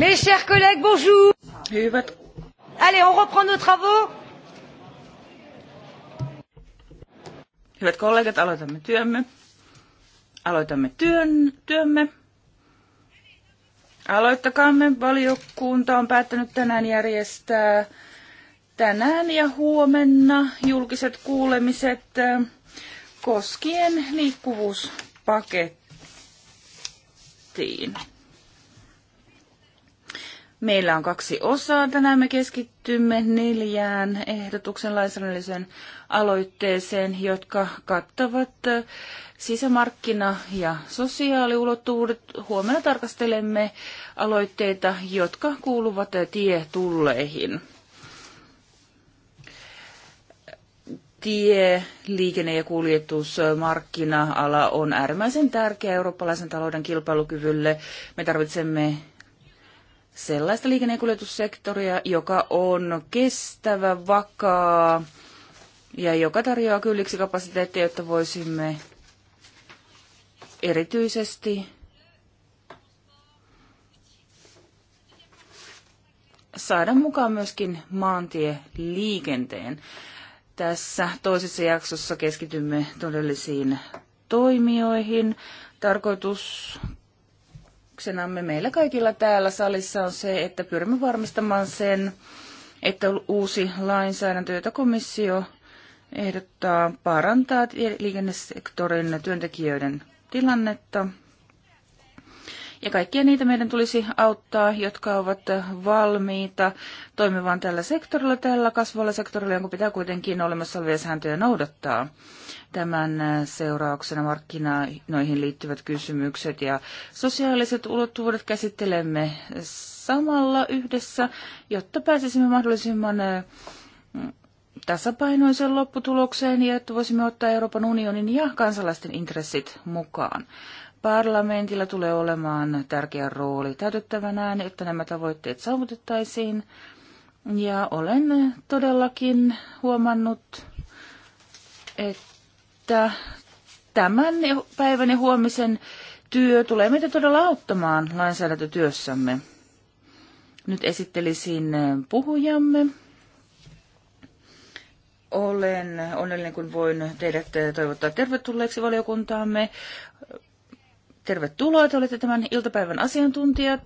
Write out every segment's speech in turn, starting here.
Mes chers collègues, bonjour. Hyvät. Allez, on reprend nos travaux. Hyvät kollegat, aloitamme työmme. Aloitamme työn, työmme. Aloittakaamme. Valiokunta on päättänyt tänään järjestää tänään ja huomenna julkiset kuulemiset äh, koskien liikkuvuuspakettiin. Meillä on kaksi osaa. Tänään me keskittymme neljään ehdotuksen lainsäädännölliseen aloitteeseen, jotka kattavat sisämarkkina- ja sosiaaliulottuvuudet. Huomenna tarkastelemme aloitteita, jotka kuuluvat tietulleihin. tie, liikenne- ja kuljetusmarkkina-ala on äärimmäisen tärkeä eurooppalaisen talouden kilpailukyvylle. Me tarvitsemme sellaista liikennekuljetussektoria, joka on kestävä, vakaa ja joka tarjoaa kylliksi kapasiteettia, jotta voisimme erityisesti saada mukaan myöskin maantieliikenteen. Tässä toisessa jaksossa keskitymme todellisiin toimijoihin. Tarkoitus tarkoituksenamme meillä kaikilla täällä salissa on se, että pyrimme varmistamaan sen, että uusi lainsäädäntö, jota komissio ehdottaa, parantaa liikennesektorin työntekijöiden tilannetta. Ja kaikkia niitä meidän tulisi auttaa, jotka ovat valmiita toimimaan tällä sektorilla, tällä kasvavalla sektorilla, jonka pitää kuitenkin olemassa olevia sääntöjä noudattaa. Tämän äh, seurauksena markkinoihin liittyvät kysymykset ja sosiaaliset ulottuvuudet käsittelemme samalla yhdessä, jotta pääsisimme mahdollisimman äh, tasapainoiseen lopputulokseen ja että voisimme ottaa Euroopan unionin ja kansalaisten intressit mukaan. Parlamentilla tulee olemaan tärkeä rooli täytettävänään, että nämä tavoitteet saavutettaisiin. Ja olen todellakin huomannut, että että tämän päivän ja huomisen työ tulee meitä todella auttamaan lainsäädäntötyössämme. Nyt esittelisin puhujamme. Olen onnellinen, kun voin teidät toivottaa tervetulleeksi valiokuntaamme. Tervetuloa, te olette tämän iltapäivän asiantuntijat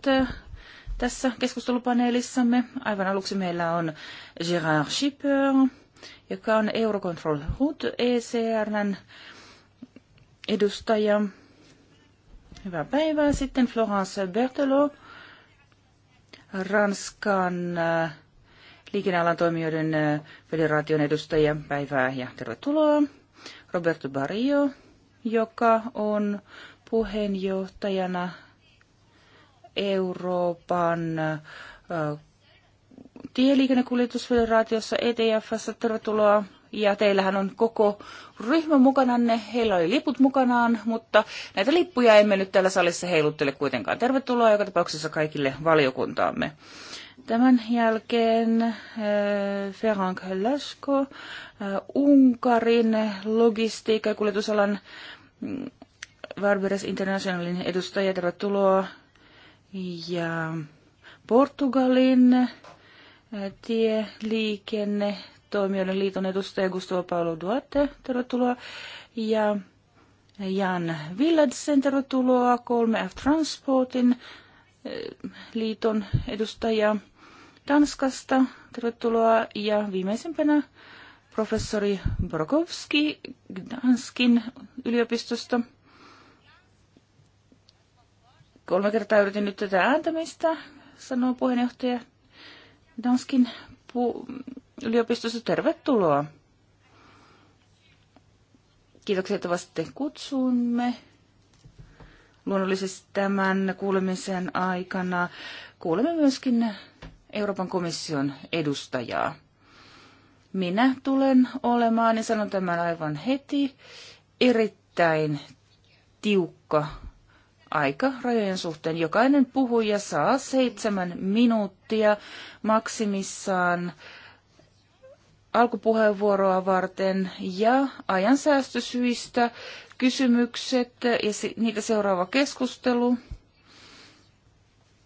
tässä keskustelupaneelissamme. Aivan aluksi meillä on Gérard Schipper, joka on Eurocontrol Hood ECRn edustaja. Hyvää päivää. Sitten Florence Bertelot, Ranskan äh, liikennealan toimijoiden äh, federaation edustaja. Päivää ja tervetuloa. Roberto Barrio, joka on puheenjohtajana Euroopan äh, Tieliikennekuljetusfederaatiossa ETFssä. Tervetuloa. Ja teillähän on koko ryhmä mukananne. Heillä oli liput mukanaan, mutta näitä lippuja emme nyt täällä salissa heiluttele kuitenkaan. Tervetuloa joka tapauksessa kaikille valiokuntaamme. Tämän jälkeen äh, Ferranc Lasko, äh, Unkarin logistiikka- ja kuljetusalan Varberes mm, Internationalin edustaja, tervetuloa. Ja Portugalin Tie liikenne toimijoiden liiton edustaja Gustavo Paolo Duarte, tervetuloa. Ja Jan Villadsen, tervetuloa. 3F Transportin eh, liiton edustaja Tanskasta, tervetuloa. Ja viimeisimpänä professori Brokowski Danskin yliopistosta. Kolme kertaa yritin nyt tätä ääntämistä, sanoo puheenjohtaja Danskin yliopistossa. Tervetuloa. Kiitoksia, että vastasitte kutsuumme. Luonnollisesti tämän kuulemisen aikana kuulemme myöskin Euroopan komission edustajaa. Minä tulen olemaan, ja sanon tämän aivan heti, erittäin tiukka aika rajojen suhteen. Jokainen puhuja saa seitsemän minuuttia maksimissaan alkupuheenvuoroa varten ja ajan säästösyistä kysymykset ja niitä seuraava keskustelu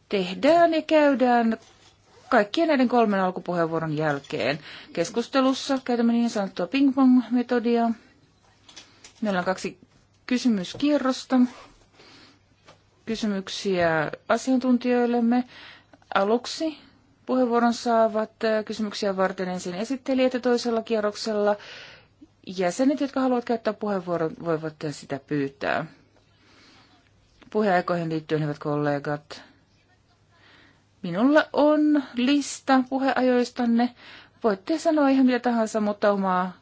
tehdään ja käydään kaikkien näiden kolmen alkupuheenvuoron jälkeen. Keskustelussa käytämme niin sanottua ping-pong-metodia. Meillä on kaksi kysymyskierrosta kysymyksiä asiantuntijoillemme. Aluksi puheenvuoron saavat äh, kysymyksiä varten ensin esittelijät ja toisella kierroksella jäsenet, jotka haluavat käyttää puheenvuoron, voivat sitä pyytää. Puheaikoihin liittyen, hyvät kollegat, minulla on lista puheajoistanne. Voitte sanoa ihan mitä tahansa, mutta omaa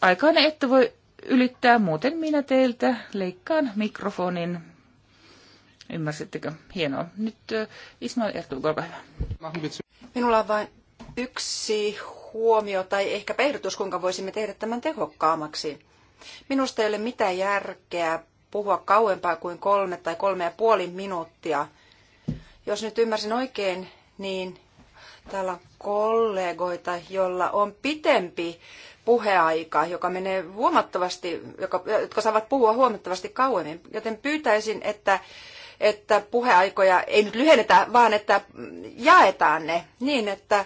aikaanne ette voi ylittää. Muuten minä teiltä leikkaan mikrofonin Ymmärsittekö? Hienoa. Nyt Ismail Ertug, olkaa hyvä. Minulla on vain yksi huomio tai ehkä ehdotus, kuinka voisimme tehdä tämän tehokkaammaksi. Minusta ei ole mitään järkeä puhua kauempaa kuin kolme tai kolme ja puoli minuuttia. Jos nyt ymmärsin oikein, niin täällä on kollegoita, jolla on pitempi puheaika, joka menee huomattavasti, joka, jotka saavat puhua huomattavasti kauemmin. Joten pyytäisin, että että puheaikoja ei nyt lyhennetä, vaan että jaetaan ne niin, että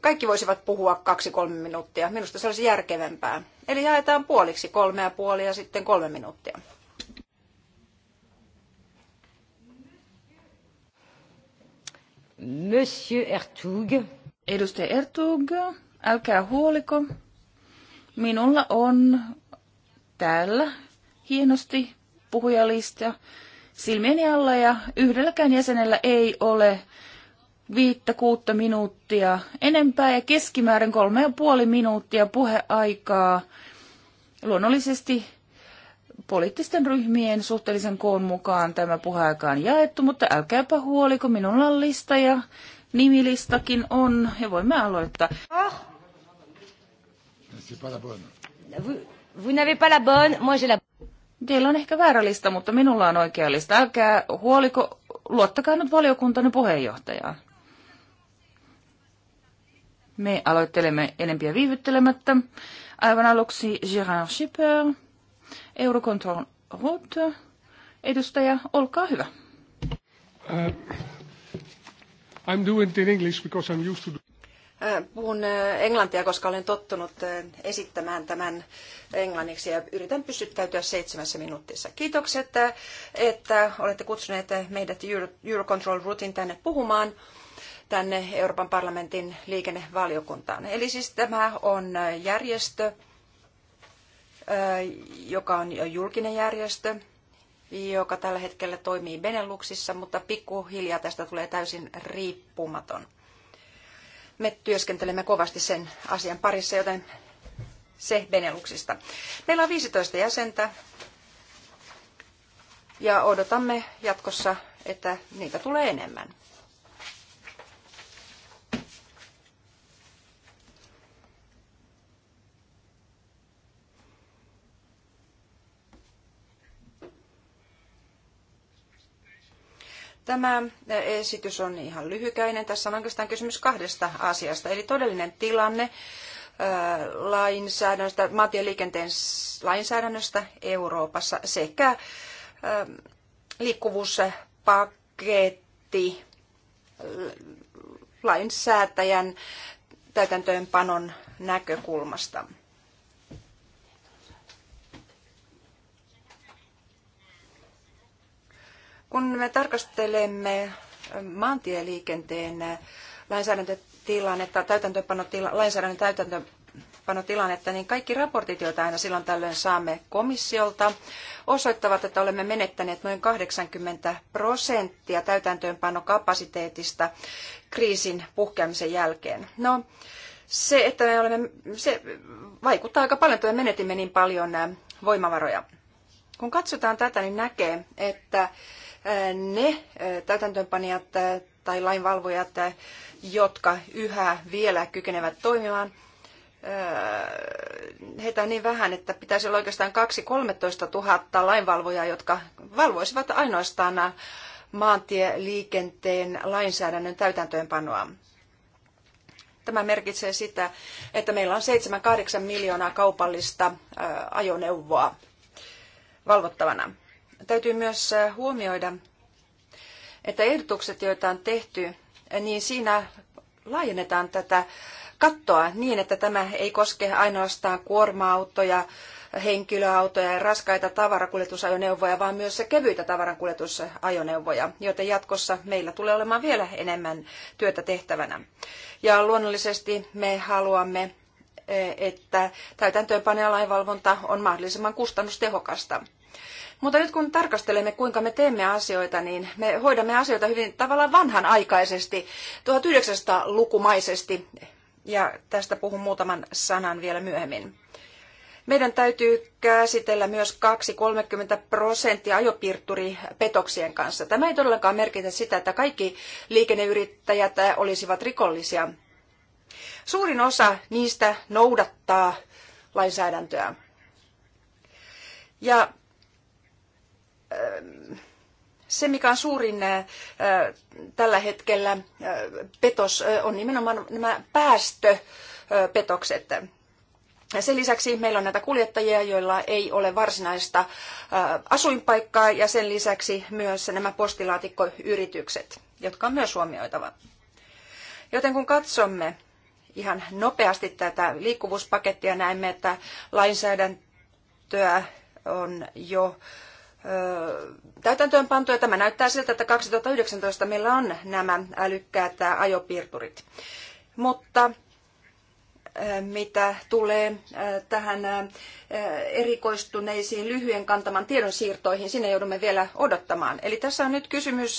kaikki voisivat puhua kaksi-kolme minuuttia. Minusta se olisi järkevämpää. Eli jaetaan puoliksi kolme ja puoli ja sitten kolme minuuttia. Monsieur Ertug. Edustaja Ertug, älkää huoliko. Minulla on täällä hienosti puhujalista silmieni alla ja yhdelläkään jäsenellä ei ole viittä kuutta minuuttia enempää ja keskimäärin kolme ja puoli minuuttia puheaikaa. Luonnollisesti poliittisten ryhmien suhteellisen koon mukaan tämä puheaika on jaettu, mutta älkääpä kun minulla on lista ja nimilistakin on ja voimme aloittaa. Oh. Vous, vous n'avez pas la bonne, moi j'ai la Teillä on ehkä väärä lista, mutta minulla on oikea lista. Älkää huoliko, luottakaa nyt valiokuntanne puheenjohtajaan. Me aloittelemme enempiä viivyttelemättä. Aivan aluksi Gérard Schipper, Eurocontrol Route. Edustaja, olkaa hyvä. Uh, I'm doing it in English because I'm used to... Äh, puhun äh, englantia, koska olen tottunut äh, esittämään tämän englanniksi ja yritän pysyttäytyä seitsemässä minuutissa. Kiitokset, että olette kutsuneet meidät Eurocontrol Routin tänne puhumaan tänne Euroopan parlamentin liikennevaliokuntaan. Eli siis tämä on järjestö, joka on julkinen järjestö, joka tällä hetkellä toimii Beneluxissa, mutta pikkuhiljaa tästä tulee täysin riippumaton – me työskentelemme kovasti sen asian parissa, joten se Beneluxista. Meillä on 15 jäsentä ja odotamme jatkossa, että niitä tulee enemmän. Tämä esitys on ihan lyhykäinen. Tässä on oikeastaan kysymys kahdesta asiasta. Eli todellinen tilanne lainsäädännöstä, liikenteen lainsäädännöstä Euroopassa sekä liikkuvuuspaketti lainsäätäjän täytäntöönpanon näkökulmasta. Kun me tarkastelemme maantieliikenteen lainsäädäntötilannetta, täytäntöönpanotila, lainsäädännön täytäntöönpanotilannetta, niin kaikki raportit, joita aina silloin tällöin saamme komissiolta, osoittavat, että olemme menettäneet noin 80 prosenttia täytäntöönpanokapasiteetista kriisin puhkeamisen jälkeen. No, se, että me olemme, se vaikuttaa aika paljon, että me menetimme niin paljon voimavaroja. Kun katsotaan tätä, niin näkee, että ne täytäntöönpanijat tai lainvalvojat, jotka yhä vielä kykenevät toimimaan, heitä on niin vähän, että pitäisi olla oikeastaan 2-13 tuhatta lainvalvojaa, jotka valvoisivat ainoastaan maantieliikenteen lainsäädännön täytäntöönpanoa. Tämä merkitsee sitä, että meillä on 7-8 miljoonaa kaupallista ajoneuvoa valvottavana. Täytyy myös huomioida, että ehdotukset, joita on tehty, niin siinä laajennetaan tätä kattoa niin, että tämä ei koske ainoastaan kuorma-autoja, henkilöautoja ja raskaita tavarakuljetusajoneuvoja, vaan myös kevyitä tavarankuljetusajoneuvoja, joten jatkossa meillä tulee olemaan vielä enemmän työtä tehtävänä. Ja luonnollisesti me haluamme, että täytäntöönpano ja lainvalvonta on mahdollisimman kustannustehokasta. Mutta nyt kun tarkastelemme, kuinka me teemme asioita, niin me hoidamme asioita hyvin tavallaan vanhanaikaisesti, 1900-lukumaisesti, ja tästä puhun muutaman sanan vielä myöhemmin. Meidän täytyy käsitellä myös 2-30 prosenttia ajopiirturipetoksien kanssa. Tämä ei todellakaan merkitä sitä, että kaikki liikenneyrittäjät olisivat rikollisia. Suurin osa niistä noudattaa lainsäädäntöä. Ja se, mikä on suurin tällä hetkellä petos, on nimenomaan nämä päästöpetokset. Sen lisäksi meillä on näitä kuljettajia, joilla ei ole varsinaista asuinpaikkaa ja sen lisäksi myös nämä postilaatikkoyritykset, jotka on myös huomioitava. Joten kun katsomme ihan nopeasti tätä liikkuvuuspakettia, näemme, että lainsäädäntöä on jo ja Tämä näyttää siltä, että 2019 meillä on nämä älykkäät ajopiirturit. Mutta mitä tulee tähän erikoistuneisiin lyhyen kantaman tiedonsiirtoihin, sinne joudumme vielä odottamaan. Eli tässä on nyt kysymys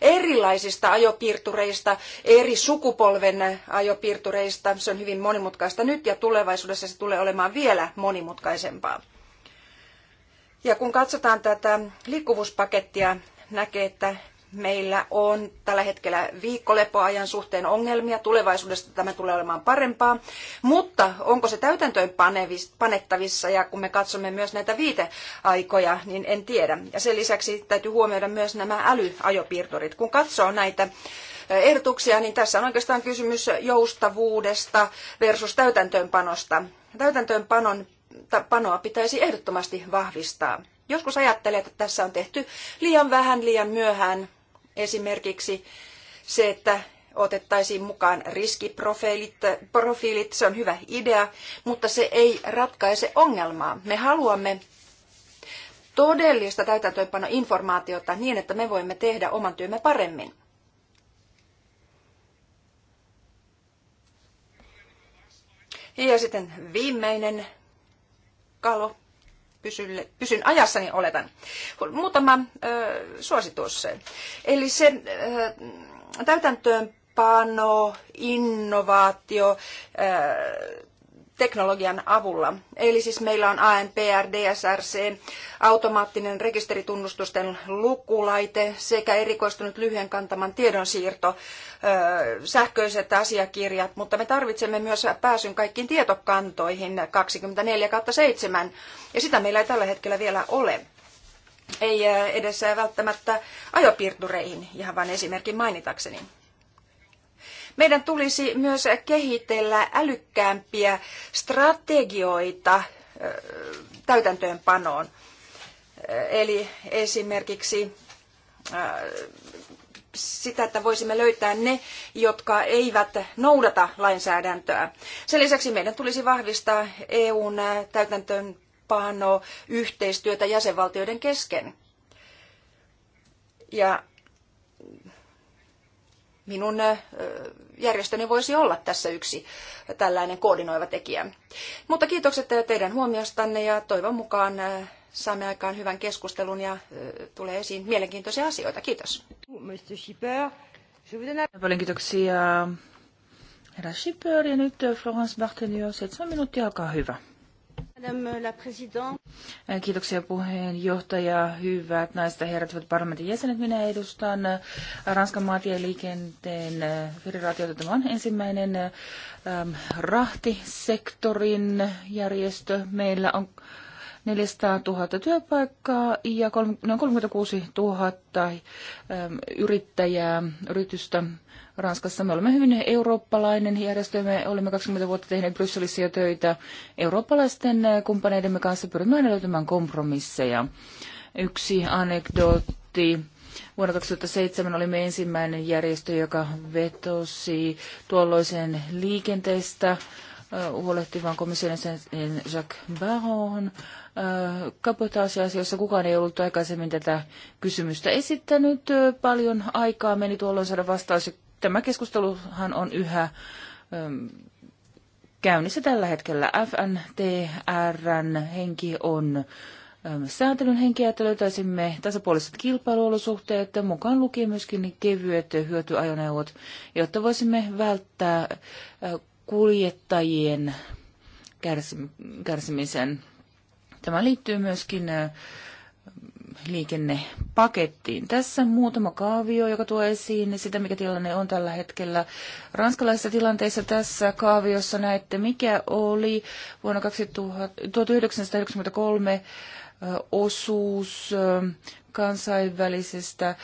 erilaisista ajopiirtureista, eri sukupolven ajopiirtureista. Se on hyvin monimutkaista nyt ja tulevaisuudessa se tulee olemaan vielä monimutkaisempaa. Ja kun katsotaan tätä liikkuvuuspakettia, näkee, että meillä on tällä hetkellä viikkolepoajan suhteen ongelmia. Tulevaisuudessa tämä tulee olemaan parempaa. Mutta onko se täytäntöön panettavissa? Ja kun me katsomme myös näitä viiteaikoja, niin en tiedä. Ja sen lisäksi täytyy huomioida myös nämä älyajopiirturit. Kun katsoo näitä ehdotuksia, niin tässä on oikeastaan kysymys joustavuudesta versus täytäntöönpanosta. Täytäntöönpanon panoa pitäisi ehdottomasti vahvistaa. Joskus ajattelee, että tässä on tehty liian vähän, liian myöhään. Esimerkiksi se, että otettaisiin mukaan riskiprofiilit, profiilit, se on hyvä idea, mutta se ei ratkaise ongelmaa. Me haluamme todellista täytäntöönpanoinformaatiota niin, että me voimme tehdä oman työmme paremmin. Ja sitten viimeinen työkalu. Pysyn, pysyn ajassani oletan. Muutama ö, suositus. Eli se täytäntöönpano, innovaatio, ö, teknologian avulla. Eli siis meillä on ANPR, DSRC, automaattinen rekisteritunnustusten lukulaite sekä erikoistunut lyhyen kantaman tiedonsiirto, sähköiset asiakirjat, mutta me tarvitsemme myös pääsyn kaikkiin tietokantoihin 24-7 ja sitä meillä ei tällä hetkellä vielä ole. Ei edes välttämättä ajopiirtureihin, ihan vain esimerkin mainitakseni. Meidän tulisi myös kehitellä älykkäämpiä strategioita täytäntöönpanoon. Eli esimerkiksi sitä, että voisimme löytää ne, jotka eivät noudata lainsäädäntöä. Sen lisäksi meidän tulisi vahvistaa EUn täytäntöönpano yhteistyötä jäsenvaltioiden kesken. Ja minun järjestöni voisi olla tässä yksi tällainen koordinoiva tekijä. Mutta kiitokset teidän huomiostanne ja toivon mukaan äh, saamme aikaan hyvän keskustelun ja äh, tulee esiin mielenkiintoisia asioita. Kiitos. Paljon kiitoksia. Herra Schipper ja nyt äh, Florence Bartelio, 7 minuuttia, alkaa hyvä. Kiitoksia puheenjohtaja. Hyvät naiset ja herrat, hyvät parlamentin jäsenet. Minä edustan Ranskan maatieliikenteen federaatiota. Tämä on ensimmäinen ähm, rahtisektorin järjestö. Meillä on 400 000 työpaikkaa ja noin 36 000 yrittäjää, yritystä Ranskassa. Me olemme hyvin eurooppalainen järjestö. Me olemme 20 vuotta tehneet Brysselissä töitä eurooppalaisten kumppaneidemme kanssa. Pyrimme aina löytämään kompromisseja. Yksi anekdootti. Vuonna 2007 olimme ensimmäinen järjestö, joka vetosi tuolloisen liikenteestä huolehtivan komission Jacques Baron kabotaasiasioissa kukaan ei ollut aikaisemmin tätä kysymystä esittänyt. Paljon aikaa meni tuolloin saada vastaus. Tämä keskusteluhan on yhä käynnissä tällä hetkellä. FNTRn henki on sääntelyn henkeä, että löytäisimme tasapuoliset kilpailuolosuhteet, mukaan lukien myöskin kevyet hyötyajoneuvot, jotta voisimme välttää kuljettajien kärsimisen Tämä liittyy myöskin liikennepakettiin. Tässä muutama kaavio, joka tuo esiin sitä, mikä tilanne on tällä hetkellä. Ranskalaisessa tilanteessa tässä kaaviossa näette, mikä oli vuonna 1993 osuus kansainvälisestä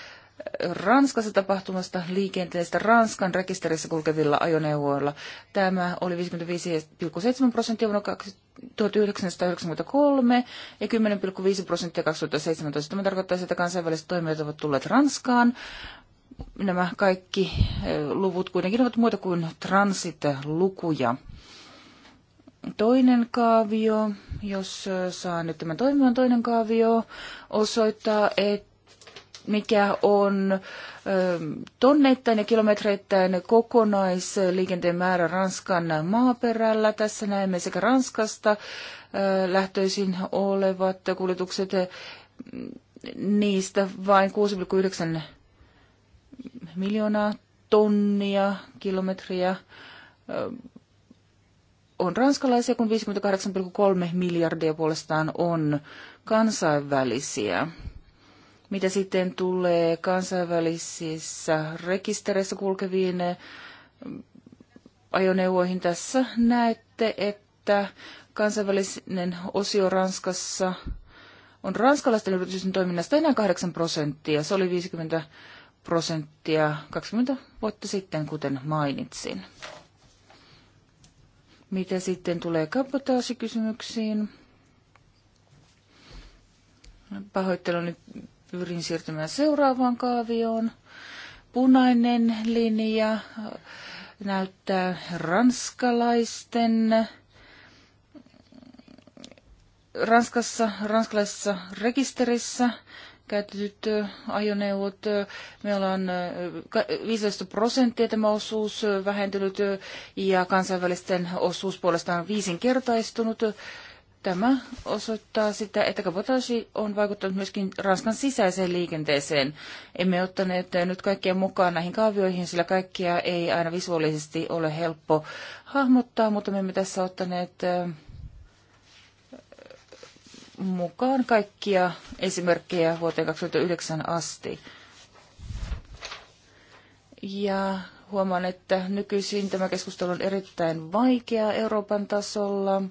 Ranskassa tapahtumasta liikenteestä Ranskan rekisterissä kulkevilla ajoneuvoilla. Tämä oli 55,7 prosenttia vuonna 2000 1993 ja 10,5 prosenttia 2017. Tämä tarkoittaa, että kansainväliset toimijat ovat tulleet Ranskaan. Nämä kaikki eh, luvut kuitenkin ovat muuta kuin transit-lukuja. Toinen kaavio, jos eh, saa nyt tämän toimivan toinen kaavio, osoittaa, että mikä on ähm, tonneittain ja kilometreittäin kokonaisliikenteen määrä Ranskan maaperällä. Tässä näemme sekä Ranskasta äh, lähtöisin olevat kuljetukset, niistä vain 6,9 miljoonaa tonnia kilometriä äh, on ranskalaisia, kun 58,3 miljardia puolestaan on kansainvälisiä. Mitä sitten tulee kansainvälisissä rekistereissä kulkeviin eh, ajoneuvoihin, tässä näette, että kansainvälinen osio Ranskassa on ranskalaisten yritysten toiminnasta enää 8 prosenttia. Se oli 50 prosenttia 20 vuotta sitten, kuten mainitsin. Mitä sitten tulee kapotaasikysymyksiin? Pahoitteluni pyrin siirtymään seuraavaan kaavioon. Punainen linja näyttää ranskalaisten Ranskassa, ranskalaisessa rekisterissä käytetyt ajoneuvot. Meillä on 15 prosenttia tämä osuus vähentynyt ja kansainvälisten osuus puolestaan viisinkertaistunut. kertaistunut Tämä osoittaa sitä, että kabotaasi on vaikuttanut myöskin Ranskan sisäiseen liikenteeseen. Emme ottaneet nyt kaikkia mukaan näihin kaavioihin, sillä kaikkia ei aina visuaalisesti ole helppo hahmottaa, mutta me emme tässä ottaneet mukaan kaikkia esimerkkejä vuoteen 2009 asti. Ja huomaan, että nykyisin tämä keskustelu on erittäin vaikea Euroopan tasolla.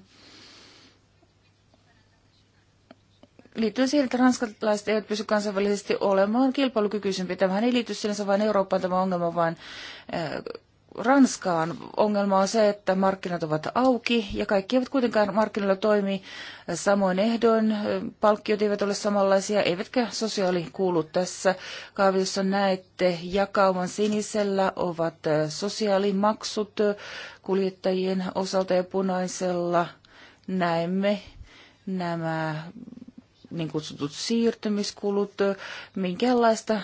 liittyen siihen, että ranskalaiset eivät pysty kansainvälisesti olemaan kilpailukykyisempi. Tämähän ei liity sinänsä vain Eurooppaan tämä ongelma, vaan äh, Ranskaan ongelma on se, että markkinat ovat auki ja kaikki eivät kuitenkaan markkinoilla toimi samoin ehdoin. Palkkiot eivät ole samanlaisia, eivätkä sosiaali kuulu tässä. Kaaviossa näette jakauman sinisellä ovat äh, sosiaalimaksut äh, kuljettajien osalta ja punaisella näemme nämä niin kutsutut siirtymiskulut, minkäänlaista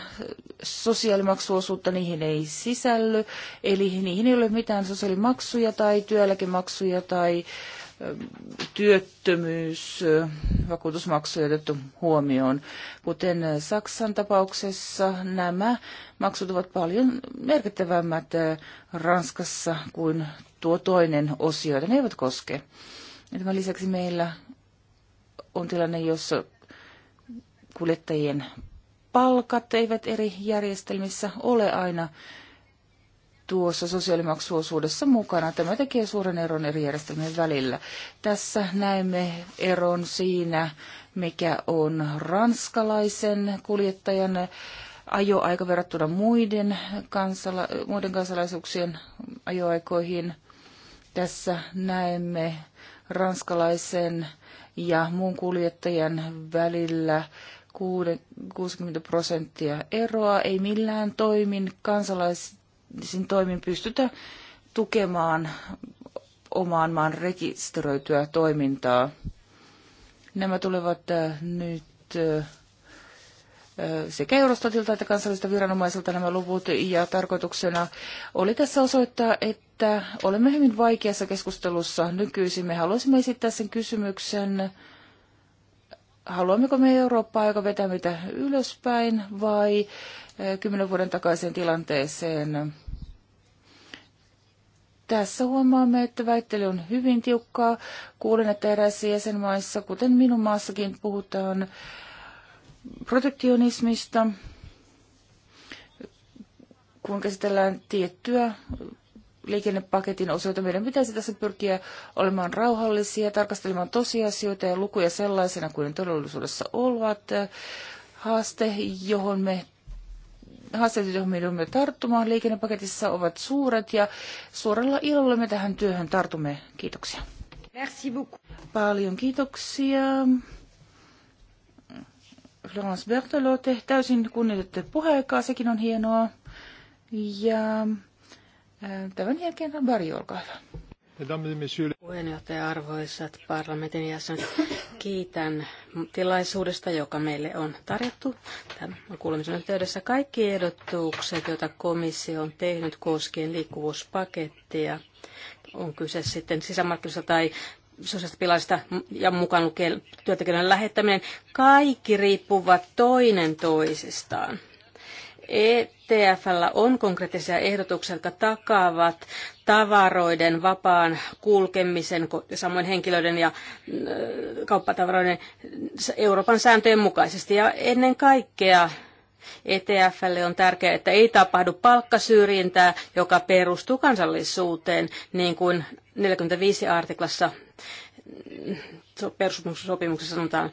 sosiaalimaksuosuutta niihin ei sisälly, eli niihin ei ole mitään sosiaalimaksuja tai työeläkemaksuja tai ähm, työttömyysvakuutusmaksuja äh, otettu huomioon. Kuten Saksan tapauksessa nämä maksut ovat paljon merkittävämmät äh, Ranskassa kuin tuo toinen osio, jota ne eivät koske. tämän lisäksi meillä on tilanne, jossa kuljettajien palkat eivät eri järjestelmissä ole aina tuossa sosiaalimaksuosuudessa mukana. Tämä tekee suuren eron eri järjestelmien välillä. Tässä näemme eron siinä, mikä on ranskalaisen kuljettajan ajoaika verrattuna muiden, kansala- muiden kansalaisuuksien ajoaikoihin. Tässä näemme ranskalaisen ja muun kuljettajan välillä 60 prosenttia eroa. Ei millään toimin, kansalaisin toimin pystytä tukemaan omaan maan rekisteröityä toimintaa. Nämä tulevat äh, nyt äh, sekä Eurostatilta että kansallisilta viranomaisilta nämä luvut, ja tarkoituksena oli tässä osoittaa, että olemme hyvin vaikeassa keskustelussa nykyisin. Me haluaisimme esittää sen kysymyksen, haluammeko me Eurooppaa, joka vetää meitä ylöspäin, vai eh, kymmenen vuoden takaiseen tilanteeseen. Tässä huomaamme, että väittely on hyvin tiukkaa. Kuulen, että eräissä jäsenmaissa, kuten minun maassakin, puhutaan protektionismista, kun käsitellään tiettyä liikennepaketin osalta. Meidän pitäisi tässä pyrkiä olemaan rauhallisia, tarkastelemaan tosiasioita ja lukuja sellaisena kuin ne todellisuudessa ovat. Haaste, johon me haasteet, joihin me joudumme tarttumaan liikennepaketissa, ovat suuret ja suurella ilolla me tähän työhön tartumme. Kiitoksia. Merci beaucoup. Paljon kiitoksia. Florence Bertolo, te täysin kunnioitettu puheaikaa, sekin on hienoa. Ja äh, tämän jälkeen Bari, olkaa hyvä. Puheenjohtaja, arvoisat parlamentin jäsenet, kiitän tilaisuudesta, joka meille on tarjottu. Tämän kuulemisen yhteydessä kaikki ehdotukset, joita komissio on tehnyt koskien liikkuvuuspakettia, on kyse sitten sisämarkkinoista tai sosiaalista pilaista ja mukaan lukien työntekijöiden lähettäminen, kaikki riippuvat toinen toisistaan. ETFllä on konkreettisia ehdotuksia, jotka takaavat tavaroiden vapaan kulkemisen, samoin henkilöiden ja kauppatavaroiden Euroopan sääntöjen mukaisesti. Ja ennen kaikkea ETFlle on tärkeää, että ei tapahdu palkkasyrjintää, joka perustuu kansallisuuteen, niin kuin 45 artiklassa perussopimuksessa sanotaan,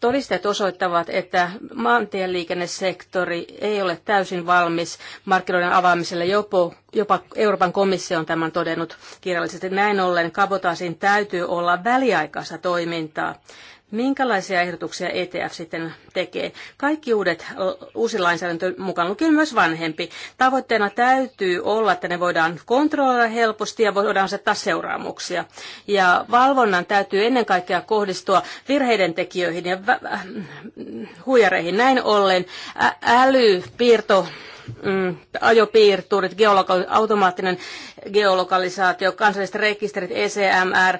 todisteet osoittavat, että maantieliikennesektori ei ole täysin valmis markkinoiden avaamiselle. Jopa, jopa Euroopan komissio on tämän todennut kirjallisesti. Näin ollen kabotaasin täytyy olla väliaikaista toimintaa Minkälaisia ehdotuksia ETF sitten tekee? Kaikki uudet, uusi lainsäädäntö mukaan lukien myös vanhempi. Tavoitteena täytyy olla, että ne voidaan kontrolloida helposti ja voidaan asettaa seuraamuksia. Ja valvonnan täytyy ennen kaikkea kohdistua virheiden tekijöihin ja äh, huijareihin. Näin ollen ä- äly, piirto, mm, ajopiirturit, geoloka- automaattinen geolokalisaatio, kansalliset rekisterit, ECMR,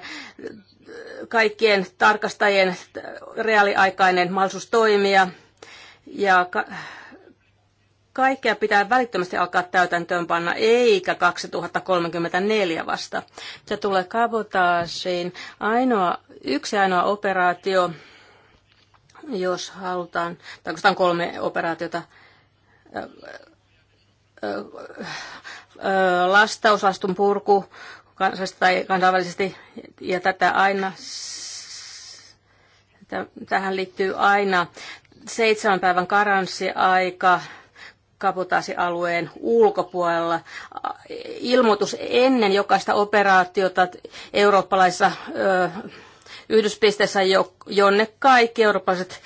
kaikkien tarkastajien reaaliaikainen mahdollisuus toimia ja ka- kaikkea pitää välittömästi alkaa täytäntöönpanna, eikä 2034 vasta. Se tulee kabotaasiin. Ainoa, yksi ainoa operaatio, jos halutaan, tai on kolme operaatiota, lastauslastun purku, kansallisesti tai kansainvälisesti, ja tätä aina, tähän liittyy aina seitsemän päivän karanssiaika kaputaasialueen ulkopuolella. Ilmoitus ennen jokaista operaatiota eurooppalaisessa ö, yhdyspisteessä, jonne kaikki eurooppalaiset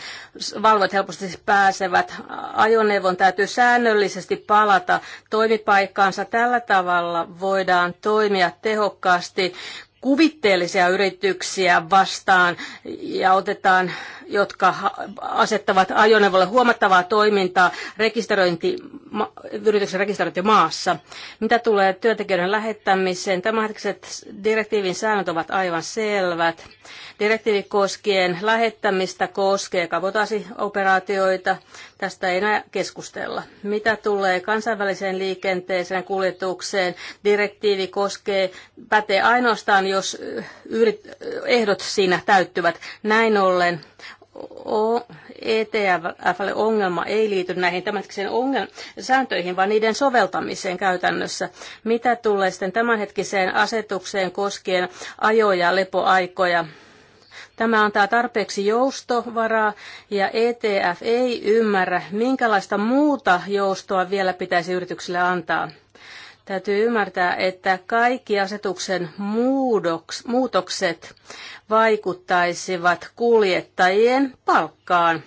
valvot helposti pääsevät. Ajoneuvon täytyy säännöllisesti palata toimipaikkaansa. Tällä tavalla voidaan toimia tehokkaasti kuvitteellisia yrityksiä vastaan ja otetaan, jotka asettavat ajoneuvolle huomattavaa toimintaa rekisteröinti, yrityksen rekisteröintimaassa. Mitä tulee työntekijöiden lähettämiseen, tämänhetkiset direktiivin säännöt ovat aivan selvät. Direktiivi koskien lähettämistä koskee kabotaasioperaatioita. Tästä ei enää keskustella. Mitä tulee kansainväliseen liikenteeseen kuljetukseen, direktiivi koskee, pätee ainoastaan, jos yrit, ehdot siinä täyttyvät. Näin ollen ETFlle ongelma ei liity näihin tämänhetkisiin ongelma- sääntöihin, vaan niiden soveltamiseen käytännössä. Mitä tulee sitten tämänhetkiseen asetukseen koskien ajoja ja lepoaikoja? Tämä antaa tarpeeksi joustovaraa ja ETF ei ymmärrä, minkälaista muuta joustoa vielä pitäisi yrityksille antaa. Täytyy ymmärtää, että kaikki asetuksen muutokset vaikuttaisivat kuljettajien palkkaan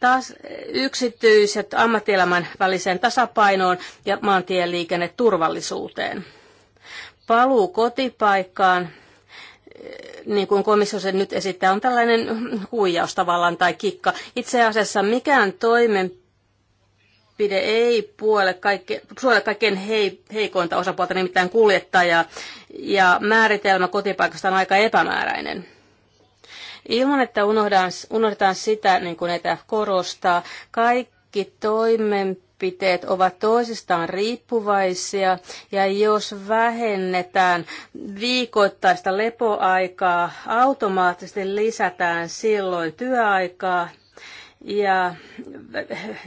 taas yksityiset ammattielämän väliseen tasapainoon ja maantieliikenneturvallisuuteen. Paluu kotipaikkaan niin kuin komissio sen nyt esittää, on tällainen huijaus tavallaan tai kikka. Itse asiassa mikään toimenpide ei puole, kaikke, puole kaikkein hei, heikointa osapuolta, nimittäin kuljettajaa, ja määritelmä kotipaikasta on aika epämääräinen. Ilman, että unohdetaan, unohdetaan sitä, niin kuin näitä korostaa, kaikki toimenpiteet, mielipiteet ovat toisistaan riippuvaisia ja jos vähennetään viikoittaista lepoaikaa, automaattisesti lisätään silloin työaikaa ja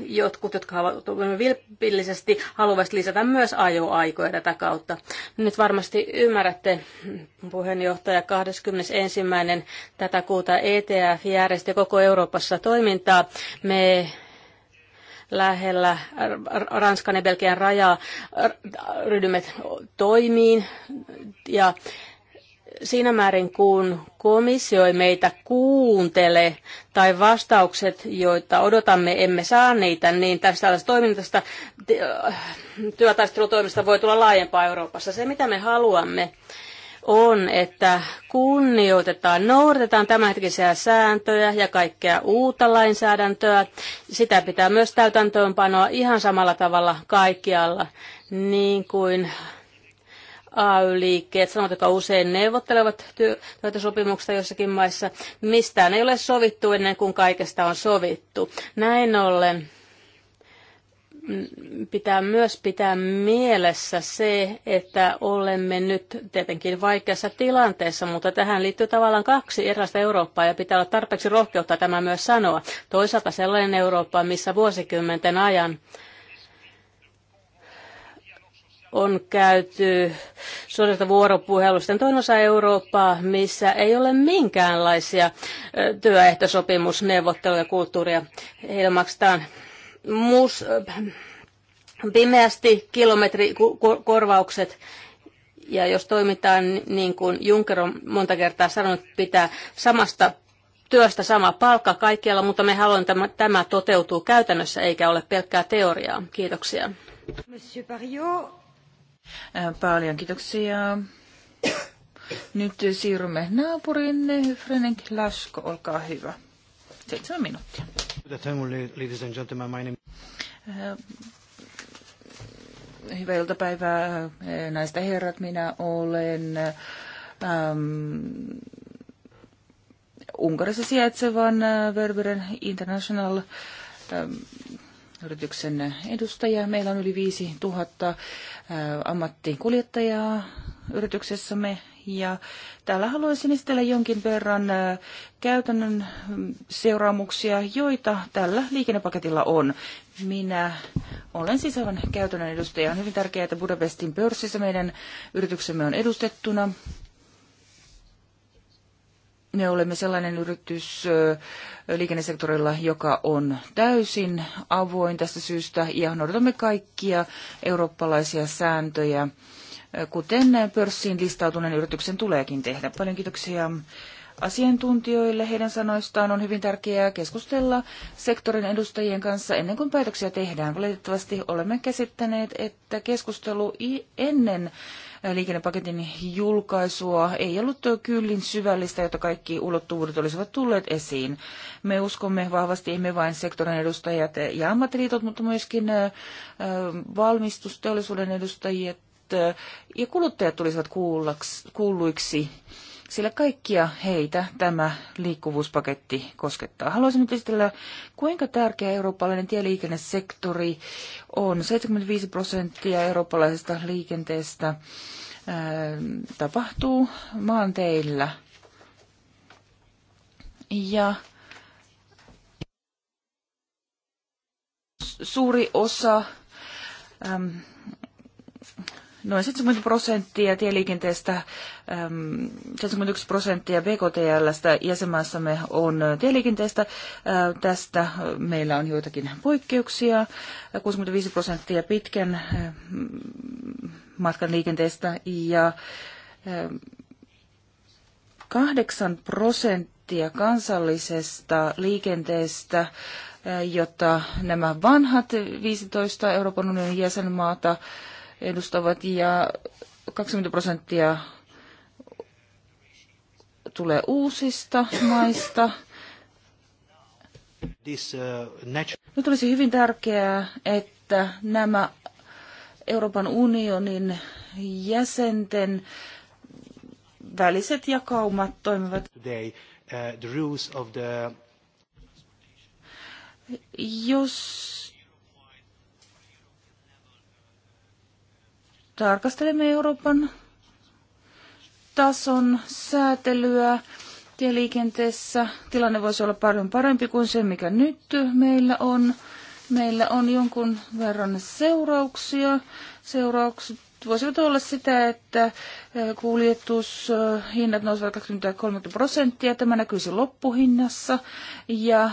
jotkut, jotka haluavat vilpillisesti, haluavat lisätä myös ajoaikoja tätä kautta. Nyt varmasti ymmärrätte, puheenjohtaja 21. tätä kuuta ETF järjesti koko Euroopassa toimintaa. Me lähellä Ranskan ja Belgian rajaa ryhdymme toimiin ja siinä määrin, kun komissio ei meitä kuuntele tai vastaukset, joita odotamme, emme saa niitä, niin tästä toimintasta, työtaistelutoimista voi tulla laajempaa Euroopassa. Se, mitä me haluamme, on, että kunnioitetaan, noudatetaan tämänhetkisiä sääntöjä ja kaikkea uutta lainsäädäntöä. Sitä pitää myös täytäntöönpanoa ihan samalla tavalla kaikkialla, niin kuin AY-liikkeet, sanot, usein neuvottelevat työehtosopimuksesta jossakin maissa. Mistään ei ole sovittu ennen kuin kaikesta on sovittu. Näin ollen pitää myös pitää mielessä se, että olemme nyt tietenkin vaikeassa tilanteessa, mutta tähän liittyy tavallaan kaksi erilaista Eurooppaa ja pitää olla tarpeeksi rohkeutta tämä myös sanoa. Toisaalta sellainen Eurooppa, missä vuosikymmenten ajan on käyty suorasta vuoropuhelusta. Toinen osa Eurooppaa, missä ei ole minkäänlaisia työehtosopimusneuvotteluja kulttuuria. Heillä maksetaan mus, pimeästi kilometrikorvaukset ja jos toimitaan niin kuin Juncker on monta kertaa sanonut, pitää samasta työstä sama palkka kaikkialla, mutta me haluamme, että tämä, tämä toteutuu käytännössä eikä ole pelkkää teoriaa. Kiitoksia. Monsieur Pario. Paljon kiitoksia. Nyt siirrymme naapuriinne. Frenenk Lasko, olkaa hyvä. Seitsemän minuuttia. Äh, hyvää iltapäivää, äh, ja herrat. Minä olen äm, Unkarissa sijaitsevan Verberen äh, International ähm, yrityksen edustaja. Meillä on yli 5000 ammattikuljettajaa yrityksessämme ja täällä haluaisin esitellä jonkin verran äh, käytännön mm, seuraamuksia, joita tällä liikennepaketilla on. Minä olen siis aivan käytännön edustaja. On hyvin tärkeää, että Budapestin pörssissä meidän yrityksemme on edustettuna. Me olemme sellainen yritys äh, liikennesektorilla, joka on täysin avoin tästä syystä ja noudatamme kaikkia eurooppalaisia sääntöjä kuten pörssiin listautuneen yrityksen tuleekin tehdä. Paljon kiitoksia asiantuntijoille heidän sanoistaan on hyvin tärkeää keskustella sektorin edustajien kanssa ennen kuin päätöksiä tehdään. Valitettavasti olemme käsittäneet, että keskustelu ennen liikennepaketin julkaisua ei ollut kyllin syvällistä, jotta kaikki ulottuvuudet olisivat tulleet esiin. Me uskomme vahvasti, emme vain sektorin edustajat ja ammattiliitot, mutta myöskin valmistusteollisuuden edustajat ja kuluttajat tulisivat kuulluiksi, sillä kaikkia heitä tämä liikkuvuuspaketti koskettaa. Haluaisin nyt esitellä, kuinka tärkeä eurooppalainen tieliikennesektori on. 75 prosenttia eurooppalaisesta liikenteestä ää, tapahtuu maanteillä. Ja suuri osa noin 70 prosenttia tieliikenteestä, 71 prosenttia BKTLstä jäsenmaassamme on tieliikenteestä. Tästä meillä on joitakin poikkeuksia. 65 prosenttia pitkän matkan liikenteestä ja 8 prosenttia kansallisesta liikenteestä jotta nämä vanhat 15 Euroopan unionin jäsenmaata edustavat ja 20 prosenttia tulee uusista maista. Uh, Nyt olisi hyvin tärkeää, että nämä Euroopan unionin jäsenten väliset jakaumat toimivat. Uh, Jos tarkastelemme Euroopan tason säätelyä tieliikenteessä. Tilanne voisi olla paljon parempi kuin se, mikä nyt meillä on. Meillä on jonkun verran seurauksia. Seuraukset voisivat olla sitä, että äh, kuljetushinnat nousevat 20-30 prosenttia. Tämä näkyisi loppuhinnassa ja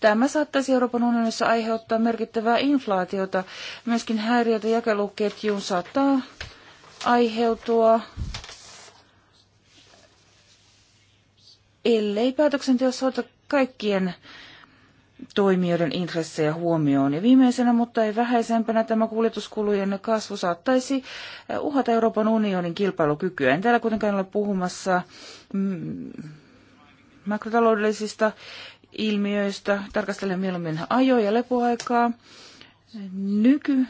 tämä saattaisi Euroopan unionissa aiheuttaa merkittävää inflaatiota. Myöskin häiriötä jakeluketjuun saattaa aiheutua, ellei päätöksenteossa ota kaikkien toimijoiden intressejä huomioon. Ja viimeisenä, mutta ei vähäisempänä, tämä kuljetuskulujen kasvu saattaisi eh, uhata Euroopan unionin kilpailukykyä. En täällä kuitenkaan ole puhumassa mm, makrotaloudellisista ilmiöistä. Tarkastelen mieluummin ajo- ja lepoaikaa. Nyky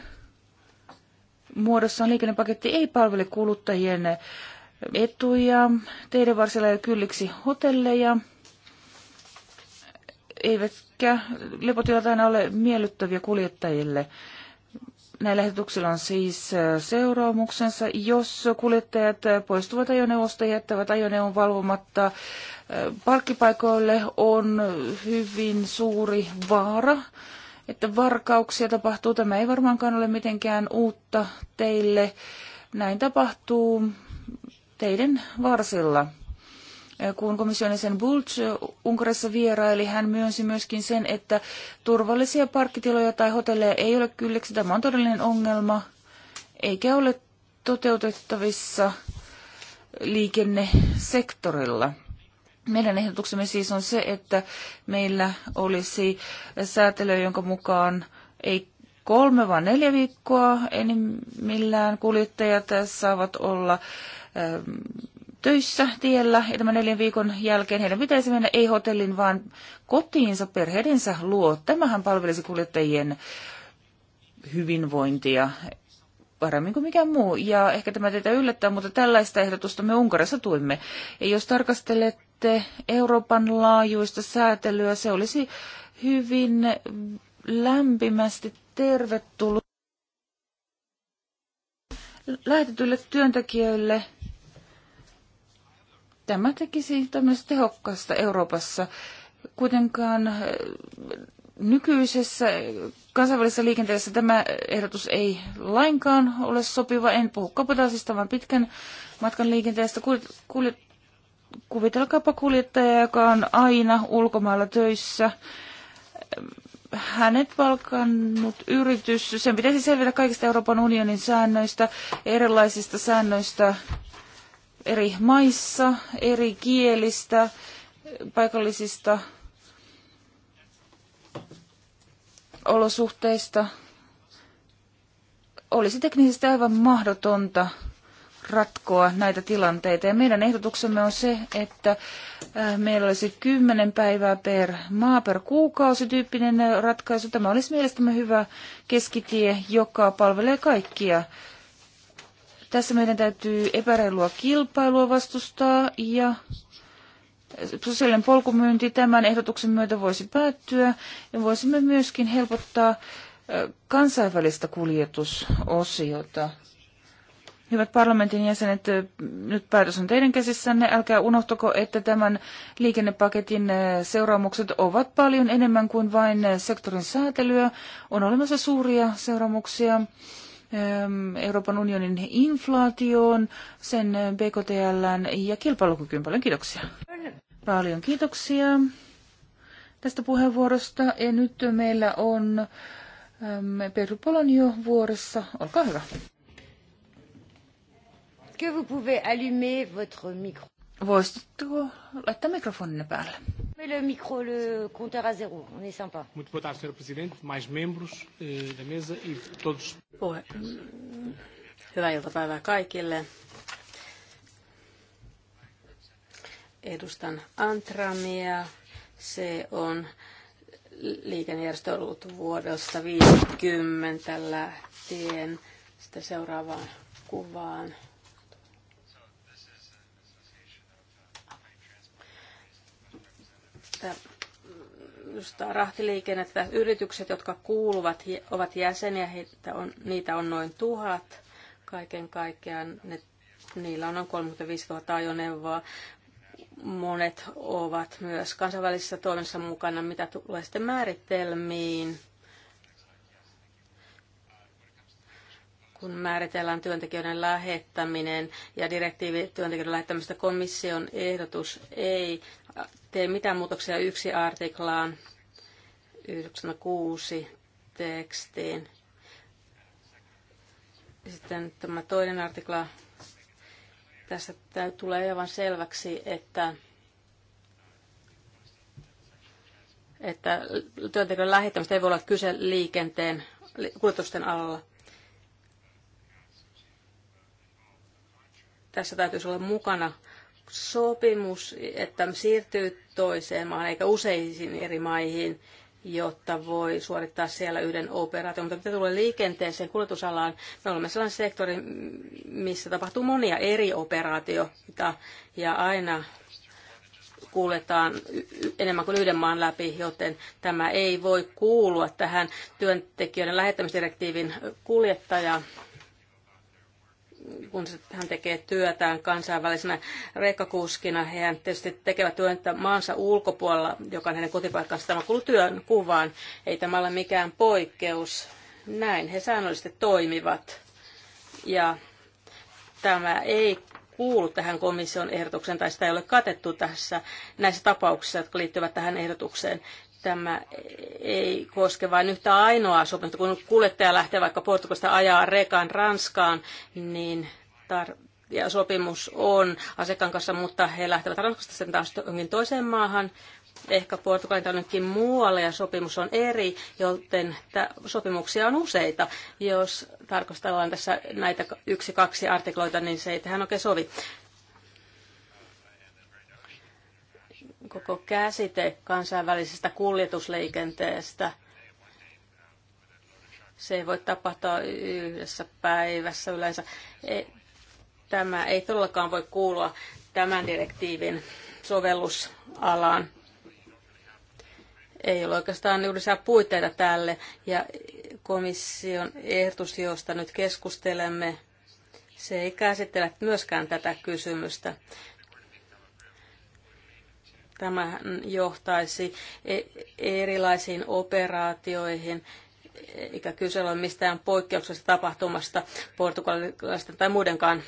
muodossaan liikennepaketti ei palvele kuluttajien etuja. Teidän varsilla ei ole kylliksi hotelleja eivätkä lepotilat aina ole miellyttäviä kuljettajille. Näillä ehdotuksilla on siis äh, seuraamuksensa, jos kuljettajat äh, poistuvat ajoneuvosta ja jättävät ajoneuvon valvomatta. Äh, parkkipaikoille on hyvin suuri vaara, että varkauksia tapahtuu. Tämä ei varmaankaan ole mitenkään uutta teille. Näin tapahtuu teidän varsilla. Kun komission jäsen Bulc Unkarissa vieraili, hän myönsi myöskin sen, että turvallisia parkkitiloja tai hotelleja ei ole kylliksi. Tämä on todellinen ongelma, eikä ole toteutettavissa liikennesektorilla. Meidän ehdotuksemme siis on se, että meillä olisi säätely, jonka mukaan ei kolme vaan neljä viikkoa enimmillään kuljettajat saavat olla töissä tiellä ja tämän neljän viikon jälkeen heidän pitäisi mennä ei hotellin, vaan kotiinsa perheidensä luo. Tämähän palvelisi kuljettajien hyvinvointia paremmin kuin mikään muu. Ja ehkä tämä teitä yllättää, mutta tällaista ehdotusta me Unkarissa tuimme. Ja jos tarkastelette Euroopan laajuista säätelyä, se olisi hyvin lämpimästi tervetullut lähetetyille työntekijöille – Tämä tekisi tämmöistä tehokkaasta Euroopassa. Kuitenkaan eh, nykyisessä kansainvälisessä liikenteessä tämä ehdotus ei lainkaan ole sopiva. En puhu kapotaasista, vaan pitkän matkan liikenteestä. kuvitelkaapa kuljettaja, joka on aina ulkomailla töissä. Hänet palkannut yritys, sen pitäisi selvitä kaikista Euroopan unionin säännöistä, erilaisista säännöistä eri maissa, eri kielistä, paikallisista olosuhteista olisi teknisesti aivan mahdotonta ratkoa näitä tilanteita. Ja meidän ehdotuksemme on se, että äh, meillä olisi 10 päivää per maa per kuukausi tyyppinen ratkaisu. Tämä olisi mielestämme hyvä keskitie, joka palvelee kaikkia tässä meidän täytyy epäreilua kilpailua vastustaa ja sosiaalinen polkumyynti tämän ehdotuksen myötä voisi päättyä ja voisimme myöskin helpottaa kansainvälistä kuljetusosiota. Hyvät parlamentin jäsenet, nyt päätös on teidän käsissänne. Älkää unohtako, että tämän liikennepaketin seuraamukset ovat paljon enemmän kuin vain sektorin säätelyä. On olemassa suuria seuraamuksia Ähm, Euroopan unionin inflaatioon, sen äh, BKTL ja kilpailukykyyn. Paljon kiitoksia. Paljon kiitoksia tästä puheenvuorosta. Ja nyt meillä on ähm, Pedro Polonio vuorossa. Olkaa hyvä. Que vous pouvez allumer votre micro? Voisitko laittaa mikrofonin päälle? micro, zero. sympa. Muito boa tarde, Sr. Presidente, mais membros eh, da mesa e todos. Hyvää iltapäivää kaikille. Edustan Antramia. Se on liikennejärjestö ollut vuodesta 50 lähtien. Sitä seuraavaan kuvaan. sitä rahtiliikenne, että yritykset, jotka kuuluvat, ovat jäseniä, heitä on, niitä on noin tuhat kaiken kaikkiaan. Ne, niillä on noin 35 000 ajoneuvoa. Monet ovat myös kansainvälisessä toiminnassa mukana, mitä tulee sitten määritelmiin. kun määritellään työntekijöiden lähettäminen ja direktiivi työntekijöiden lähettämistä komission ehdotus ei tee mitään muutoksia yksi artiklaan 96 tekstiin. Sitten tämä toinen artikla. Tässä tulee aivan selväksi, että että työntekijöiden lähettämistä ei voi olla kyse liikenteen kuljetusten alalla. Tässä täytyisi olla mukana sopimus, että siirtyy toiseen maahan eikä useisiin eri maihin, jotta voi suorittaa siellä yhden operaation. Mutta mitä tulee liikenteeseen, kuljetusalaan, me olemme sellainen sektori, missä tapahtuu monia eri operaatioita ja aina kuljetaan enemmän kuin yhden maan läpi, joten tämä ei voi kuulua tähän työntekijöiden lähettämisdirektiivin kuljettaja kun hän tekee työtään kansainvälisenä rekkakuskina. He tietysti tekevät työtä maansa ulkopuolella, joka on hänen kotipaikkansa. Tämä kuuluu työn kuvaan. Ei tämä ole mikään poikkeus. Näin he säännöllisesti toimivat. Ja tämä ei kuulu tähän komission ehdotukseen tai sitä ei ole katettu tässä näissä tapauksissa, jotka liittyvät tähän ehdotukseen tämä ei koske vain yhtä ainoaa sopimusta. Kun kuljettaja lähtee vaikka Portugalista ajaa rekan Ranskaan, niin tar- ja sopimus on asiakkaan kanssa, mutta he lähtevät Ranskasta sen taas jonkin toiseen maahan, ehkä Portugalin tai jonnekin muualle, ja sopimus on eri, joten sopimuksia on useita. Jos tarkastellaan tässä näitä yksi-kaksi artikloita, niin se ei tähän oikein sovi. koko käsite kansainvälisestä kuljetusliikenteestä. Se ei voi tapahtua yhdessä päivässä yleensä. E, tämä ei todellakaan voi kuulua tämän direktiivin sovellusalaan. Ei ole oikeastaan yhdessä puitteita tälle. Ja komission ehdotus, josta nyt keskustelemme, se ei käsittele myöskään tätä kysymystä. Tämä johtaisi e- erilaisiin operaatioihin, eikä kyse ole mistään poikkeuksesta tapahtumasta portugalilaisten tai muidenkaan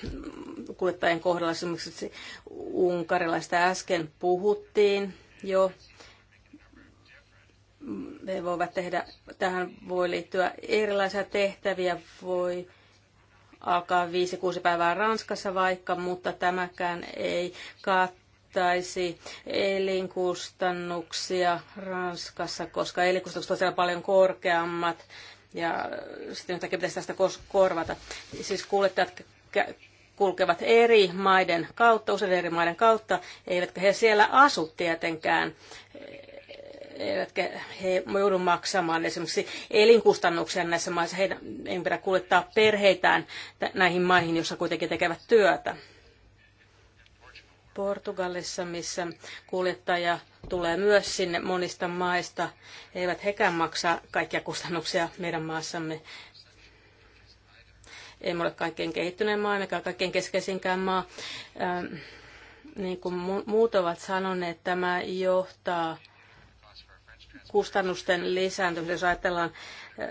kuljettajien kohdalla. Esimerkiksi unkarilaista äsken puhuttiin jo. He voivat tehdä, tähän voi liittyä erilaisia tehtäviä, voi alkaa 5-6 päivää Ranskassa vaikka, mutta tämäkään ei kat, korottaisi elinkustannuksia Ranskassa, koska elinkustannukset ovat siellä paljon korkeammat ja sitten jotakin pitäisi tästä korvata. Siis kuljettajat kulkevat eri maiden kautta, useiden eri maiden kautta, eivätkä he siellä asu tietenkään eivätkä he joudu maksamaan esimerkiksi elinkustannuksia näissä maissa. Heidän ei pidä kuljettaa perheitään näihin maihin, joissa kuitenkin tekevät työtä. Portugalissa, missä kuljettaja tulee myös sinne monista maista. Eivät hekään maksa kaikkia kustannuksia meidän maassamme. Ei ole kaikkein kehittyneen maa, eikä kaikkein keskeisinkään maa. Ähm, niin kuin muut ovat sanoneet, tämä johtaa kustannusten lisääntymiseen Jos ajatellaan äh,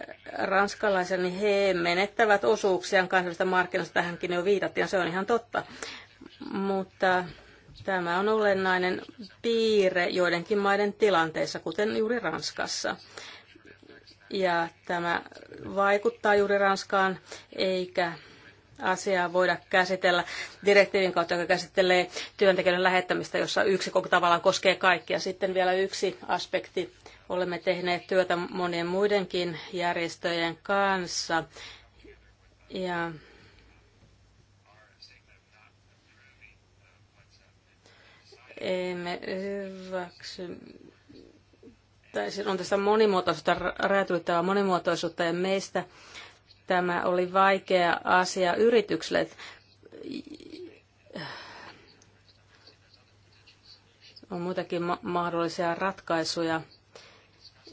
ranskalaisia, niin he menettävät osuuksiaan kansallisesta markkinoista. Tähänkin jo viitattiin, se on ihan totta. Mutta Tämä on olennainen piirre joidenkin maiden tilanteissa, kuten juuri Ranskassa. Ja tämä vaikuttaa juuri Ranskaan, eikä asiaa voida käsitellä direktiivin kautta, joka käsittelee työntekijöiden lähettämistä, jossa yksi koko tavallaan koskee kaikkia. Sitten vielä yksi aspekti. Olemme tehneet työtä monien muidenkin järjestöjen kanssa. Ja me hyväksy tai on tästä monimuotoisuutta, räätyyttävää monimuotoisuutta ja meistä tämä oli vaikea asia yrityksille. On muitakin ma- mahdollisia ratkaisuja.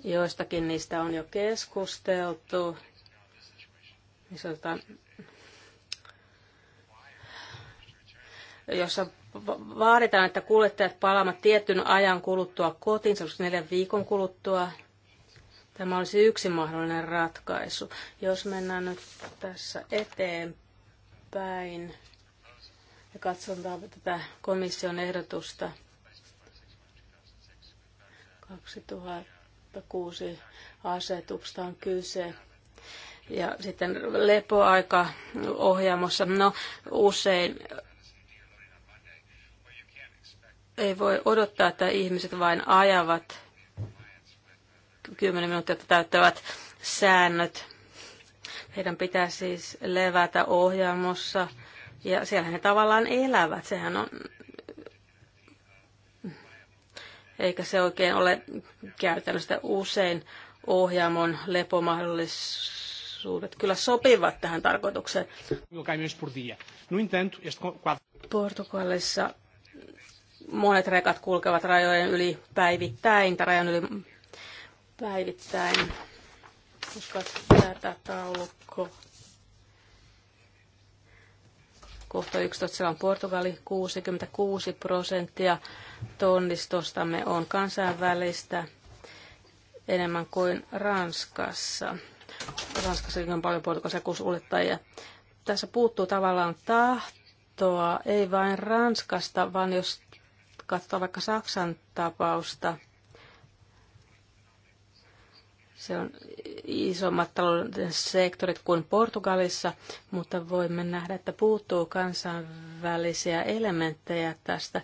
Joistakin niistä on jo keskusteltu. jossa vaaditaan, että kuljettajat palaavat tietyn ajan kuluttua kotiin, se olisi neljän viikon kuluttua. Tämä olisi yksi mahdollinen ratkaisu. Jos mennään nyt tässä eteenpäin ja katsotaan tätä komission ehdotusta 2006 asetuksesta on kyse. Ja sitten lepoaika ohjaamossa. No usein ei voi odottaa, että ihmiset vain ajavat 10 minuuttia täyttävät säännöt. Heidän pitää siis levätä ohjaamossa ja siellä he tavallaan elävät. Sehän on eikä se oikein ole käytännössä usein ohjaamon lepomahdollisuus. kyllä sopivat tähän tarkoitukseen. No Portugalissa monet rekat kulkevat rajojen yli päivittäin, tai rajan yli päivittäin. katsotaan tätä taulukkoa. Kohta 11 siellä on Portugali, 66 prosenttia tonnistostamme on kansainvälistä enemmän kuin Ranskassa. Ranskassa on paljon portugalaisia kuljettajia. Tässä puuttuu tavallaan tahtoa, ei vain Ranskasta, vaan jos katsotaan vaikka Saksan tapausta, se on isommat talouden sektorit kuin Portugalissa, mutta voimme nähdä, että puuttuu kansainvälisiä elementtejä tästä.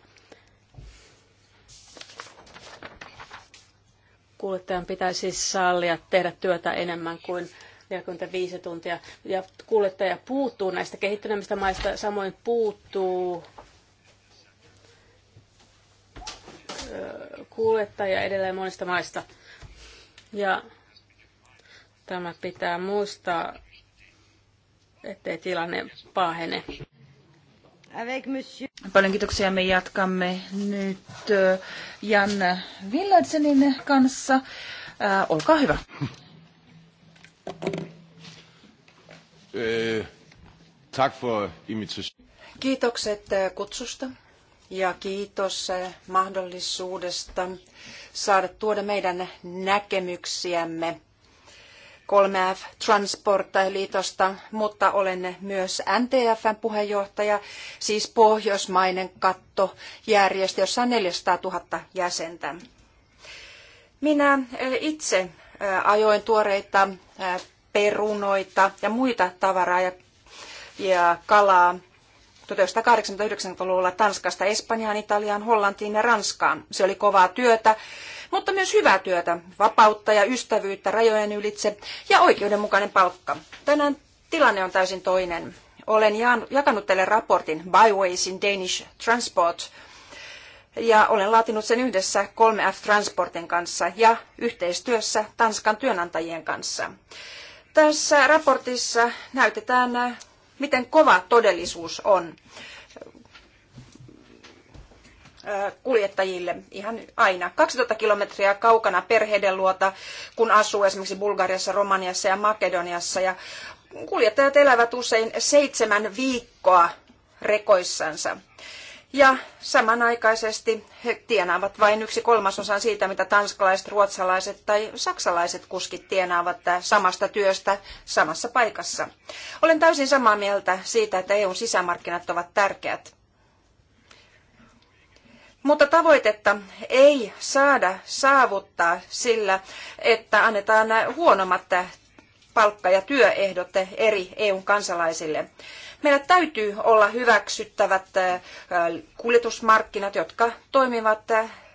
Kuljettajan pitäisi sallia tehdä työtä enemmän kuin 45 tuntia. Ja kuljettaja puuttuu näistä kehittyneemmistä maista, samoin puuttuu kuljettajia edelleen monista maista. Ja tämä pitää muistaa, ettei tilanne pahene. Paljon kiitoksia. Me jatkamme nyt Jan Villadsenin kanssa. Olkaa hyvä. Eh, Kiitokset kutsusta ja kiitos eh, mahdollisuudesta saada tuoda meidän näkemyksiämme 3F Transport-liitosta, mutta olen myös NTFn puheenjohtaja, siis pohjoismainen kattojärjestö, jossa on 400 000 jäsentä. Minä eh, itse eh, ajoin tuoreita perunoita ja muita tavaraa ja kalaa 1980 luvulla Tanskasta Espanjaan, Italiaan, Hollantiin ja Ranskaan. Se oli kovaa työtä, mutta myös hyvää työtä, vapautta ja ystävyyttä rajojen ylitse ja oikeudenmukainen palkka. Tänään tilanne on täysin toinen. Olen jakanut teille raportin Byways in Danish Transport ja olen laatinut sen yhdessä 3F Transportin kanssa ja yhteistyössä Tanskan työnantajien kanssa. Tässä raportissa näytetään miten kova todellisuus on kuljettajille ihan aina. 2000 kilometriä kaukana perheiden luota, kun asuu esimerkiksi Bulgariassa, Romaniassa ja Makedoniassa. Ja kuljettajat elävät usein seitsemän viikkoa rekoissansa. Ja samanaikaisesti he tienaavat vain yksi kolmasosan siitä, mitä tanskalaiset, ruotsalaiset tai saksalaiset kuskit tienaavat samasta työstä samassa paikassa. Olen täysin samaa mieltä siitä, että EUn sisämarkkinat ovat tärkeät. Mutta tavoitetta ei saada saavuttaa sillä, että annetaan huonommat palkka- ja työehdot eri EUn kansalaisille. Meillä täytyy olla hyväksyttävät kuljetusmarkkinat, jotka toimivat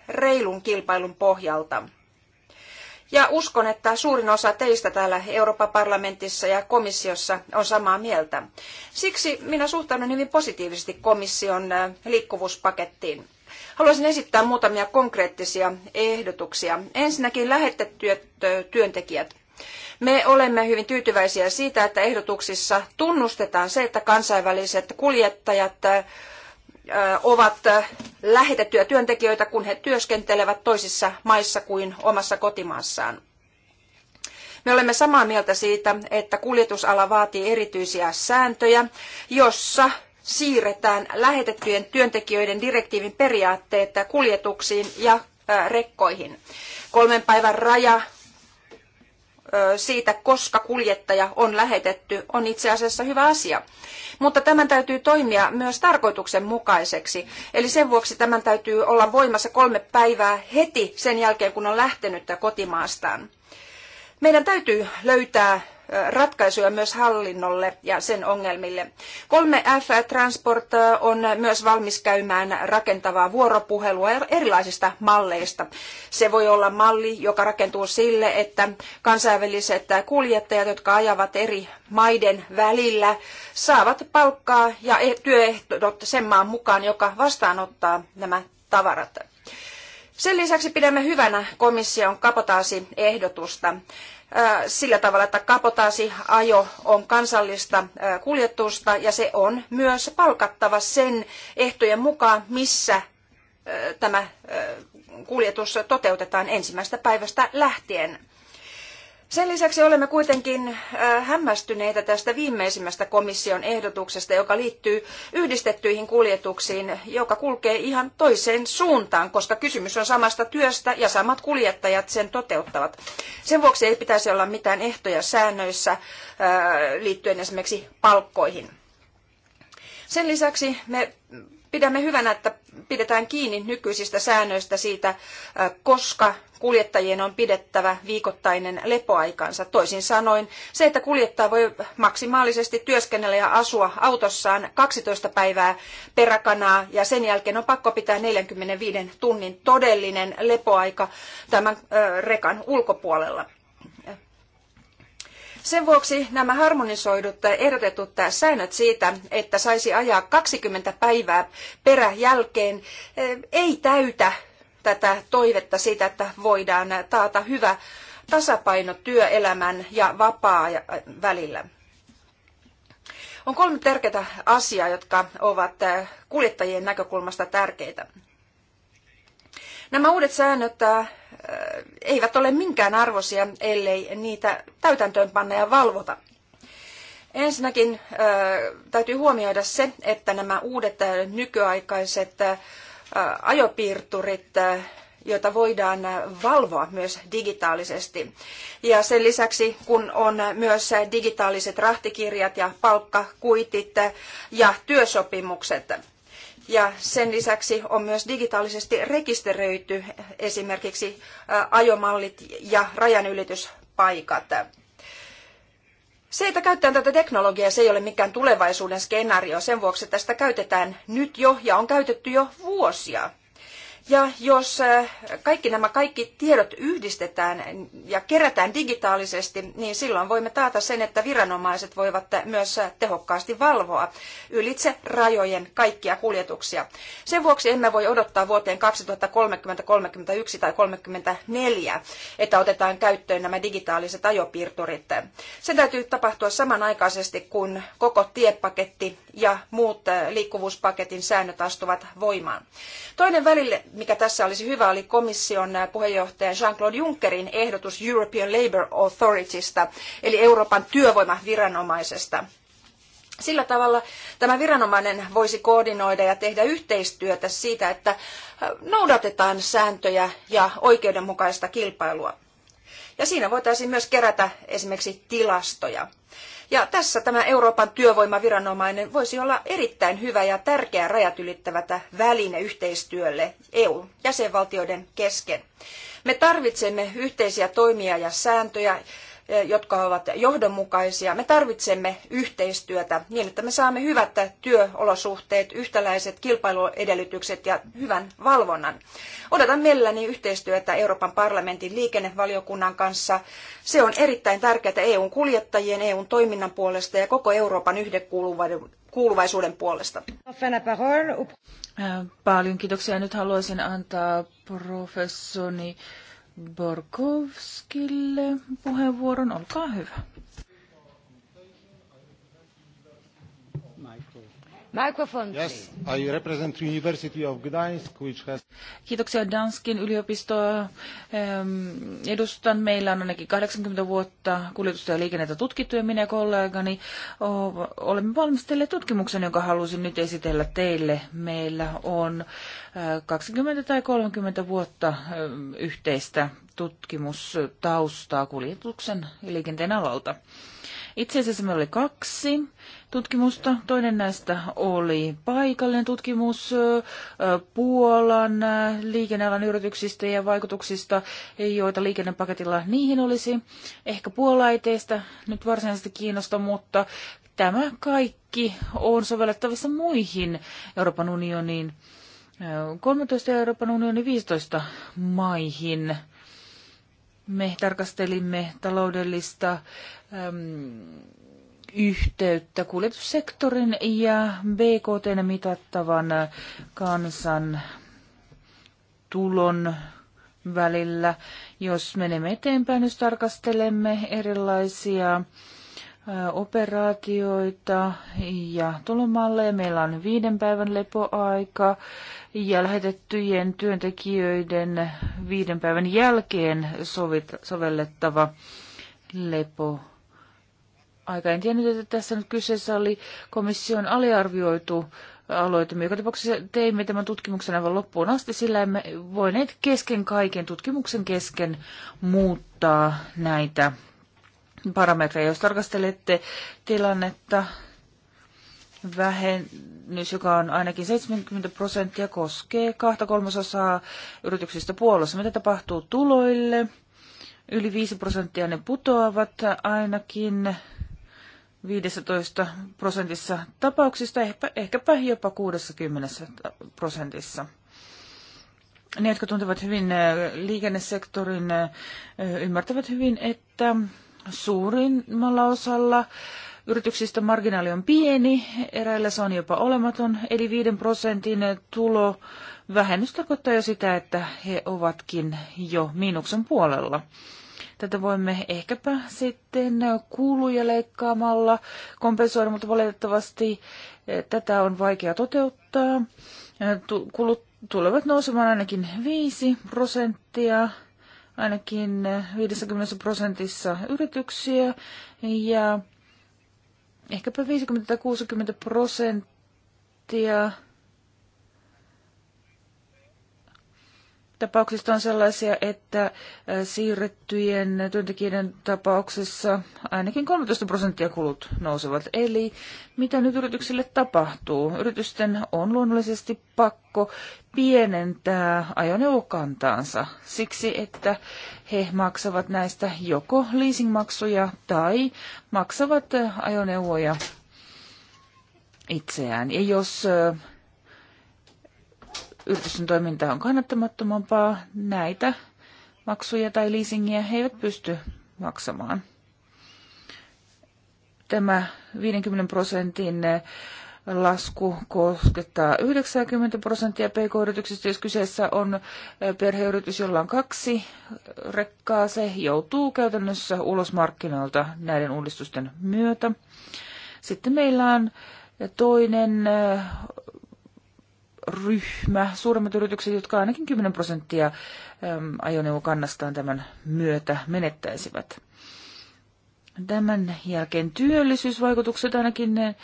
reilun kilpailun pohjalta. Ja uskon, että suurin osa teistä täällä Euroopan parlamentissa ja komissiossa on samaa mieltä. Siksi minä suhtaudun hyvin positiivisesti komission liikkuvuuspakettiin. Haluaisin esittää muutamia konkreettisia ehdotuksia. Ensinnäkin lähetettyjät työntekijät. Me olemme hyvin tyytyväisiä siitä, että ehdotuksissa tunnustetaan se, että kansainväliset kuljettajat ovat lähetettyjä työntekijöitä, kun he työskentelevät toisissa maissa kuin omassa kotimaassaan. Me olemme samaa mieltä siitä, että kuljetusala vaatii erityisiä sääntöjä, jossa siirretään lähetettyjen työntekijöiden direktiivin periaatteet kuljetuksiin ja rekkoihin. Kolmen päivän raja siitä, koska kuljettaja on lähetetty, on itse asiassa hyvä asia. Mutta tämän täytyy toimia myös tarkoituksenmukaiseksi. Eli sen vuoksi tämän täytyy olla voimassa kolme päivää heti sen jälkeen, kun on lähtenyt kotimaastaan. Meidän täytyy löytää ratkaisuja myös hallinnolle ja sen ongelmille. 3F Transport on myös valmis käymään rakentavaa vuoropuhelua erilaisista malleista. Se voi olla malli, joka rakentuu sille, että kansainväliset kuljettajat, jotka ajavat eri maiden välillä, saavat palkkaa ja eh, työehdot sen maan mukaan, joka vastaanottaa nämä tavarat. Sen lisäksi pidämme hyvänä komission kapotaasiehdotusta. ehdotusta sillä tavalla, että kapotaasiajo on kansallista kuljetusta ja se on myös palkattava sen ehtojen mukaan, missä tämä kuljetus toteutetaan ensimmäisestä päivästä lähtien. Sen lisäksi olemme kuitenkin hämmästyneitä tästä viimeisimmästä komission ehdotuksesta, joka liittyy yhdistettyihin kuljetuksiin, joka kulkee ihan toiseen suuntaan, koska kysymys on samasta työstä ja samat kuljettajat sen toteuttavat. Sen vuoksi ei pitäisi olla mitään ehtoja säännöissä liittyen esimerkiksi palkkoihin. Sen lisäksi me pidämme hyvänä, että pidetään kiinni nykyisistä säännöistä siitä, koska kuljettajien on pidettävä viikoittainen lepoaikansa. Toisin sanoen se, että kuljettaja voi maksimaalisesti työskennellä ja asua autossaan 12 päivää peräkanaa ja sen jälkeen on pakko pitää 45 tunnin todellinen lepoaika tämän rekan ulkopuolella. Sen vuoksi nämä harmonisoidut ehdotetut säännöt siitä, että saisi ajaa 20 päivää peräjälkeen, eh, ei täytä tätä toivetta siitä, että voidaan taata hyvä tasapaino työelämän ja vapaa eh, välillä. On kolme tärkeää asiaa, jotka ovat eh, kuljettajien näkökulmasta tärkeitä. Nämä uudet säännöt äh, eivät ole minkään arvoisia, ellei niitä täytäntöönpanna ja valvota. Ensinnäkin äh, täytyy huomioida se, että nämä uudet äh, nykyaikaiset ajopiirturit joita voidaan valvoa myös digitaalisesti. Ja sen lisäksi, kun on myös digitaaliset rahtikirjat ja palkkakuitit ja työsopimukset. Ja sen lisäksi on myös digitaalisesti rekisteröity esimerkiksi ajomallit ja rajanylityspaikat. Se, että käytetään tätä teknologiaa, se ei ole mikään tulevaisuuden skenaario. Sen vuoksi tästä käytetään nyt jo ja on käytetty jo vuosia. Ja jos äh, kaikki nämä kaikki tiedot yhdistetään ja kerätään digitaalisesti, niin silloin voimme taata sen, että viranomaiset voivat äh, myös äh, tehokkaasti valvoa ylitse rajojen kaikkia kuljetuksia. Sen vuoksi emme voi odottaa vuoteen 2030, 31 tai 34, että otetaan käyttöön nämä digitaaliset ajopiirturit. Sen täytyy tapahtua samanaikaisesti, kun koko tiepaketti ja muut liikkuvuuspaketin säännöt astuvat voimaan. Toinen välille, mikä tässä olisi hyvä, oli komission puheenjohtaja Jean-Claude Junckerin ehdotus European Labour Authoritysta, eli Euroopan työvoimaviranomaisesta. Sillä tavalla tämä viranomainen voisi koordinoida ja tehdä yhteistyötä siitä, että noudatetaan sääntöjä ja oikeudenmukaista kilpailua. Ja siinä voitaisiin myös kerätä esimerkiksi tilastoja. Ja tässä tämä Euroopan työvoimaviranomainen voisi olla erittäin hyvä ja tärkeä rajat ylittävätä väline yhteistyölle EU-jäsenvaltioiden kesken. Me tarvitsemme yhteisiä toimia ja sääntöjä, jotka ovat johdonmukaisia. Me tarvitsemme yhteistyötä niin, että me saamme hyvät työolosuhteet, yhtäläiset kilpailuedellytykset ja hyvän valvonnan. Odotan mielelläni yhteistyötä Euroopan parlamentin liikennevaliokunnan kanssa. Se on erittäin tärkeää EUn kuljettajien, EUn toiminnan puolesta ja koko Euroopan yhdenkuuluvaisuuden puolesta. Paljon kiitoksia. Nyt haluaisin antaa professori Borkovskille puheenvuoron. Olkaa hyvä. Kiitoksia Danskin yliopistoa. Edustan, meillä on ainakin 80 vuotta kuljetusta ja liikennettä tutkittu ja minä ja kollegani olemme valmistelleet tutkimuksen, jonka halusin nyt esitellä teille. Meillä on 20 tai 30 vuotta yhteistä tutkimustaustaa kuljetuksen ja liikenteen alalta. Itse asiassa meillä oli kaksi tutkimusta. Toinen näistä oli paikallinen tutkimus Puolan liikennealan yrityksistä ja vaikutuksista, joita liikennepaketilla niihin olisi. Ehkä Puola ei teistä nyt varsinaisesti kiinnosta, mutta tämä kaikki on sovellettavissa muihin Euroopan unioniin. 13 Euroopan unionin 15 maihin me tarkastelimme taloudellista äm, yhteyttä kuljetussektorin ja BKT mitattavan kansan tulon välillä. Jos menemme eteenpäin, jos tarkastelemme erilaisia operaatioita ja tulomalleja. Meillä on viiden päivän lepoaika ja lähetettyjen työntekijöiden viiden päivän jälkeen sovit, sovellettava lepoaika. En tiennyt, että tässä nyt kyseessä oli komission aliarvioitu aloite. Joka tapauksessa teimme tämän tutkimuksen aivan loppuun asti, sillä emme voineet kesken kaiken tutkimuksen kesken muuttaa näitä parametreja. Jos tarkastelette tilannetta, vähennys, joka on ainakin 70 prosenttia, koskee kahta kolmasosaa yrityksistä puolossa. Mitä tapahtuu tuloille? Yli 5 prosenttia ne putoavat ainakin 15 prosentissa tapauksista, ehkä, ehkäpä jopa 60 prosentissa. Ne, jotka tuntevat hyvin liikennesektorin, ymmärtävät hyvin, että suurimmalla osalla yrityksistä marginaali on pieni, eräillä se on jopa olematon, eli 5 prosentin tulo vähennys tarkoittaa jo sitä, että he ovatkin jo miinuksen puolella. Tätä voimme ehkäpä sitten kuuluja leikkaamalla kompensoida, mutta valitettavasti eh, tätä on vaikea toteuttaa. Eh, kulut tulevat nousemaan ainakin 5 prosenttia ainakin 50 prosentissa yrityksiä ja ehkäpä 50-60 prosenttia tapauksista on sellaisia, että äh, siirrettyjen työntekijöiden tapauksessa ainakin 13 prosenttia kulut nousevat. Eli mitä nyt yrityksille tapahtuu? Yritysten on luonnollisesti pakko pienentää ajoneuvokantaansa siksi, että he maksavat näistä joko leasingmaksuja tai maksavat ajoneuvoja itseään. Ja jos äh, yritysten toiminta on kannattamattomampaa, näitä maksuja tai leasingiä he eivät pysty maksamaan. Tämä 50 prosentin eh, lasku koskettaa 90 prosenttia pk-yrityksistä. Jos kyseessä on eh, perheyritys, jolla on kaksi rekkaa, se joutuu käytännössä ulos markkinoilta näiden uudistusten myötä. Sitten meillä on toinen eh, ryhmä, suuremmat yritykset, jotka ainakin 10 prosenttia ähm, ajoneuvokannastaan tämän myötä menettäisivät. Tämän jälkeen työllisyysvaikutukset ainakin ne äh,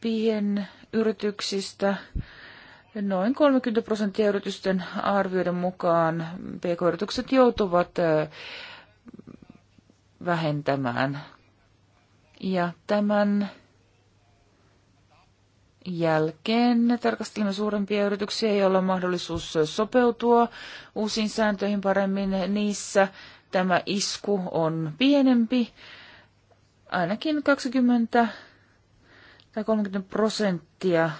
pienyrityksistä. Noin 30 prosenttia yritysten arvioiden mukaan pk-yritykset joutuvat äh, vähentämään. Ja tämän jälkeen tarkastelemme suurempia yrityksiä, joilla on mahdollisuus sopeutua uusiin sääntöihin paremmin. Niissä tämä isku on pienempi, ainakin 20 tai 30 prosenttia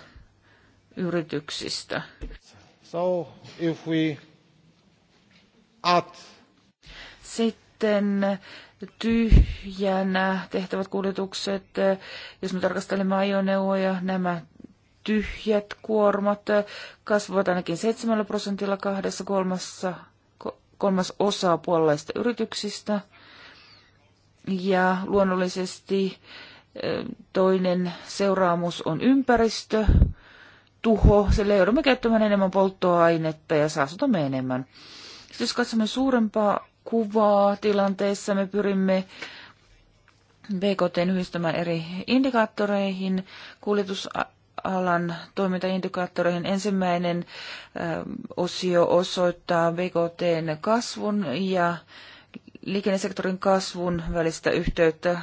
yrityksistä. So, if we add... Sitten tyhjänä tehtävät kuljetukset, jos me tarkastelemme ajoneuvoja, nämä tyhjät kuormat kasvavat ainakin 7 prosentilla kahdessa kolmassa, kolmas osaa puolalaisista yrityksistä. Ja luonnollisesti toinen seuraamus on ympäristö, tuho, sillä joudumme käyttämään enemmän polttoainetta ja saastutamme enemmän. Sitten jos katsomme suurempaa kuvaa tilanteessa, me pyrimme BKT yhdistämään eri indikaattoreihin, kuljetus alan toimintaindikaattoreihin. Ensimmäinen osio osoittaa BKTn kasvun ja liikennesektorin kasvun välistä yhteyttä.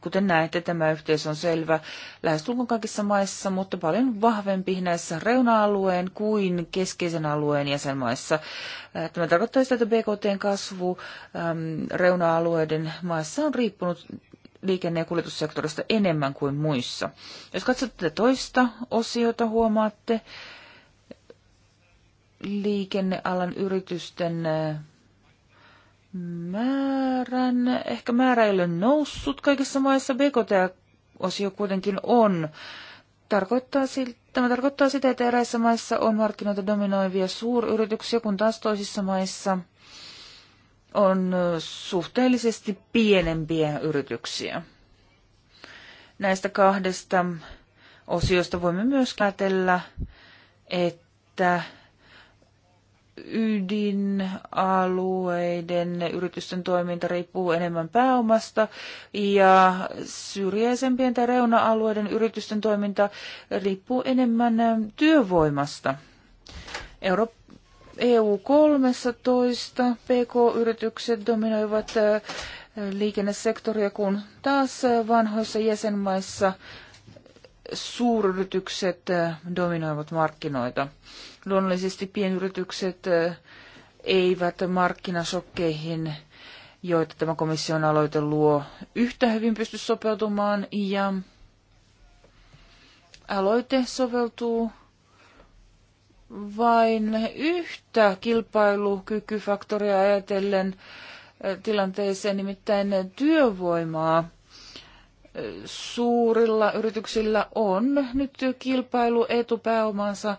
Kuten näette, tämä yhteys on selvä lähestulkoon kaikissa maissa, mutta paljon vahvempi näissä reuna-alueen kuin keskeisen alueen jäsenmaissa. Tämä tarkoittaa sitä, että BKTn kasvu reuna-alueiden maissa on riippunut liikenne- ja kuljetussektorista enemmän kuin muissa. Jos katsotte toista osiota, huomaatte liikennealan yritysten määrän. Ehkä määrä ei ole noussut kaikissa maissa. BKT-osio kuitenkin on. Tarkoittaa siltä, Tämä tarkoittaa sitä, että eräissä maissa on markkinoita dominoivia suuryrityksiä, kun taas toisissa maissa – on suhteellisesti pienempiä yrityksiä. Näistä kahdesta osiosta voimme myös päätellä, että ydinalueiden yritysten toiminta riippuu enemmän pääomasta ja syrjäisempien tai reuna-alueiden yritysten toiminta riippuu enemmän työvoimasta. Eurooppa EU-13 PK-yritykset dominoivat liikennesektoria, kun taas vanhoissa jäsenmaissa suuryritykset dominoivat markkinoita. Luonnollisesti pienyritykset eivät markkinasokkeihin, joita tämä komission aloite luo, yhtä hyvin pysty sopeutumaan ja aloite soveltuu vain yhtä kilpailukykyfaktoria ajatellen äh, tilanteeseen, nimittäin työvoimaa. Äh, suurilla yrityksillä on nyt kilpailuetu pääomansa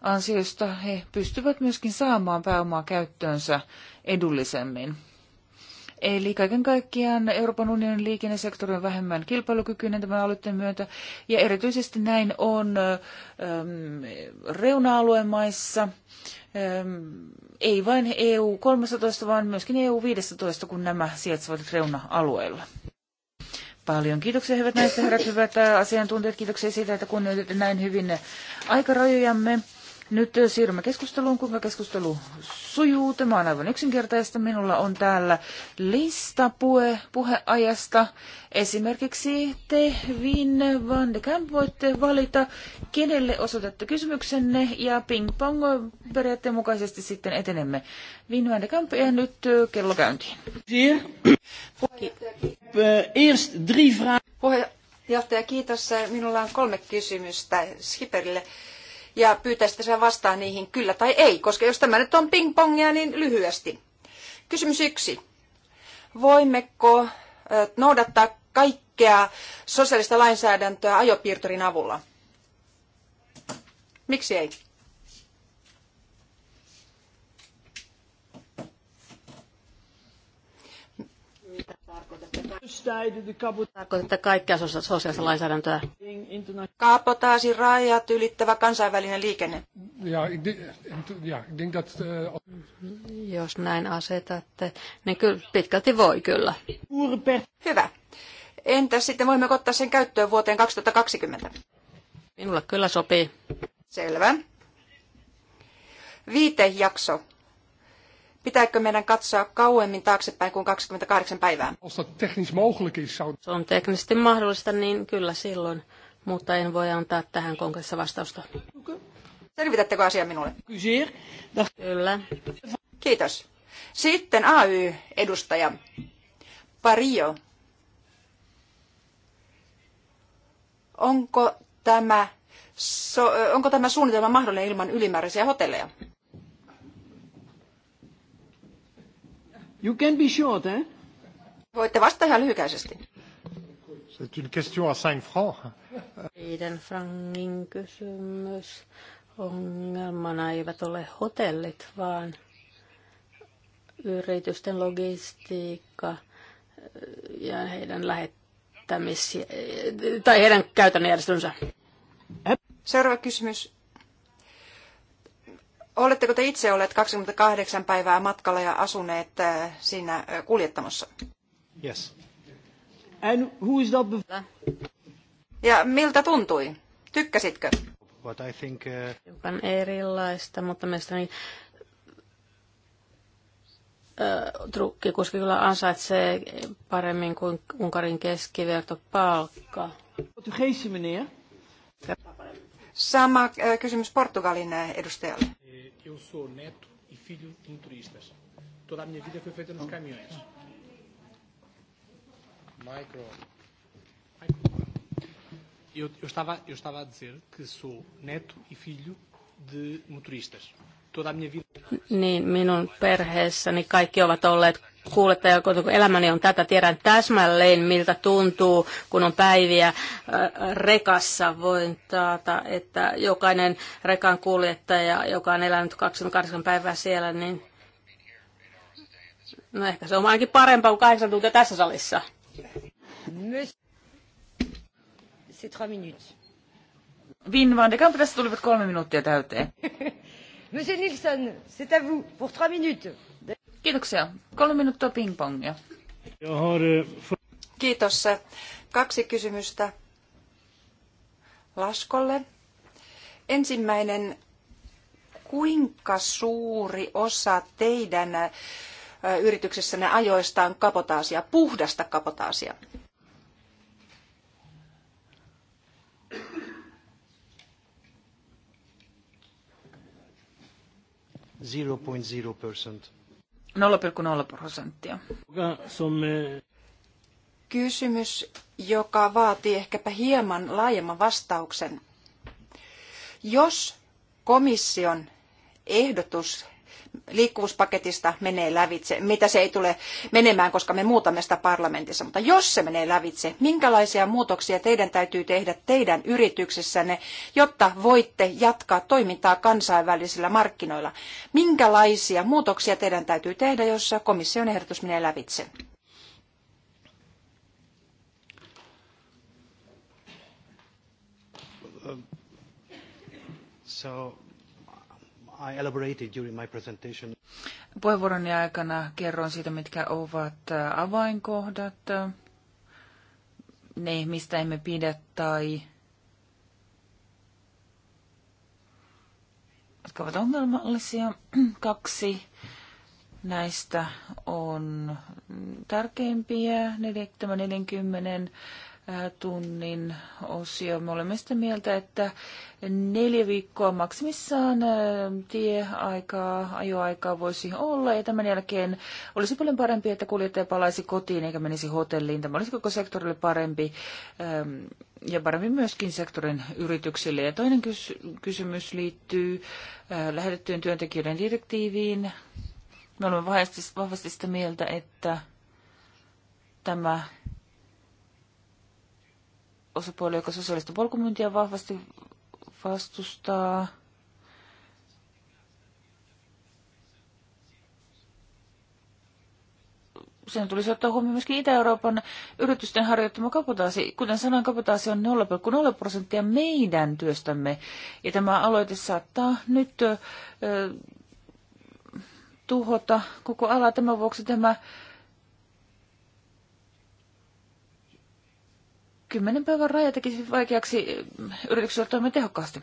ansiosta. He pystyvät myöskin saamaan pääomaa käyttöönsä edullisemmin. Eli kaiken kaikkiaan Euroopan unionin liikennesektori on vähemmän kilpailukykyinen tämän aloitteen myötä, ja erityisesti näin on ähm, reuna-alueen maissa, Ähm, ei vain EU-13, vaan myöskin EU-15, kun nämä sijaitsevat reuna-alueilla. Paljon kiitoksia hyvät näistä herrat, hyvät äh, asiantuntijat. Kiitoksia siitä, että kunnioititte näin hyvin aikarajojamme. Nyt siirrymme keskusteluun, kuinka keskustelu sujuu. Tämä on aivan yksinkertaista. Minulla on täällä lista puhe, puheajasta. Esimerkiksi te, Vin van de Kamp, voitte valita, kenelle osoitatte kysymyksenne, ja ping-pong periaatteen mukaisesti sitten etenemme. Vin van de Kamp, ja nyt kello käyntiin. Puheenjohtaja, kiitos. Minulla on kolme kysymystä Schipperille ja pyytäisitte sen vastaan niihin kyllä tai ei, koska jos tämä nyt on pingpongia, niin lyhyesti. Kysymys yksi. Voimmeko noudattaa kaikkea sosiaalista lainsäädäntöä ajopiirturin avulla? Miksi ei? Mitä Tarkoitan, että kaikkea sosiaalista lainsäädäntöä. Kaapotaasi rajat ylittävä kansainvälinen liikenne. Jos näin asetatte, niin kyllä pitkälti voi kyllä. Hyvä. Entäs sitten voimme ottaa sen käyttöön vuoteen 2020? Minulle kyllä sopii. Selvä. Viitejakso Pitääkö meidän katsoa kauemmin taaksepäin kuin 28 päivää? Jos Se on teknisesti mahdollista, niin kyllä silloin, mutta en voi antaa tähän konkreettista vastausta. Selvitättekö asia minulle? Kyllä. Kiitos. Sitten AY-edustaja Pario. Onko tämä, so, onko tämä suunnitelma mahdollinen ilman ylimääräisiä hotelleja? You can be short, eh? Voitte vastata ihan lyhykäisesti. C'est une question à 5 francs. Viiden frangin kysymys. Ongelmana eivät ole hotellit, vaan yritysten logistiikka ja heidän lähettämis- tai heidän käytännön järjestelynsä. Seuraava kysymys. Oletteko te itse olleet 28 päivää matkalla ja asuneet äh, siinä äh, kuljettamossa? Yes. And who is that... Ja miltä tuntui? Tykkäsitkö? What I think, uh... Hiukan erilaista, mutta mielestäni trukki, koska kyllä ansaitsee paremmin kuin Unkarin keskiverto Portugeese meneer. Sama äh, kysymys Portugalin äh, edustajalle. Eh, eu sou neto e filho de motoristas. Toda a minha vida foi feita nos caminhões. eu, estava, eu estava a dizer que sou neto e filho de motoristas. Tuota niin, minun perheessäni kaikki ovat olleet kuulettaja, kun elämäni on tätä, tiedän täsmälleen, miltä tuntuu, kun on päiviä rekassa. Voin taata, että jokainen rekan kuljettaja, joka on elänyt 28 päivää siellä, niin no ehkä se on ainakin parempaa kuin 8 tuntia tässä salissa. C'est de Kamp, tässä tulivat kolme minuuttia täyteen. Monsieur Nilsson, c'est à vous pour trois minutes. Kiitoksia. Kolme minuuttia pingpongia. Eh, Kiitos. Kaksi kysymystä Laskolle. Ensimmäinen, kuinka suuri osa teidän eh, yrityksessänne ajoista on kapotaasia, puhdasta kapotaasia? 0,0%. prosenttia. Eh, Kysymys, joka vaatii ehkäpä hieman laajemman vastauksen. Jos komission ehdotus liikkuvuuspaketista menee lävitse, mitä se ei tule menemään, koska me muutamme sitä parlamentissa. Mutta jos se menee lävitse, minkälaisia muutoksia teidän täytyy tehdä teidän yrityksessänne, jotta voitte jatkaa toimintaa kansainvälisillä markkinoilla? Minkälaisia muutoksia teidän täytyy tehdä, jos komission ehdotus menee lävitse? So I elaborated during my presentation. Puheenvuoroni aikana kerron siitä, mitkä ovat avainkohdat, ne, mistä emme pidä tai jotka ovat ongelmallisia. Kaksi näistä on tärkeimpiä, tämä 40 tunnin osio. Me olemme sitä mieltä, että neljä viikkoa maksimissaan tieaikaa, ajoaikaa voisi olla. Ja tämän jälkeen olisi paljon parempi, että kuljettaja palaisi kotiin eikä menisi hotelliin. Tämä olisi koko sektorille parempi ja parempi myöskin sektorin yrityksille. Ja toinen kysymys liittyy lähetettyjen työntekijöiden direktiiviin. Me olemme vahvasti sitä mieltä, että tämä osapuoli, joka sosiaalista polkumyyntiä vahvasti vastustaa. sen tulisi ottaa huomioon myöskin Itä-Euroopan yritysten harjoittama kapotaasi. Kuten sanoin, kapotaasi on 0,0 prosenttia meidän työstämme. Ja tämä aloite saattaa nyt ö, tuhota koko ala. Tämän vuoksi tämä kymmenen päivän raja tekisi vaikeaksi yritykselle toimia tehokkaasti.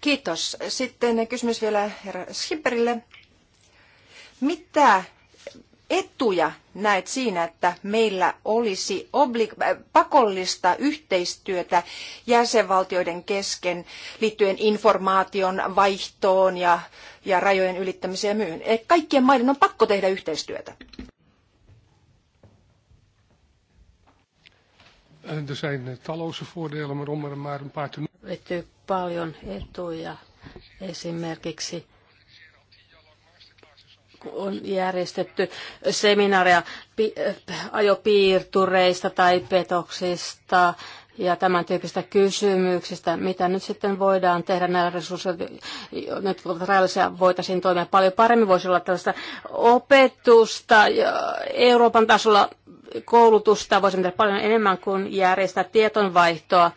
Kiitos. Sitten kysymys vielä herra Schipperille. Mitä etuja näet siinä, että meillä olisi äh, pakollista yhteistyötä jäsenvaltioiden kesken liittyen informaation vaihtoon ja, ja rajojen ylittämiseen ja myyhyn? Kaikkien maiden on pakko tehdä yhteistyötä. Er zijn eh, talloze voordelen, maar om er maar een paar te noemen. paljon etuja. Esimerkiksi on järjestetty seminaaria eh, ajopiirtureista tai petoksista ja tämän tyyppistä kysymyksistä, mitä nyt sitten voidaan tehdä näillä resursseilla, nyt rajallisia voitaisiin toimia paljon paremmin, voisi olla tällaista opetusta Euroopan tasolla koulutusta, voisimme tehdä paljon enemmän kuin järjestää tietonvaihtoa,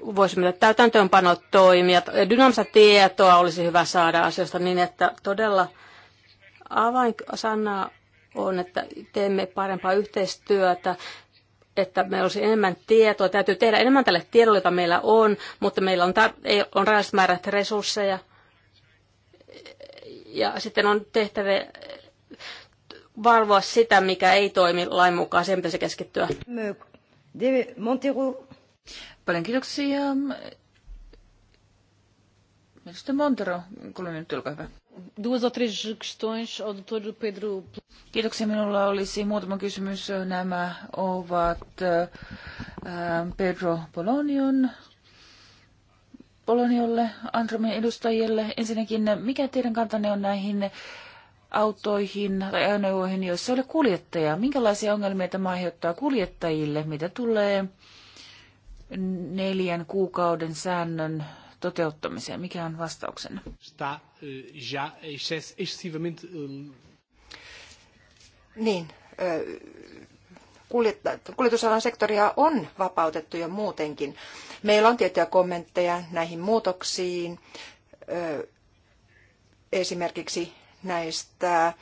voisimme tehdä täytäntöönpanotoimia, dynaamista tietoa olisi hyvä saada asioista niin, että todella avainsana on, että teemme parempaa yhteistyötä, että meillä olisi enemmän tietoa. Täytyy tehdä enemmän tälle tiedolle, jota meillä on, mutta meillä on, tar- on rajalliset määrät resursseja. Ja sitten on tehtävä valvoa sitä, mikä ei toimi lain mukaan, sen pitäisi keskittyä. Paljon kiitoksia. Mr. Mm, Montero, kuulun nyt, olkaa hyvä. Pedro. Kiitoksia. Minulla olisi muutama kysymys. Nämä ovat äh, Pedro Polonion, Poloniolle, Andromen edustajille. Ensinnäkin, mikä teidän kantanne on näihin autoihin tai ajoneuvoihin, joissa ole kuljettaja. Minkälaisia ongelmia tämä aiheuttaa kuljettajille, mitä tulee neljän kuukauden säännön toteuttamiseen? Mikä on vastauksen? Eh, eh, niin, eh, kuljetusalan sektoria on vapautettu jo muutenkin. Meillä on tiettyjä kommentteja näihin muutoksiin, esimerkiksi näistä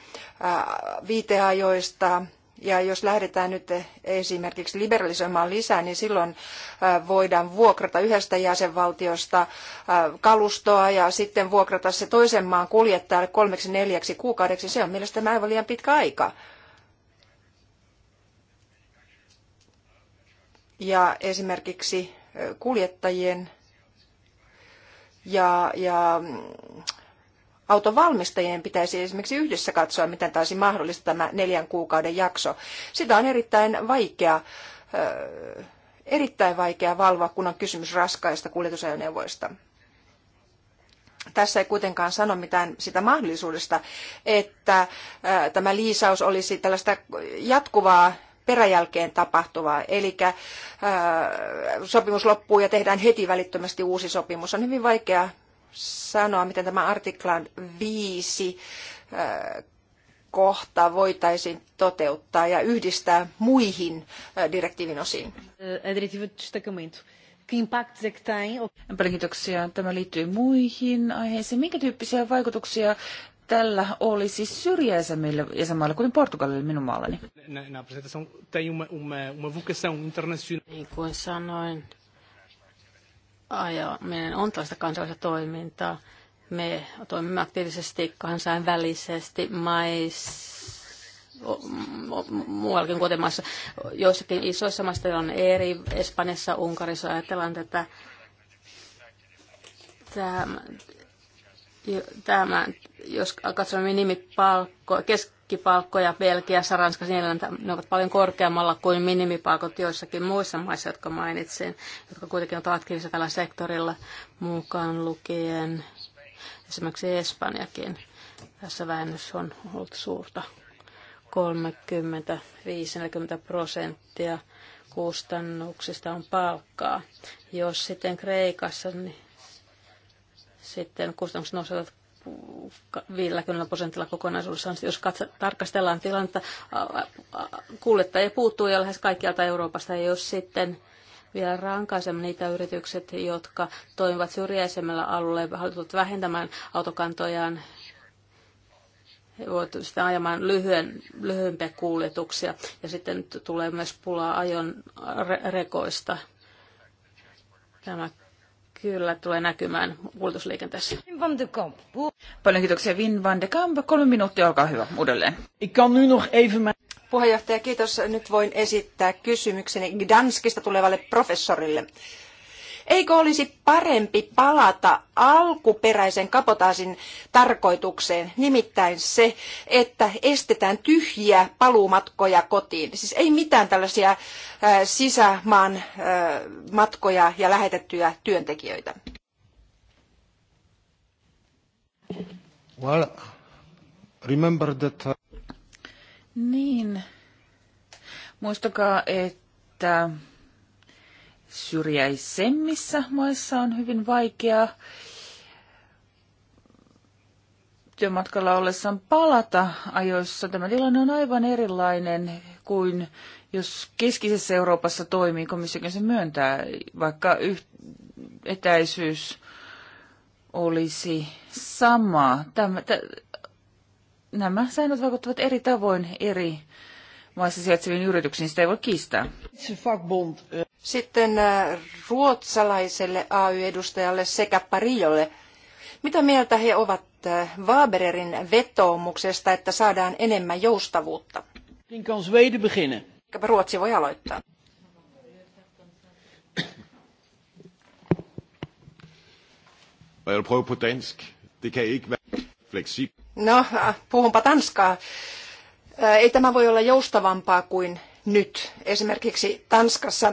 viiteajoista, ja jos lähdetään nyt esimerkiksi liberalisoimaan lisää, niin silloin voidaan vuokrata yhdestä jäsenvaltiosta kalustoa ja sitten vuokrata se toisen maan kuljettajalle kolmeksi neljäksi kuukaudeksi. Se on mielestäni aivan liian pitkä aika. Ja esimerkiksi kuljettajien ja, ja autovalmistajien pitäisi esimerkiksi yhdessä katsoa, miten taisi mahdollista tämä neljän kuukauden jakso. Sitä on erittäin vaikea, erittäin vaikea valvoa, kun on kysymys raskaista kuljetusajoneuvoista. Tässä ei kuitenkaan sano mitään sitä mahdollisuudesta, että tämä liisaus olisi tällaista jatkuvaa peräjälkeen tapahtuvaa. Eli sopimus loppuu ja tehdään heti välittömästi uusi sopimus. On hyvin vaikea sanoa, miten tämä artiklan viisi kohta voitaisiin toteuttaa ja yhdistää muihin direktiivin osiin. kiitoksia. Tämä liittyy muihin aiheisiin. Minkä tyyppisiä vaikutuksia tällä olisi syrjäisemmille jäsenmaille kuin Portugalille minun maallani? Niin kuin sanoin, ajaminen on tällaista kansallista toimintaa. Me toimimme aktiivisesti kansainvälisesti muuallakin kotimaassa. Joissakin isoissa maissa on eri, Espanjassa, Unkarissa ajatellaan tätä tämä, tämä jos katsomme minimipalkkoa, kes, keskipalkkoja Belgiassa, Ranskassa, Irlannissa, niin ne ovat paljon korkeammalla kuin minimipalkot joissakin muissa maissa, jotka mainitsin, jotka kuitenkin ovat aktiivisia tällä sektorilla mukaan lukien esimerkiksi Espanjakin. Tässä vähennys on ollut suurta 30-50 prosenttia kustannuksista on palkkaa. Jos sitten Kreikassa, niin sitten kustannukset nousevat 50 prosentilla kokonaisuudessaan. Jos katso, tarkastellaan tilannetta, kuljettajia puuttuu jo lähes kaikkialta Euroopasta, ja jos sitten vielä rankaisemme niitä yritykset, jotka toimivat syrjäisemmällä alueella, halutut vähentämään autokantojaan, voivat sitten ajamaan lyhyen, lyhyempiä kuljetuksia ja sitten tulee myös pulaa ajon rekoista. Tämä kyllä tulee näkymään kuljetusliikenteessä. Kamp. Paljon kiitoksia Vin van de Kamp. Kolme minuuttia, olkaa hyvä uudelleen. Ik kan nu nog even... Puheenjohtaja, kiitos. Nyt voin esittää kysymykseni Gdanskista tulevalle professorille. Eikö olisi parempi palata alkuperäisen kapotaasin tarkoitukseen, nimittäin se, että estetään tyhjiä paluumatkoja kotiin. Siis ei mitään tällaisia äh, sisämaan äh, matkoja ja lähetettyjä työntekijöitä. Well, remember that... Uh, niin. Muistakaa, että syrjäisemmissä maissa on hyvin vaikeaa työmatkalla ollessaan palata ajoissa. Tämä tilanne on aivan erilainen kuin jos keskisessä Euroopassa toimii, komissiokin se myöntää, vaikka etäisyys olisi sama. Tämä, t- nämä säännöt vaikuttavat eri tavoin eri maassa sijaitseviin yrityksiin, sitä ei voi kiistää. Sitten ruotsalaiselle AY-edustajalle sekä Parijolle. Mitä mieltä he ovat Wabererin vetoomuksesta, että saadaan enemmän joustavuutta? Ruotsi voi aloittaa. No, puhunpa tanskaa. Ei tämä voi olla joustavampaa kuin nyt. Esimerkiksi Tanskassa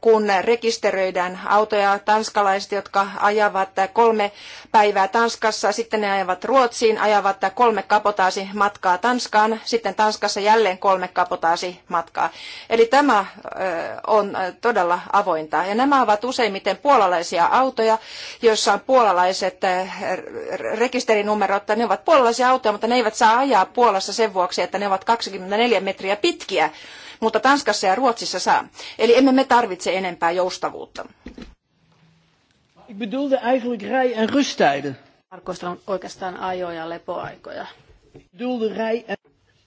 kun rekisteröidään autoja tanskalaiset, jotka ajavat kolme päivää Tanskassa, sitten ne ajavat Ruotsiin, ajavat kolme kapotaasi matkaa Tanskaan, sitten Tanskassa jälleen kolme kapotaasi matkaa. Eli tämä on todella avointa. Ja nämä ovat useimmiten puolalaisia autoja, joissa on puolalaiset rekisterinumerot. Ne ovat puolalaisia autoja, mutta ne eivät saa ajaa Puolassa sen vuoksi, että ne ovat 24 metriä pitkiä mutta Tanskassa ja Ruotsissa saa. Eli emme me tarvitse enempää joustavuutta. Ik bedoelde eigenlijk rij- en rusttijden. Tarkoitan oikeastaan ajo- ja lepoaikoja.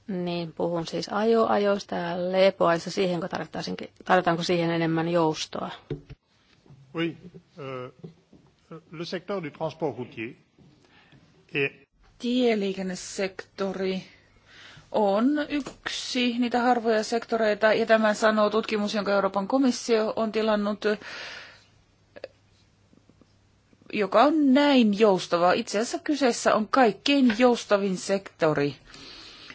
Niin, puhun siis ajoajoista ja lepoajoista. kun tarvitaanko siihen enemmän joustoa? Oui, euh, le secteur du transport routier. Et... Tieliikennesektori on yksi niitä harvoja sektoreita, ja tämän sanoo tutkimus, jonka Euroopan komissio on tilannut, joka on näin joustava. Itse asiassa kyseessä on kaikkein joustavin sektori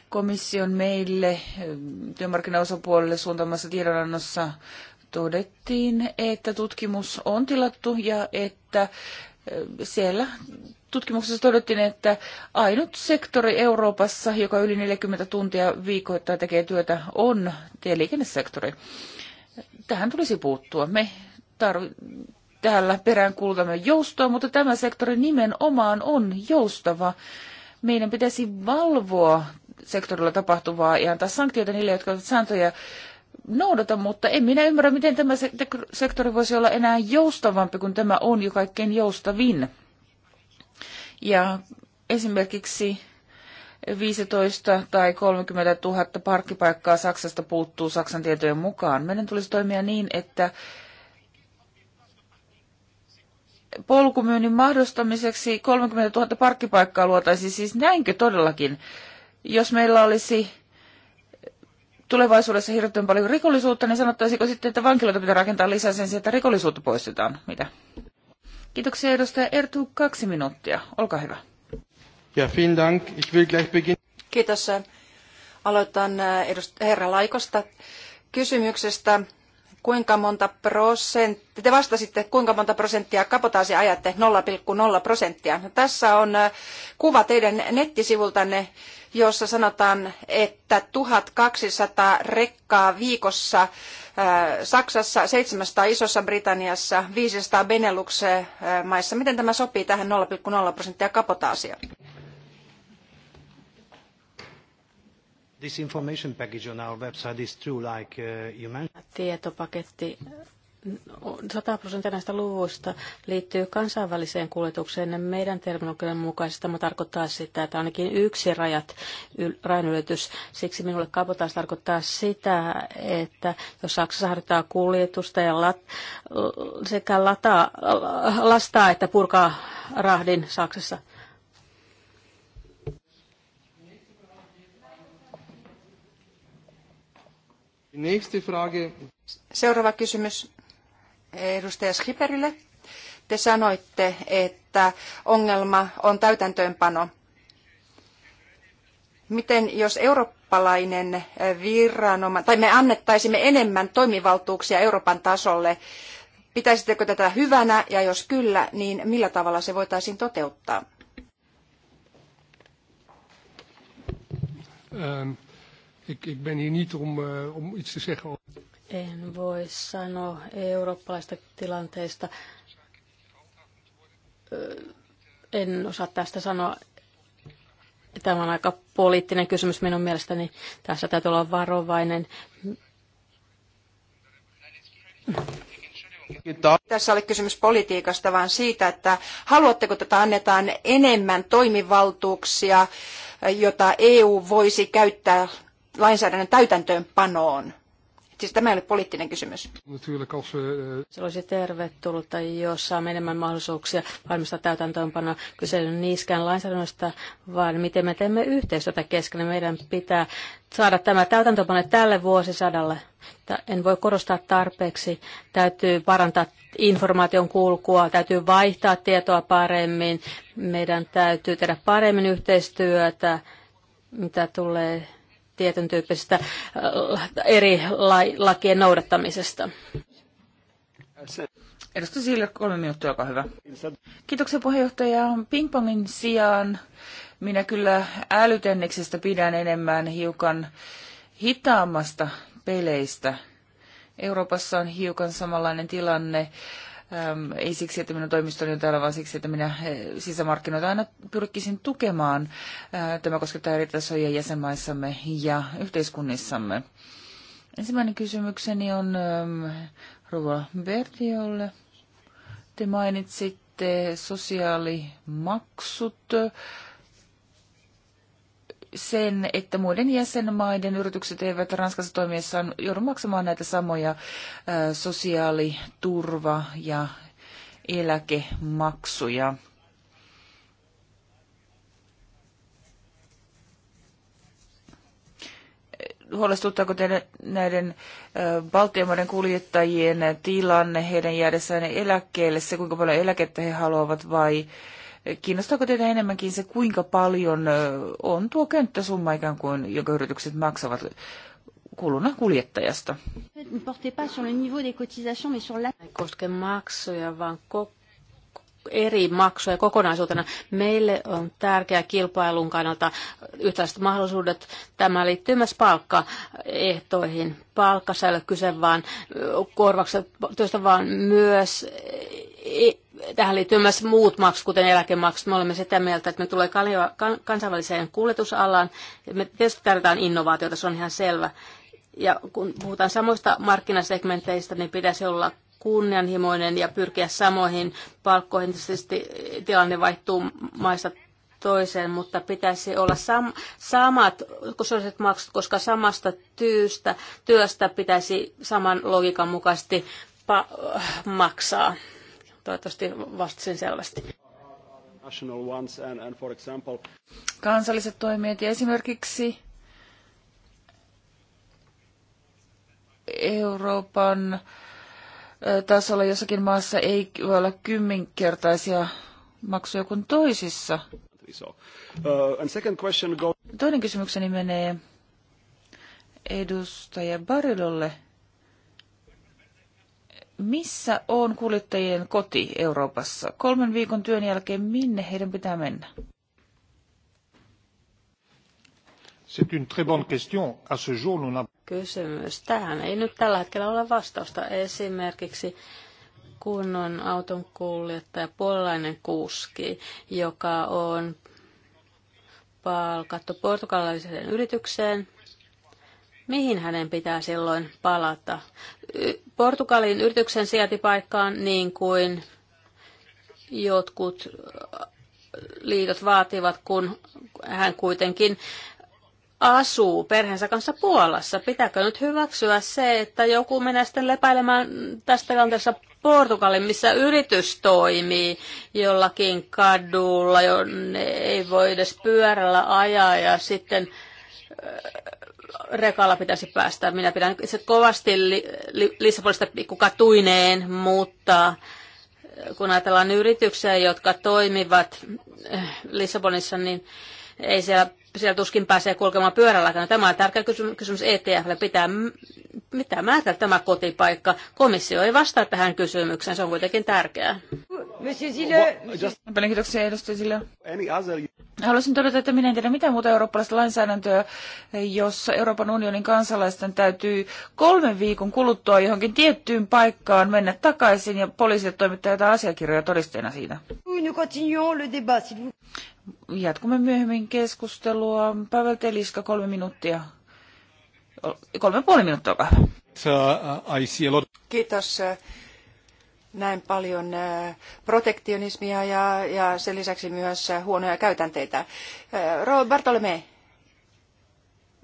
komission meille ähm, työmarkkinaosapuolelle suuntaamassa tiedonannossa todettiin, että tutkimus on tilattu ja että äh, siellä tutkimuksessa todettiin, että ainut sektori Euroopassa, joka yli 40 tuntia viikoittain tekee työtä, on tieliikennesektori. Tähän tulisi puuttua. Me tarvitsemme täällä peräänkuulutamme joustoa, mutta tämä sektori nimenomaan on joustava. Meidän pitäisi valvoa sektorilla tapahtuvaa ja antaa sanktioita niille, jotka ovat sääntöjä noudata, mutta en minä ymmärrä, miten tämä sektori voisi olla enää joustavampi kuin tämä on jo kaikkein joustavin. Ja esimerkiksi 15 tai 30 000 parkkipaikkaa Saksasta puuttuu Saksan tietojen mukaan. Meidän tulisi toimia niin, että polkumyynnin mahdollistamiseksi 30 000 parkkipaikkaa luotaisiin. Siis näinkö todellakin? Jos meillä olisi tulevaisuudessa hirveän paljon rikollisuutta, niin sanottaisiko sitten, että vankiloita pitää rakentaa lisää sen, että rikollisuutta poistetaan? Mitä? Kiitoksia edustaja Ertu. Kaksi minuuttia. Olkaa hyvä. Ja vielen dank. Ich will gleich beginnen. Kiitos. Aloitan eh, edust- herra Laikosta kysymyksestä kuinka monta prosenttia, te vastasitte, kuinka monta prosenttia kapotaasi ajatte, 0,0 prosenttia. No, tässä on eh, kuva teidän nettisivultanne, jossa sanotaan, että 1200 rekkaa viikossa äh, Saksassa, 700 Isossa Britanniassa, 500 Benelux-maissa. Miten tämä sopii tähän 0,0 prosenttia kapotaasia? This information package on our website is true, like uh, you mentioned. Tietopaketti 100 prosenttia näistä luvuista liittyy kansainväliseen kuljetukseen. Meidän terminologian mukaisesti tämä tarkoittaa sitä, että ainakin yksi rajat, rajanylitys. Siksi minulle kapotaas tarkoittaa sitä, että jos Saksassa harjoittaa kuljetusta ja lat, sekä lataa, lastaa että purkaa rahdin Saksassa, Seuraava kysymys edustaja Schiperille. Te sanoitte, että ongelma on täytäntöönpano. Miten jos eurooppalainen viranoma tai me annettaisimme enemmän toimivaltuuksia Euroopan tasolle, pitäisittekö tätä hyvänä ja jos kyllä, niin millä tavalla se voitaisiin toteuttaa? Ähm, ik, ik ben hier niet om, uh, om iets te zeggen. En voi sanoa eurooppalaista tilanteesta. En osaa tästä sanoa. Tämä on aika poliittinen kysymys minun mielestäni. Tässä täytyy olla varovainen. Tässä oli kysymys politiikasta, vaan siitä, että haluatteko, että annetaan enemmän toimivaltuuksia, jota EU voisi käyttää lainsäädännön täytäntöönpanoon? Siis tämä ei ole poliittinen kysymys. Se olisi tervetullutta, jos saa enemmän mahdollisuuksia valmistaa täytäntöönpanoa. Kyse ei ole niiskään lainsäädännöstä, vaan miten me teemme yhteistyötä kesken. Meidän pitää saada tämä täytäntöönpano tälle vuosisadalle. En voi korostaa tarpeeksi. Täytyy parantaa informaation kulkua, täytyy vaihtaa tietoa paremmin. Meidän täytyy tehdä paremmin yhteistyötä, mitä tulee tietyn tyyppisestä äh, eri lakien noudattamisesta. Edustaja Sille, kolme minuuttia, olkaa hyvä. Kiitoksia puheenjohtaja. Pingpongin sijaan minä kyllä älytenneksestä pidän enemmän hiukan hitaammasta peleistä. Euroopassa on hiukan samanlainen tilanne ei siksi, että minun toimistoni on täällä, vaan siksi, että minä sisämarkkinoita aina pyrkisin tukemaan. tämä koskettaa eri tasoja jäsenmaissamme ja yhteiskunnissamme. Ensimmäinen kysymykseni on äm, Ruva Bertiolle. Te mainitsitte sosiaalimaksut sen, että muiden jäsenmaiden yritykset eivät Ranskassa toimiessaan joudu maksamaan näitä samoja sosiaaliturva- ja eläkemaksuja. huolestuttaako teidän näiden valtiomaiden kuljettajien tilanne heidän jäädessään eläkkeelle, se kuinka paljon eläkettä he haluavat vai Kiinnostaako teitä enemmänkin se, kuinka paljon on tuo könttäsumma ikään kuin, jonka yritykset maksavat kuluna kuljettajasta? koske maksuja, vaan koko eri maksuja kokonaisuutena. Meille on tärkeä kilpailun kannalta yhtäläiset mahdollisuudet. Tämä liittyy myös palkkaehtoihin. Palkkassa ei ole kyse vaan korvaukset vaan myös e- tähän liittyy myös muut maksut, kuten eläkemaksut. Me olemme sitä mieltä, että me tulee kansainväliseen kuljetusalaan. Me tietysti tarvitaan innovaatiota, se on ihan selvä. Ja kun puhutaan samoista markkinasegmenteistä, niin pitäisi olla kunnianhimoinen ja pyrkiä samoihin palkkoihin. Tietysti tilanne vaihtuu maista toiseen, mutta pitäisi olla sam- samat sosiaaliset maksut, koska samasta tyystä, työstä pitäisi saman logiikan mukaisesti pa- maksaa. Toivottavasti vastasin selvästi. Kansalliset toimijat ja esimerkiksi Euroopan tasolla jossakin maassa ei voi olla kymmenkertaisia maksuja kuin toisissa. Uh, Toinen kysymykseni menee edustaja Barilolle. Missä on kuljettajien koti Euroopassa? Kolmen viikon työn jälkeen minne heidän pitää mennä? Kysymys. Tähän ei nyt tällä hetkellä ole vastausta. Esimerkiksi kunnon auton kuljettaja, puolalainen kuski, joka on palkattu portugalaiseen yritykseen, mihin hänen pitää silloin palata? Portugalin yrityksen sijaintipaikkaan niin kuin jotkut äh, liitot vaativat, kun hän kuitenkin asuu perheensä kanssa Puolassa. Pitääkö nyt hyväksyä se, että joku menee sitten lepäilemään tässä tilanteessa Portugalin, missä yritys toimii jollakin kadulla, jonne ei voi edes pyörällä ajaa ja sitten äh, rekalla pitäisi päästä. Minä pidän itse kovasti li, li, Lissabonista pikkukatuineen, mutta eh, kun ajatellaan yrityksiä, jotka toimivat eh, Lissabonissa, niin ei siellä, siellä tuskin pääsee kulkemaan pyörälläkään. Tämä on tärkeä kysymys, kysymys ETFlle. Pitää mitä määrä tämä kotipaikka? Komissio ei vastaa tähän kysymykseen, se on kuitenkin tärkeää. Paljon kiitoksia edustaja Haluaisin todeta, että minä en tiedä mitään muuta eurooppalaista lainsäädäntöä, jossa Euroopan unionin kansalaisten täytyy kolmen viikon kuluttua johonkin tiettyyn paikkaan mennä takaisin ja poliisit toimittaa jotain asiakirjoja todisteena siitä. Jatkumme myöhemmin keskustelua. Pavel Teliska, kolme minuuttia. Kolme puoli minuuttia, olkaa hyvä. Uh, Kiitos. Näin paljon uh, protektionismia ja, ja sen lisäksi myös uh, huonoja käytänteitä. Robert Bartolome,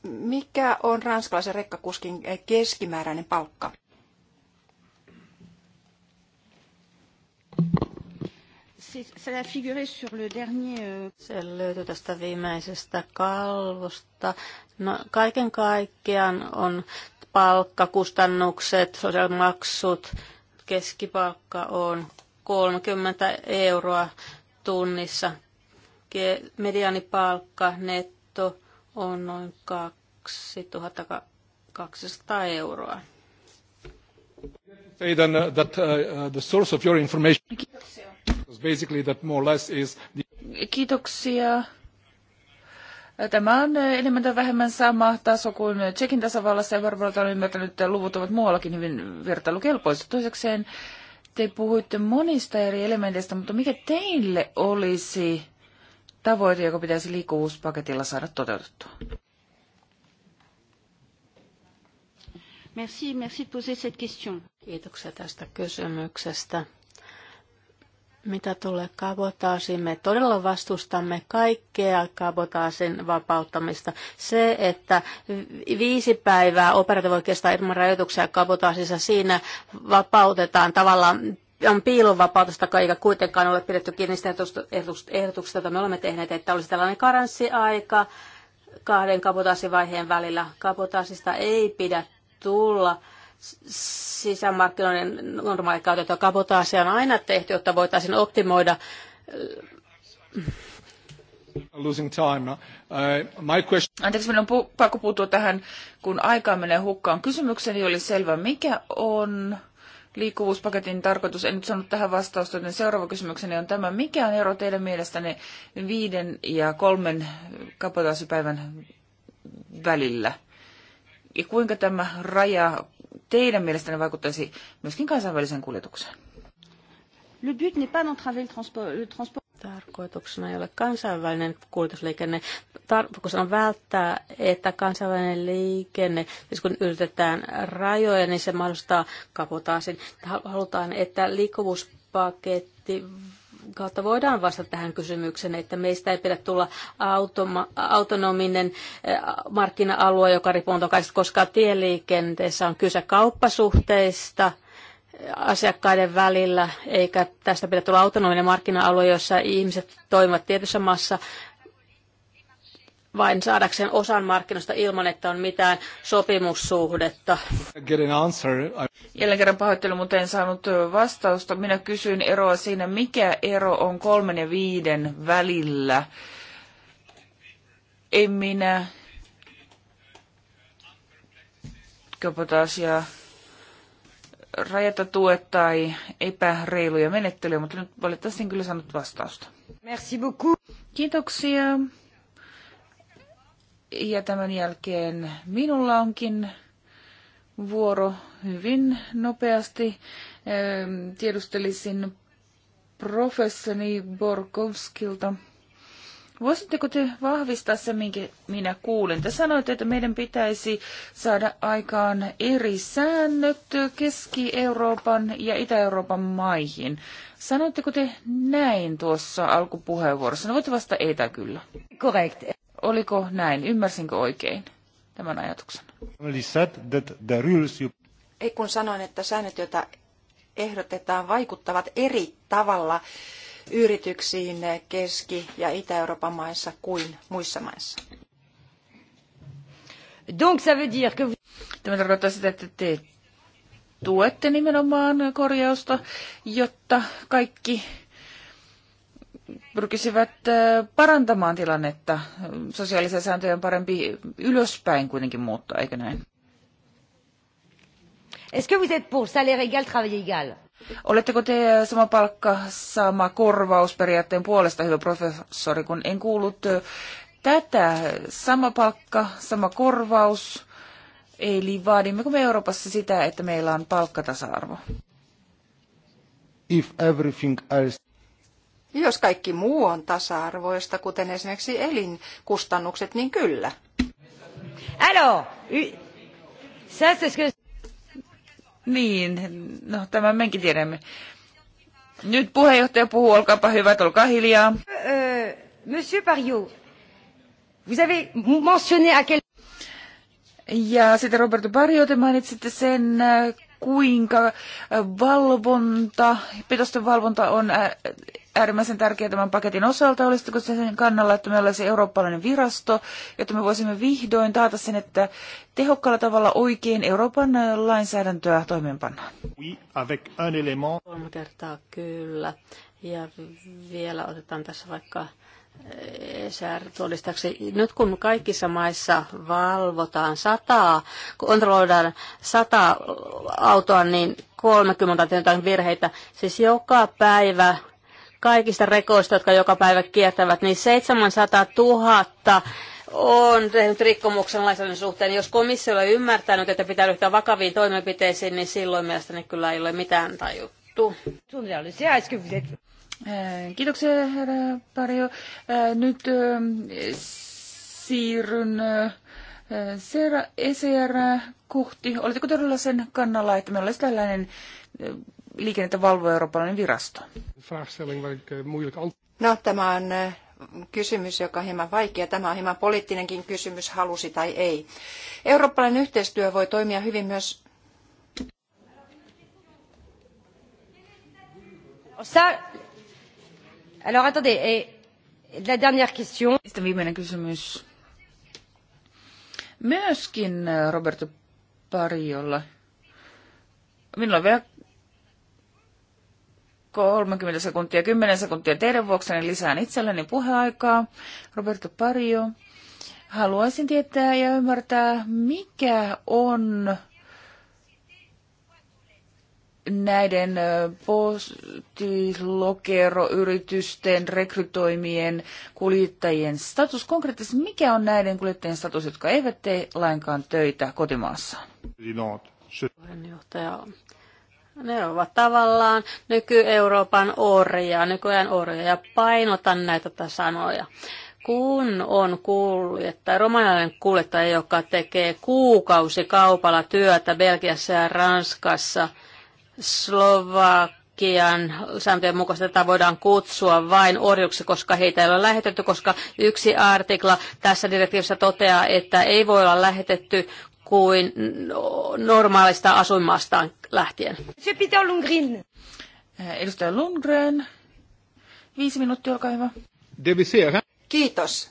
mikä on ranskalaisen rekkakuskin keskimääräinen palkka? Euh, Se löytyy tästä viimeisestä kalvosta. No, kaiken kaikkiaan on palkkakustannukset, sosiaalimaksut, keskipalkka on 30 euroa tunnissa. Medianipalkka netto on noin 2200 euroa. Say then, uh, that, uh, uh, the source of your information. Kiitoksia. Kiitoksia. Tämä on enemmän tai vähemmän sama taso kuin Tsekin tasavallassa ja varmasti olen ymmärtänyt, että luvut ovat muuallakin hyvin vertailukelpoisia. Toisekseen te puhuitte monista eri elementeistä, mutta mikä teille olisi tavoite, joka pitäisi liikkuvuuspaketilla saada toteutettua? Merci, merci de poser cette question. Kiitoksia tästä kysymyksestä. Mitä tulee kabotaasiin, me todella vastustamme kaikkea kabotaasin vapauttamista. Se, että viisi päivää operaatio voi kestää ilman rajoituksia kabotaasissa, siinä vapautetaan tavallaan on piilovapautusta, eikä kuitenkaan ole pidetty kiinni sitä ehdotuksesta, joita me olemme tehneet, että olisi tällainen karanssiaika kahden kabotaasivaiheen välillä. Kabotaasista ei pidä tulla sisämarkkinoiden ja kabotaasia on aina tehty, jotta voitaisiin optimoida losing time. Uh, my question... Anteeksi, minun on pu- pakko puuttua tähän, kun aikaa menee hukkaan. Kysymykseni oli selvä. Mikä on liikkuvuuspaketin tarkoitus? En nyt saanut tähän vastausta, joten seuraava kysymykseni on tämä. Mikä on ero teidän mielestänne viiden ja kolmen kapotaasipäivän välillä? Ja kuinka tämä raja teidän mielestänne vaikuttaisi myöskin kansainväliseen kuljetukseen? Le but n'est pas d'entraver le transport. Le transport. Tarkoituksena ei ole kansainvälinen kuljetusliikenne. Tarkoituksena on välttää, että kansainvälinen liikenne, siis kun ylitetään rajoja, niin se mahdollistaa kapotaasin. Halutaan, että liikkuvuuspaketti kautta voidaan vastata tähän kysymykseen, että meistä ei pidä tulla automa, autonominen eh, markkina-alue, joka riippuu kaikesta, koska tieliikenteessä on kyse kauppasuhteista, eh, asiakkaiden välillä, eikä tästä pidä tulla autonominen markkina-alue, jossa ihmiset toimivat tietyssä maassa vain saadakseen osan markkinoista ilman, että on mitään sopimussuhdetta. Jälleen kerran pahoittelu, mutta en saanut vastausta. Minä kysyin eroa siinä, mikä ero on kolmen ja viiden välillä. En minä kapotaasia rajata tuet tai epäreiluja menettelyjä, mutta nyt valitettavasti en kyllä saanut vastausta. Merci beaucoup. Kiitoksia. Ja tämän jälkeen minulla onkin vuoro hyvin nopeasti. Tiedustelisin professori Borkovskilta. Voisitteko te vahvistaa se, minkä minä kuulen? Te sanoitte, että meidän pitäisi saada aikaan eri säännöt Keski-Euroopan ja Itä-Euroopan maihin. Sanoitteko te näin tuossa alkupuheenvuorossa? No voitte vasta etä kyllä. Korrekt. Oliko näin? Ymmärsinkö oikein tämän ajatuksen? Ei kun sanoin, että säännöt, joita ehdotetaan, vaikuttavat eri tavalla yrityksiin Keski- ja Itä-Euroopan maissa kuin muissa maissa. Donc ça veut dire que Tämä tarkoittaa sitä, että te tuette nimenomaan korjausta, jotta kaikki pyrkisivät parantamaan tilannetta. Sosiaalisia sääntöjä on parempi ylöspäin kuitenkin muuttaa, eikö näin? Est-ce que vous êtes pour salaire égal, travail égal? Oletteko te sama palkka, sama korvaus periaatteen puolesta, hyvä professori, kun en kuullut tätä. Sama palkka, sama korvaus, eli vaadimmeko me Euroopassa sitä, että meillä on palkkatasa-arvo? If everything else jos kaikki muu on tasa-arvoista, kuten esimerkiksi elinkustannukset, niin kyllä. Alors, ça que... Niin, no tämä menkin tiedämme. Nyt puheenjohtaja puhuu, olkaapa hyvät, olkaa hiljaa. Euh, euh, monsieur Pariot, vous avez mentionné à quel... Ja sitten Roberto Barrio, te mainitsitte sen, äh, kuinka äh, valvonta, petosten valvonta on äh, äärimmäisen tärkeä tämän paketin osalta. Olisitko sen kannalla, että meillä olisi eurooppalainen virasto, jotta me voisimme vihdoin taata sen, että tehokkaalla tavalla oikein Euroopan äh, lainsäädäntöä toimeenpannaan? Oui, avec un élément. Kolme kertaa kyllä. Ja vielä otetaan tässä vaikka todistaksi. Nyt kun kaikissa maissa valvotaan sataa, kontrolloidaan sata autoa, niin 30 on jotain virheitä. Siis joka päivä kaikista rekoista, jotka joka päivä kiertävät, niin 700 000 on tehnyt rikkomuksen lainsäädännön suhteen. Jos komissio ei ymmärtänyt, että pitää ryhtyä vakaviin toimenpiteisiin, niin silloin mielestäni kyllä ei ole mitään tajuttu. Äh, kiitoksia, herra Pario. Äh, nyt äh, siirryn ECR e kohti. Oletteko todella sen kannalla, että meillä olisi tällainen liikennettä valvoa eurooppalainen virasto? No, tämä on kysymys, joka on hieman vaikea. Tämä on hieman poliittinenkin kysymys, halusi tai ei. Eurooppalainen yhteistyö voi toimia hyvin myös... Sir, Alors attendez, et la dernière question. Sitten viimeinen kysymys. Myöskin äh, Roberto Pariolla. Minulla on vielä 30 sekuntia, 10 sekuntia teidän vuokseni niin lisään itselleni puheaikaa. Roberto Pario, haluaisin tietää ja ymmärtää, mikä on näiden postilokeroyritysten rekrytoimien kuljettajien status? Konkreettisesti mikä on näiden kuljettajien status, jotka eivät tee lainkaan töitä kotimaassa? Puheenjohtaja, ne ovat tavallaan nyky-Euroopan orjia, nykyään orjia, ja painotan näitä sanoja. Kun on kuullut, että romanialainen kuljettaja, joka tekee kuukausi kaupalla työtä Belgiassa ja Ranskassa – Slovakian sääntöjen mukaista tätä voidaan kutsua vain orjuksi, koska heitä ei ole lähetetty, koska yksi artikla tässä direktiivissä toteaa, että ei voi olla lähetetty kuin normaalista asuinmaastaan lähtien. Se pitää Lundgren. Edustaja Lundgren. Viisi minuuttia, olkaa hyvä. Kiitos.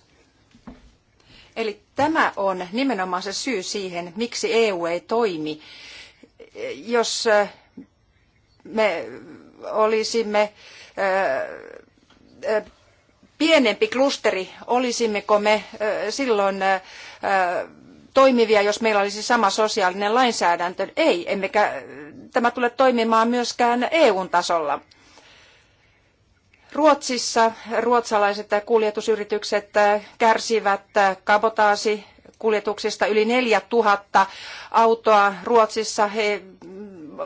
Eli tämä on nimenomaan se syy siihen, miksi EU ei toimi. Jos me olisimme pienempi klusteri, olisimmeko me silloin toimivia, jos meillä olisi sama sosiaalinen lainsäädäntö? Ei, emmekä tämä tule toimimaan myöskään eu tasolla. Ruotsissa ruotsalaiset kuljetusyritykset kärsivät kabotaasikuljetuksista kuljetuksista yli 4000 autoa Ruotsissa. He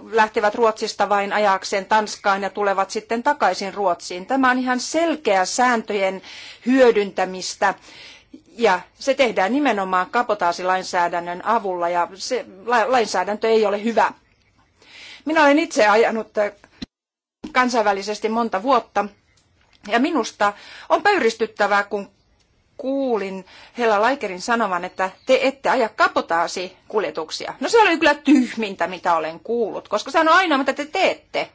lähtevät Ruotsista vain ajakseen Tanskaan ja tulevat sitten takaisin Ruotsiin. Tämä on ihan selkeä sääntöjen hyödyntämistä ja se tehdään nimenomaan kapotaasilainsäädännön avulla ja se lainsäädäntö ei ole hyvä. Minä olen itse ajanut kansainvälisesti monta vuotta ja minusta on pöyristyttävää, kun kuulin Hella Laikerin sanovan, että te ette aja kapotaasi kuljetuksia. No se oli kyllä tyhmintä, mitä olen kuullut, koska se on ainoa, mitä te teette.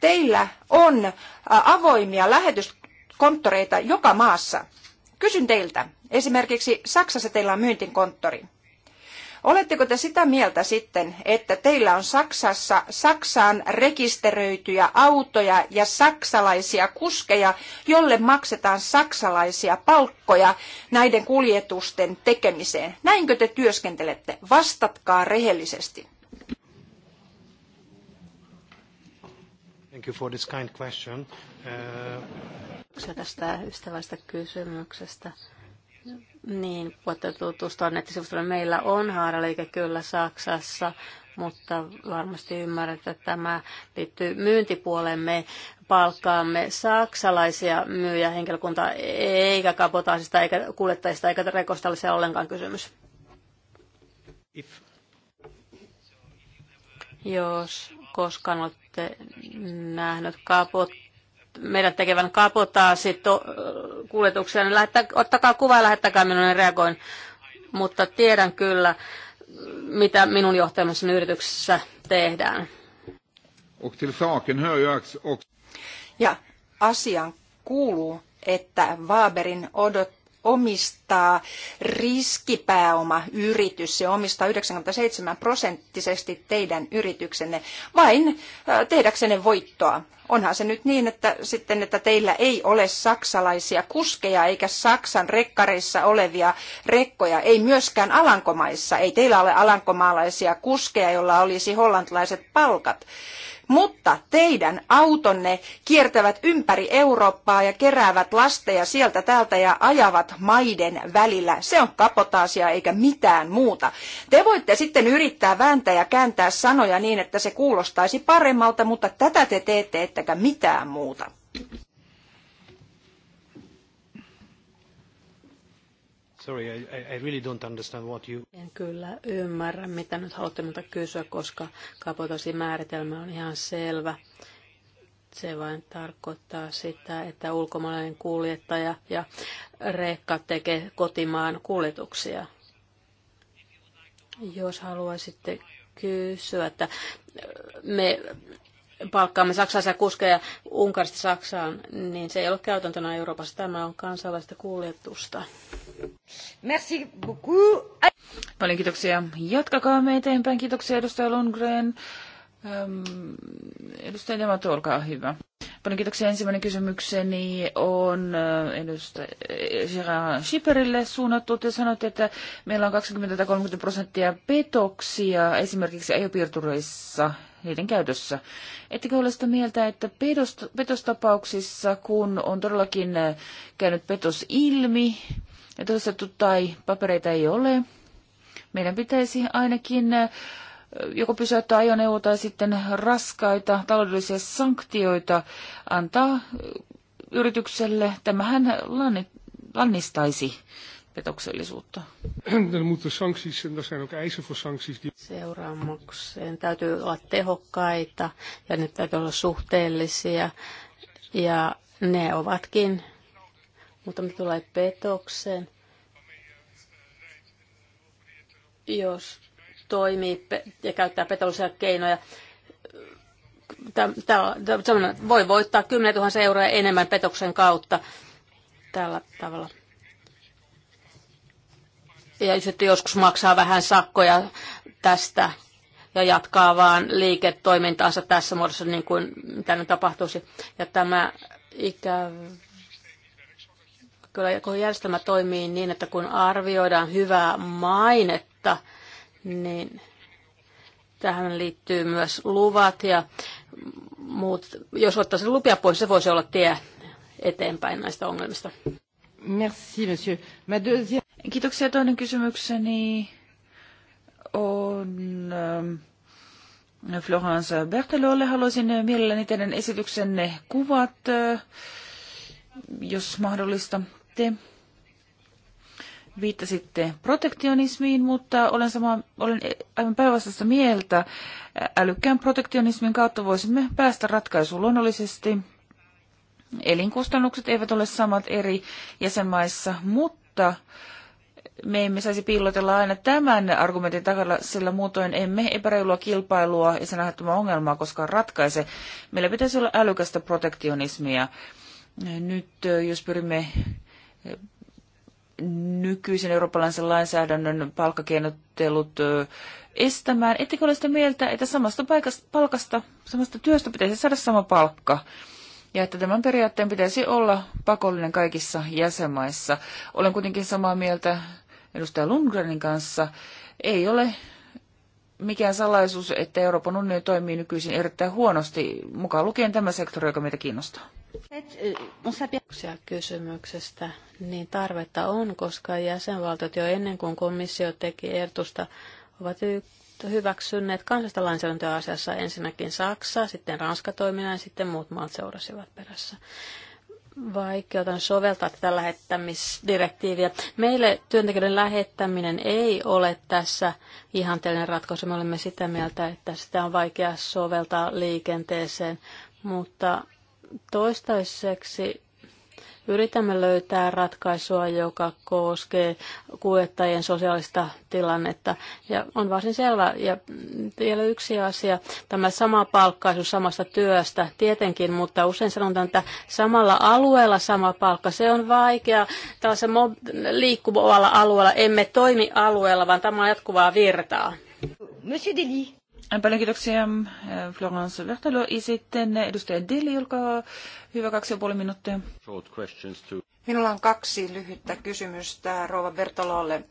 Teillä on avoimia lähetyskonttoreita joka maassa. Kysyn teiltä, esimerkiksi Saksassa teillä on myyntikonttori. Oletteko te sitä mieltä sitten, että teillä on Saksassa Saksaan rekisteröityjä autoja ja saksalaisia kuskeja, jolle maksetaan saksalaisia palkkoja näiden kuljetusten tekemiseen? Näinkö te työskentelette? Vastatkaa rehellisesti. Thank you for this kind question. Uh... tästä ystävästä kysymyksestä. Niin, voitte tutustua nettisivustolle. Meillä on haaraliike kyllä Saksassa, mutta varmasti ymmärrät, että tämä liittyy myyntipuolemme palkkaamme saksalaisia myyjähenkilökuntaa, eikä kapotaasista, eikä kuljettajista, eikä rekostallisia ollenkaan kysymys. If. Jos koskaan olette nähnyt kapot meidän tekevän kapotaasi kuljetuksia, niin lähettä, ottakaa kuva ja lähettäkää minun, niin reagoin. Mutta tiedän kyllä, mitä minun johtamassani yrityksessä tehdään. Ja asian kuuluu, että Waberin odot omistaa riskipääomayritys, yritys. Se omistaa 97 prosenttisesti teidän yrityksenne vain äh, tehdäksenne voittoa. Onhan se nyt niin, että sitten, että teillä ei ole saksalaisia kuskeja eikä Saksan rekkareissa olevia rekkoja, ei myöskään Alankomaissa. Ei teillä ole alankomaalaisia kuskeja, joilla olisi hollantilaiset palkat. Mutta teidän autonne kiertävät ympäri Eurooppaa ja keräävät lasteja sieltä täältä ja ajavat maiden välillä. Se on kapotaasia eikä mitään muuta. Te voitte sitten yrittää vääntää ja kääntää sanoja niin, että se kuulostaisi paremmalta, mutta tätä te teette ettekä mitään muuta. sorry, I, I really don't understand what you... En kyllä ymmärrä, mitä nyt haluatte minulta kysyä, koska kapotosin määritelmä on ihan selvä. Se vain tarkoittaa sitä, että ulkomaalainen kuljettaja ja rekka tekee kotimaan kuljetuksia. Jos haluaisitte kysyä, että me palkkaamme saksalaisia kuskeja Unkarista Saksaan, niin se ei ole käytäntönä Euroopassa. Tämä on kansalaista kuljetusta. Merci beaucoup. Paljon kiitoksia. Jatkakaa me eteenpäin. Kiitoksia edustaja Lundgren. Öm, edustaja Demato, olkaa hyvä. Paljon kiitoksia. Ensimmäinen kysymykseni on edustaja Schipperille suunnattu. Te sanoitte, että meillä on 20-30 prosenttia petoksia esimerkiksi ajopiirtureissa niiden käytössä. Ettekö ole sitä mieltä, että petostapauksissa, kun on todellakin äh, käynyt petos ilmi ja todistettu tai papereita ei ole, meidän pitäisi ainakin äh, joko pysäyttää ajoneuvo tai sitten raskaita taloudellisia sanktioita antaa äh, yritykselle. Tämähän lannistaisi petoksellisuutta. Er er Seuraamukseen täytyy olla tehokkaita ja ne täytyy olla suhteellisia ja ne ovatkin. Mutta me tulee petokseen, jos toimii ja käyttää petollisia keinoja, voi voittaa 10 000 euroa enemmän petoksen kautta tällä tavalla ja joskus maksaa vähän sakkoja tästä ja jatkaa vaan liiketoimintaansa tässä muodossa niin kuin mitä nyt tapahtuisi. Ja tämä ikä... Kyllä kun järjestelmä toimii niin, että kun arvioidaan hyvää mainetta, niin tähän liittyy myös luvat ja muut. Jos ottaisi lupia pois, se voisi olla tie eteenpäin näistä ongelmista. Merci, monsieur. Ma deuxième... Kiitoksia. Toinen kysymykseni on ähm, Florence Bertelolle. Haluaisin mielelläni teidän esityksenne kuvat, äh, jos mahdollista. Te viittasitte protektionismiin, mutta olen, sama, olen aivan päinvastaista mieltä. Älykkään protektionismin kautta voisimme päästä ratkaisuun luonnollisesti. Elinkustannukset eivät ole samat eri jäsenmaissa, mutta me emme saisi piilotella aina tämän argumentin takana, sillä muutoin emme epäreilua kilpailua ja sen aiheuttamaa ongelmaa koskaan ratkaise. Meillä pitäisi olla älykästä protektionismia. Nyt jos pyrimme nykyisen eurooppalaisen lainsäädännön palkkakeinottelut estämään, ettekö ole sitä mieltä, että samasta paikasta, palkasta, samasta työstä pitäisi saada sama palkka? ja että tämän periaatteen pitäisi olla pakollinen kaikissa jäsenmaissa. Olen kuitenkin samaa mieltä edustaja Lundgrenin kanssa. Ei ole mikään salaisuus, että Euroopan unioni toimii nykyisin erittäin huonosti, mukaan lukien tämä sektori, joka meitä kiinnostaa. Kiitoksia kysymyksestä. Niin tarvetta on, koska jäsenvaltiot jo ennen kuin komissio teki ehdotusta ovat hyväksyneet kansallista lainsäädäntöä asiassa ensinnäkin Saksa, sitten Ranska toiminnan ja sitten muut maat seurasivat perässä vaikeutan soveltaa tätä lähettämisdirektiiviä. Meille työntekijöiden lähettäminen ei ole tässä ihanteellinen ratkaisu. Me olemme sitä mieltä, että sitä on vaikea soveltaa liikenteeseen, mutta toistaiseksi Yritämme löytää ratkaisua, joka koskee kuljettajien sosiaalista tilannetta. Ja on varsin selvä. Ja vielä yksi asia, tämä sama palkkaisuus samasta työstä tietenkin, mutta usein sanotaan, että samalla alueella sama palkka, se on vaikea. Tällaisella liikkuvalla alueella emme toimi alueella, vaan tämä on jatkuvaa virtaa. Monsieur Deli. Äh, paljon kiitoksia äh, Florence Vertalo. Ja sitten edustaja Deli, olkaa hyvä, kaksi ja puoli minuuttia. Minulla on kaksi lyhyttä kysymystä Rova Vertalolle.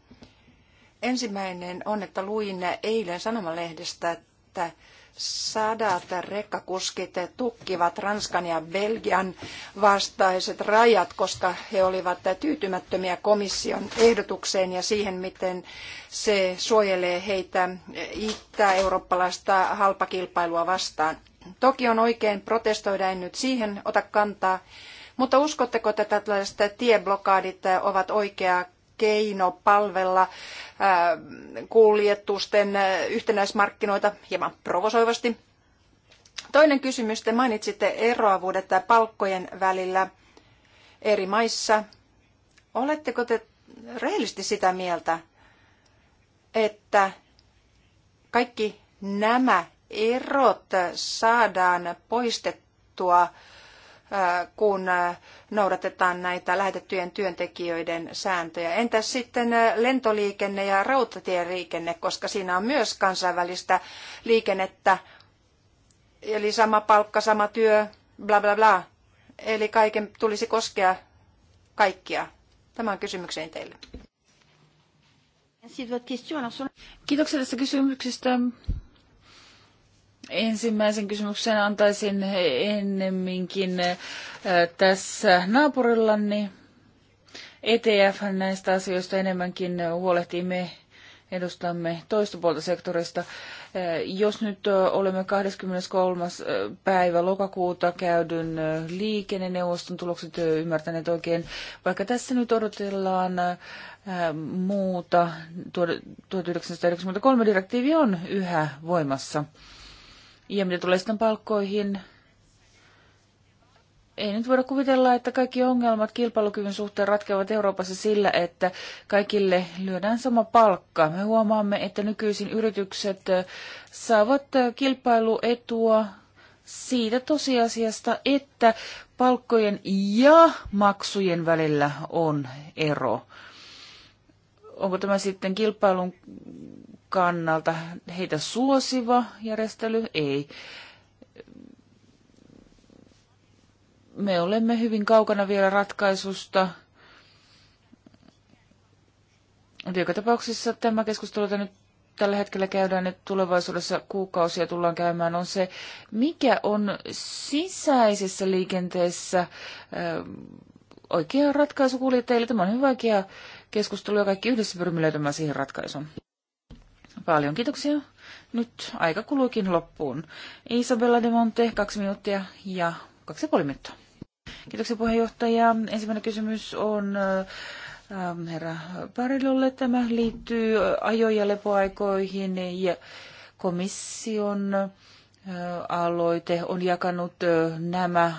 Ensimmäinen on, että luin eilen sanomalehdestä, että sadat rekkakuskit tukkivat Ranskan ja Belgian vastaiset rajat, koska he olivat tyytymättömiä komission ehdotukseen ja siihen, miten se suojelee heitä itä-eurooppalaista halpakilpailua vastaan. Toki on oikein protestoida, en nyt siihen ota kantaa, mutta uskotteko, että tällaiset tieblokaadit ovat oikea keino palvella äh, kuljetusten äh, yhtenäismarkkinoita hieman provosoivasti. Toinen kysymys, te mainitsitte eroavuudet palkkojen välillä eri maissa. Oletteko te rehellisesti sitä mieltä, että kaikki nämä erot saadaan poistettua kun noudatetaan näitä lähetettyjen työntekijöiden sääntöjä. Entäs sitten lentoliikenne ja rautatieliikenne, koska siinä on myös kansainvälistä liikennettä, eli sama palkka, sama työ, bla bla bla. Eli kaiken tulisi koskea kaikkia. Tämä on kysymykseni teille. Kiitoksia tästä kysymyksestä. Ensimmäisen kysymyksen antaisin ennemminkin äh, tässä naapurillani. ETF näistä asioista enemmänkin huolehtii me edustamme toista puolta sektorista. Äh, jos nyt olemme 23. päivä lokakuuta käydyn liikenneneuvoston tulokset ymmärtäneet oikein, vaikka tässä nyt odotellaan muuta, 1993 direktiivi on yhä voimassa. Ja mitä tulee sitten palkkoihin, ei nyt voida kuvitella, että kaikki ongelmat kilpailukyvyn suhteen ratkeavat Euroopassa sillä, että kaikille lyödään sama palkka. Me huomaamme, että nykyisin yritykset saavat kilpailuetua siitä tosiasiasta, että palkkojen ja maksujen välillä on ero. Onko tämä sitten kilpailun kannalta heitä suosiva järjestely? Ei. Me olemme hyvin kaukana vielä ratkaisusta. Joka tapauksessa tämä keskustelu, jota nyt tällä hetkellä käydään nyt tulevaisuudessa kuukausia tullaan käymään, on se, mikä on sisäisessä liikenteessä oikea ratkaisu kuljettajille. Tämä on hyvä keskustelu ja kaikki yhdessä pyrimme löytämään siihen ratkaisun. Paljon kiitoksia. Nyt aika kuluikin loppuun. Isabella de Monte, kaksi minuuttia ja kaksi ja puoli minuuttia. Kiitoksia puheenjohtaja. Ensimmäinen kysymys on ähm, herra Parilolle. Tämä liittyy ajo- ja lepoaikoihin ja komission äh, aloite on jakanut äh, nämä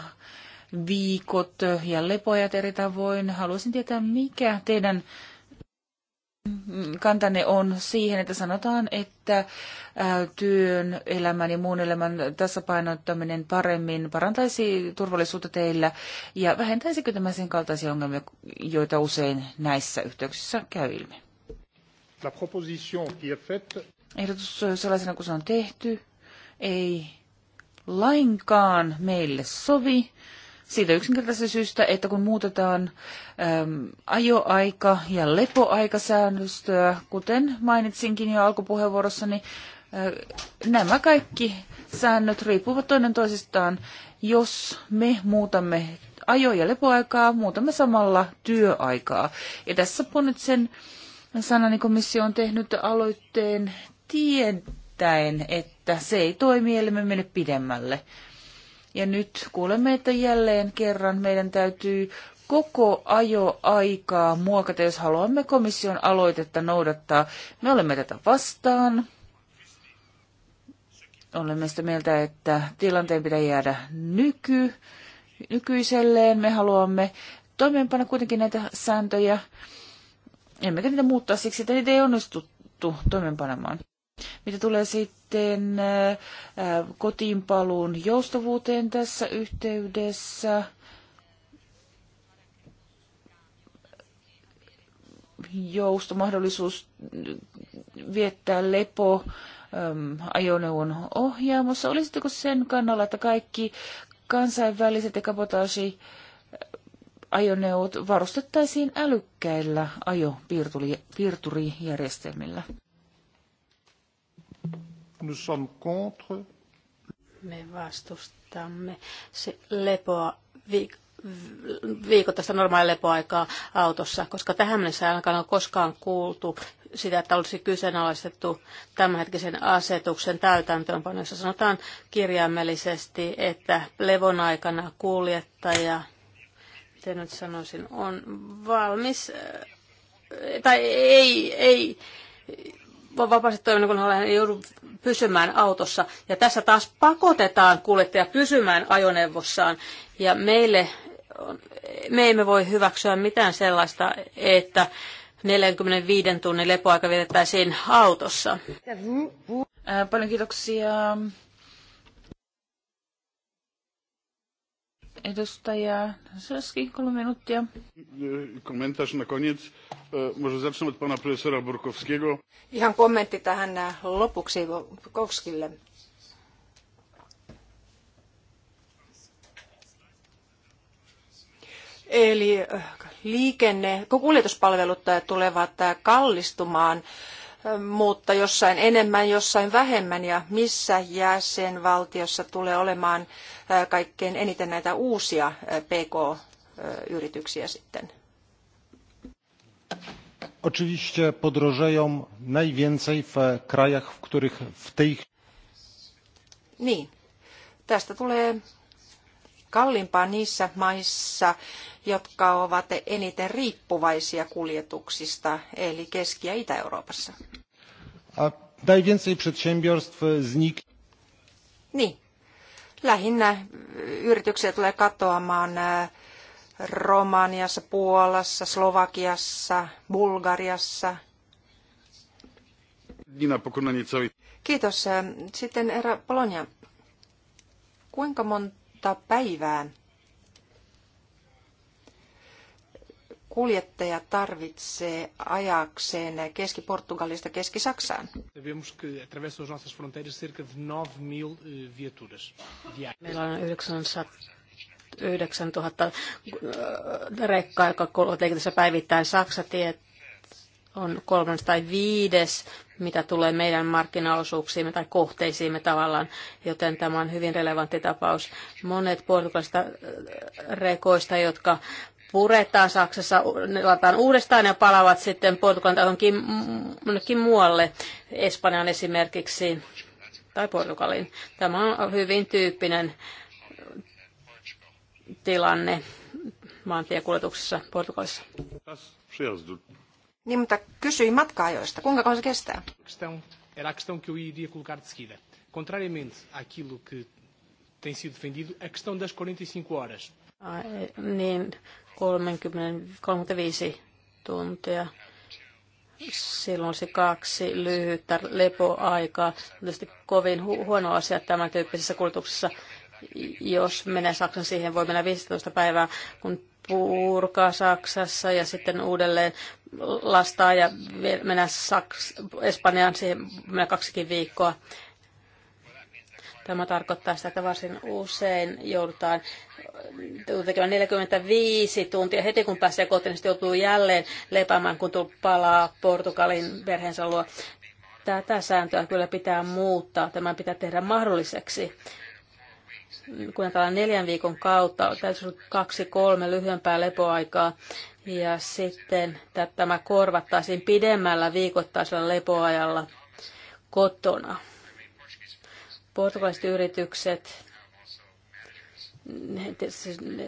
viikot ja lepoajat eri tavoin. Haluaisin tietää, mikä teidän kantanne on siihen, että sanotaan, että työn, elämän ja muun elämän tasapainottaminen paremmin parantaisi turvallisuutta teillä ja vähentäisikö tämä sen kaltaisia ongelmia, joita usein näissä yhteyksissä käy ilmi? La proposition qui est fait... Ehdotus sellaisena kuin se on tehty ei lainkaan meille sovi. Siitä yksinkertaisesta syystä, että kun muutetaan äm, ajoaika- ja lepoaikasäännöstöä, kuten mainitsinkin jo alkupuheenvuorossani, äh, nämä kaikki säännöt riippuvat toinen toisistaan. Jos me muutamme ajo- ja lepoaikaa, muutamme samalla työaikaa. Ja tässä Ponitsen sanani komissio on tehnyt aloitteen tietäen, että se ei toimi, eli me mene pidemmälle. Ja nyt kuulemme, että jälleen kerran meidän täytyy koko aikaa muokata, jos haluamme komission aloitetta noudattaa. Me olemme tätä vastaan. Olemme sitä mieltä, että tilanteen pitää jäädä nyky, nykyiselleen. Me haluamme toimeenpana kuitenkin näitä sääntöjä. Emmekä niitä muuttaa siksi, että niitä ei onnistuttu toimeenpanemaan. Mitä tulee sitten sitten kotiinpaluun joustavuuteen tässä yhteydessä. Joustomahdollisuus viettää lepo ajoneuvon ohjaamossa. Olisitteko sen kannalla, että kaikki kansainväliset ja kabotaasi ajoneuvot varustettaisiin älykkäillä ajopiirturijärjestelmillä? Nous sommes contre. Me vastustamme se lepoa viik- normaalia lepoaikaa autossa, koska tähän mennessä ainakaan ole koskaan kuultu sitä, että olisi kyseenalaistettu tämänhetkisen asetuksen täytäntöönpano, jossa sanotaan kirjaimellisesti, että levon aikana kuljettaja, miten nyt sanoisin, on valmis, eh, tai ei, ei vapaasti toiminut, kun hän joudu pysymään autossa. Ja tässä taas pakotetaan kuljettaja pysymään ajoneuvossaan. Ja meille, me emme voi hyväksyä mitään sellaista, että 45 tunnin lepoaika vietettäisiin autossa. Paljon kiitoksia Edustaja Saski, kolme minuuttia. Komentarz na koniec. E, może zacznę od pana profesora Burkowskiego. Ihan kommentti tähän e, lopuksi Burkowskille. Eli e, liikenne, kuljetuspalvelut tulevat kallistumaan mutta jossain enemmän, jossain vähemmän ja missä jäsenvaltiossa tulee olemaan kaikkein eniten näitä uusia PK-yrityksiä sitten? Oczywiście podrożeją najwięcej w krajach, w których w tej... Niin. Tästä tulee kalliimpaa niissä maissa, jotka ovat eniten riippuvaisia kuljetuksista, eli Keski- ja Itä-Euroopassa. Najwięcej znik... Niin. Lähinnä yrityksiä tulee katoamaan Romaniassa, Puolassa, Slovakiassa, Bulgariassa. Kiitos. Sitten erä Polonia. Kuinka monta päivään kuljettaja tarvitsee ajakseen Keski-Portugalista Keski-Saksaan? Eh, Meillä on 900 9000 eh, rekkaa, joka kulkee tässä päivittäin. Saksa on kolmas tai viides, mitä tulee meidän markkinaosuuksiimme tai kohteisiimme tavallaan, joten tämä on hyvin relevantti tapaus. Monet portugalista äh, rekoista, jotka puretaan Saksassa, ne laitetaan uudestaan ja palavat sitten Portugalin tai johonkin muualle, Espanjan esimerkiksi tai Portugaliin. Tämä on hyvin tyyppinen tilanne maantiekuljetuksessa Portugalissa. Niin, mutta kysyin matkaajoista. Kuinka kauan se kestää? Era a questão que eu iria colocar de seguida. Contrariamente àquilo que tem sido defendido, a questão das 45 e horas. Ai, niin, 35 tuntia. Silloin se kaksi lyhyttä lepoaikaa. Tietysti kovin hu- huono asia tämän tyyppisessä kulutuksessa. Jos menee Saksan siihen, voi mennä 15 päivää, kun purkaa Saksassa ja sitten uudelleen lastaa ja mennä Saks- Espanjaan siihen mennä kaksikin viikkoa. Tämä tarkoittaa sitä, että varsin usein joudutaan tekemään 45 tuntia. Heti kun pääsee kotiin, niin joutuu jälleen lepäämään, kun palaa Portugalin perheensä luo. Tätä sääntöä kyllä pitää muuttaa. Tämä pitää tehdä mahdolliseksi kun ajatellaan neljän viikon kautta, täytyisi olla kaksi, kolme lyhyempää lepoaikaa, ja sitten tämä korvattaisiin pidemmällä viikoittaisella lepoajalla kotona. Portugalaiset yritykset,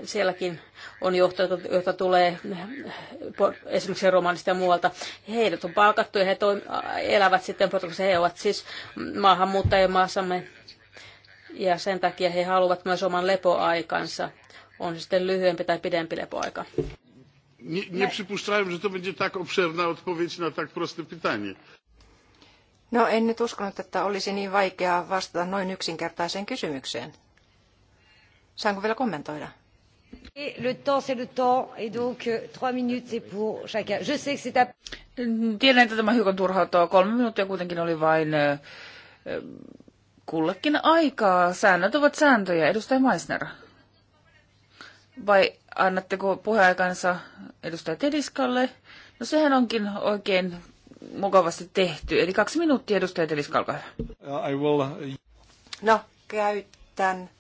sielläkin on johtajat, joita tulee esimerkiksi romanista ja muualta. Heidät on palkattu ja he elävät sitten Portugalissa. He ovat siis maahanmuuttajien maassamme ja sen takia he haluavat myös oman lepoaikansa. On se sitten lyhyempi tai pidempi lepoaika. Nie, nie przypuszczałem, że to będzie tak obszerna odpowiedź na tak proste pytanie. No en nyt uskonut, että olisi niin vaikeaa vastata noin yksinkertaiseen kysymykseen. Saanko vielä kommentoida? Le temps, c'est le temps, et donc euh, trois minutes, c'est pour chacun. Je sais que c'est Tiedän, että tämä hiukan turhauttava. Kolme minuuttia kuitenkin oli vain äh, äh, kullekin aikaa. Säännöt ovat sääntöjä, edustaja Meisner. Vai annatteko puheaikansa edustaja Tediskalle? No sehän onkin oikein mukavasti tehty. Eli kaksi minuuttia edustaja Teliska, uh, will... Uh, no, käytän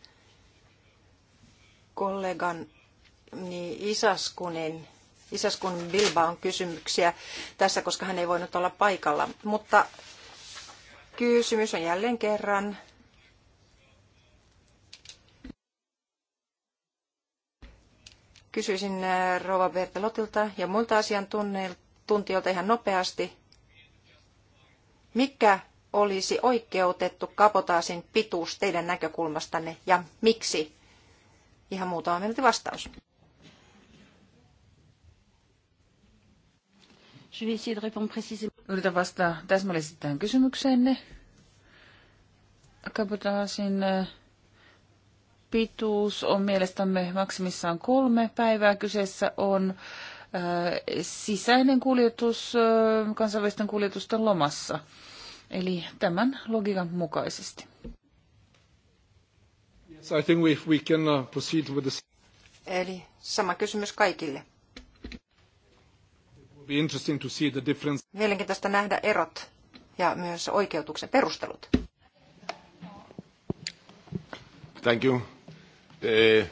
kollegan niin Isaskunin, Isaskun Bilbaon kysymyksiä tässä, koska hän ei voinut olla paikalla. Mutta Kysymys on jälleen kerran kysyisin äh, Rova Bertelotilta ja muilta asiantuntijoilta ihan nopeasti, mikä olisi oikeutettu kapotaasin pituus teidän näkökulmastanne ja miksi? Ihan muutama minuutin vastaus. Yritän vastata täsmällisesti tähän kysymykseenne. Kabotaasin äh, pituus on mielestämme maksimissaan kolme päivää. Kyseessä on äh, sisäinen kuljetus äh, kansainvälisten kuljetusten lomassa. Eli tämän logiikan mukaisesti. Yes, I think we, we can uh, proceed with Eli sama kysymys kaikille be interesting to see the difference. Mielenkiintoista nähdä erot ja myös oikeutuksen perustelut. Thank you. Eh,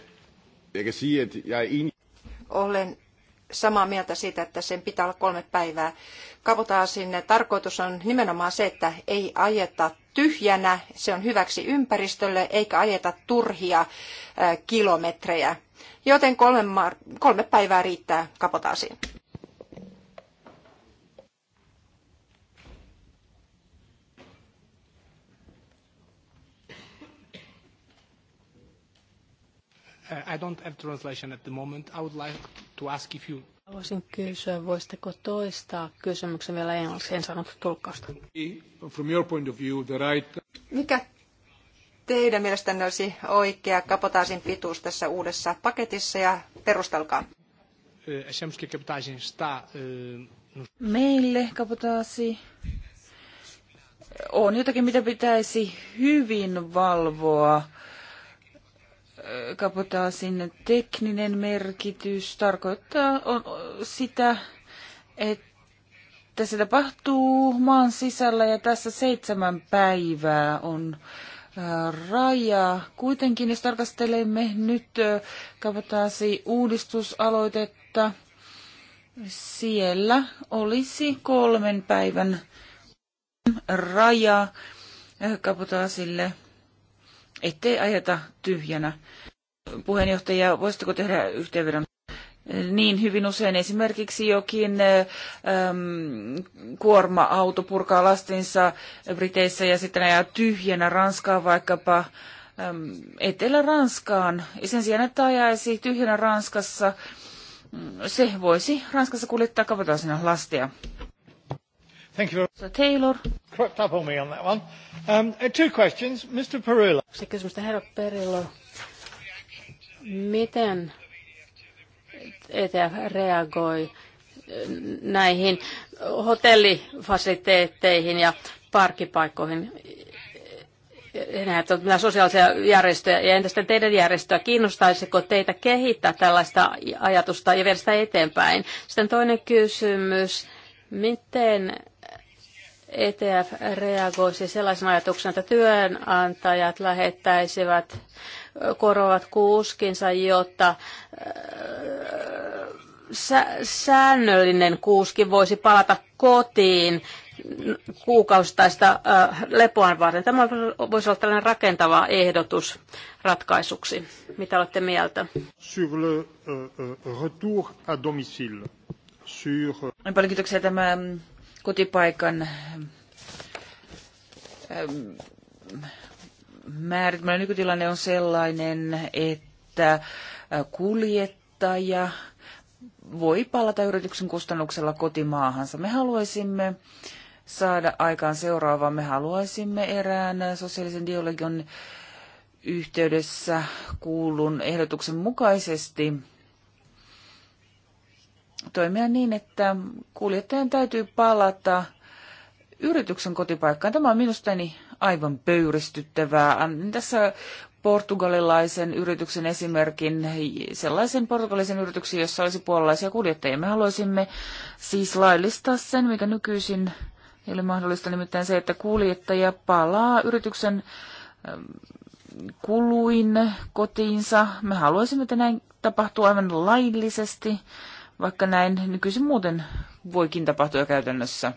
er Olen samaa mieltä siitä, että sen pitää olla kolme päivää. Kabotaasin tarkoitus on nimenomaan se, että ei ajeta tyhjänä, se on hyväksi ympäristölle, eikä ajeta turhia eh, kilometrejä. Joten kolme, kolme päivää riittää kapotaasiin. Uh, I don't have translation at the moment. I would like to ask if you... Haluaisin kysyä, voisitteko toistaa kysymyksen vielä englanniksi? En saanut tulkkausta. From your point of view, the right... Mikä teidän mielestänne olisi oikea kapotaasin pituus tässä uudessa paketissa ja perustelkaa? Uh, uh, Meille kapotaasi on jotakin, mitä pitäisi hyvin valvoa kapotaasin tekninen merkitys tarkoittaa on sitä, että se tapahtuu maan sisällä ja tässä seitsemän päivää on äh, raja. Kuitenkin jos tarkastelemme nyt äh, kapotaasi uudistusaloitetta, siellä olisi kolmen päivän raja äh, kapotaasille – ettei ajeta tyhjänä. Puheenjohtaja, voisitteko tehdä yhteenvedon? Niin hyvin usein esimerkiksi jokin äm, kuorma-auto purkaa lastinsa Briteissä ja sitten ajaa tyhjänä Ranskaan vaikkapa äm, Etelä-Ranskaan. Ja sen sijaan, että ajaisi tyhjänä Ranskassa, mm, se voisi Ranskassa kuljettaa kapotaasina lastia. Thank you. So Taylor. Crept up on me on that one. Um, uh, two questions. Mr. Perillo. kysymystä herra Perillo. Miten ETF reagoi äh, näihin hotellifasiliteetteihin ja parkkipaikkoihin? Nämä ovat sosiaalisia järjestöjä ja entä teidän järjestöä? Kiinnostaisiko teitä kehittää tällaista ajatusta ja viedä sitä eteenpäin? Sitten toinen kysymys. Miten ETF reagoisi sellaisen ajatuksen, että työnantajat lähettäisivät korovat kuuskinsa, jotta äh, säännöllinen kuuski voisi palata kotiin kuukausittaista äh, lepoan varten. Tämä voisi olla tällainen rakentava ehdotus ratkaisuksi. Mitä olette mieltä? Sur le äh, retour à domicile. Sur... Paljon kiitoksia tämä mm, kotipaikan ähm, määritelmä nykytilanne on sellainen, että äh, kuljettaja voi palata yrityksen kustannuksella kotimaahansa. Me haluaisimme saada aikaan seuraavaa. Me haluaisimme erään sosiaalisen dialogin yhteydessä kuulun ehdotuksen mukaisesti toimia niin, että kuljettajan täytyy palata yrityksen kotipaikkaan. Tämä on minustani aivan pöyristyttävää. Annin tässä portugalilaisen yrityksen esimerkin, sellaisen portugalisen yrityksen, jossa olisi puolalaisia kuljettajia. Me haluaisimme siis laillistaa sen, mikä nykyisin ei ole mahdollista, nimittäin se, että kuljettaja palaa yrityksen ähm, kuluin kotiinsa. Me haluaisimme, että näin tapahtuu aivan laillisesti vaikka näin nykyisin muuten voikin tapahtua käytännössä.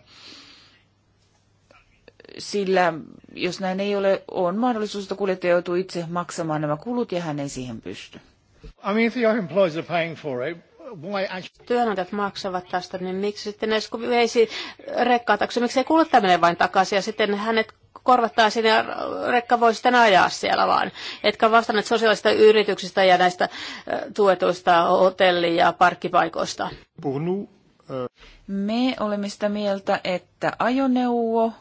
Sillä jos näin ei ole, on mahdollisuus, että kuljettaja joutuu itse maksamaan nämä kulut ja hän ei siihen pysty. I mean, if the employees are paying for it, työnantajat maksavat tästä, niin miksi sitten edes kun veisi rekkaa, taksi, miksi ei kuluttaja vain takaisin ja sitten hänet korvattaisiin ja rekka voi sitten ajaa siellä vaan. Etkä vastanneet sosiaalista yrityksistä ja näistä tuetuista hotelli- ja parkkipaikoista. Me olemme sitä mieltä, että ajoneuvo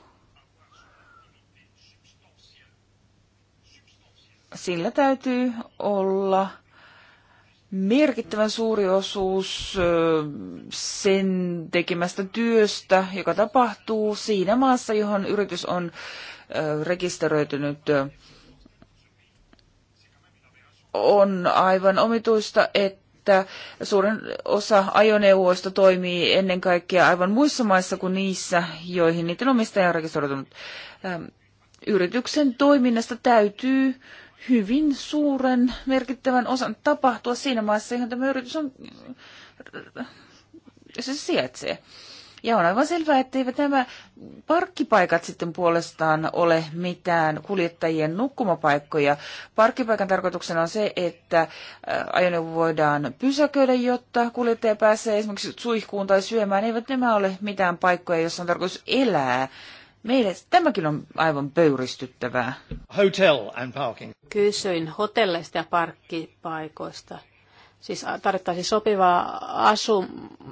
sillä täytyy olla – merkittävän suuri osuus sen tekemästä työstä, joka tapahtuu siinä maassa, johon yritys on rekisteröitynyt, on aivan omituista, että suurin osa ajoneuvoista toimii ennen kaikkea aivan muissa maissa kuin niissä, joihin niiden omistaja on rekisteröitynyt. Yrityksen toiminnasta täytyy hyvin suuren merkittävän osan tapahtua siinä maassa, johon tämä yritys on, äh, se sijaitsee. Ja on aivan selvää, että eivät nämä parkkipaikat sitten puolestaan ole mitään kuljettajien nukkumapaikkoja. Parkkipaikan tarkoituksena on se, että äh, ajoneuvo voidaan pysäköidä, jotta kuljettaja pääsee esimerkiksi suihkuun tai syömään. Eivät nämä ole mitään paikkoja, joissa on tarkoitus elää Meille tämäkin on aivan pöyristyttävää. Hotel and parking. Kysyin hotelleista ja parkkipaikoista. Siis tarvittaisiin sopivaa asum,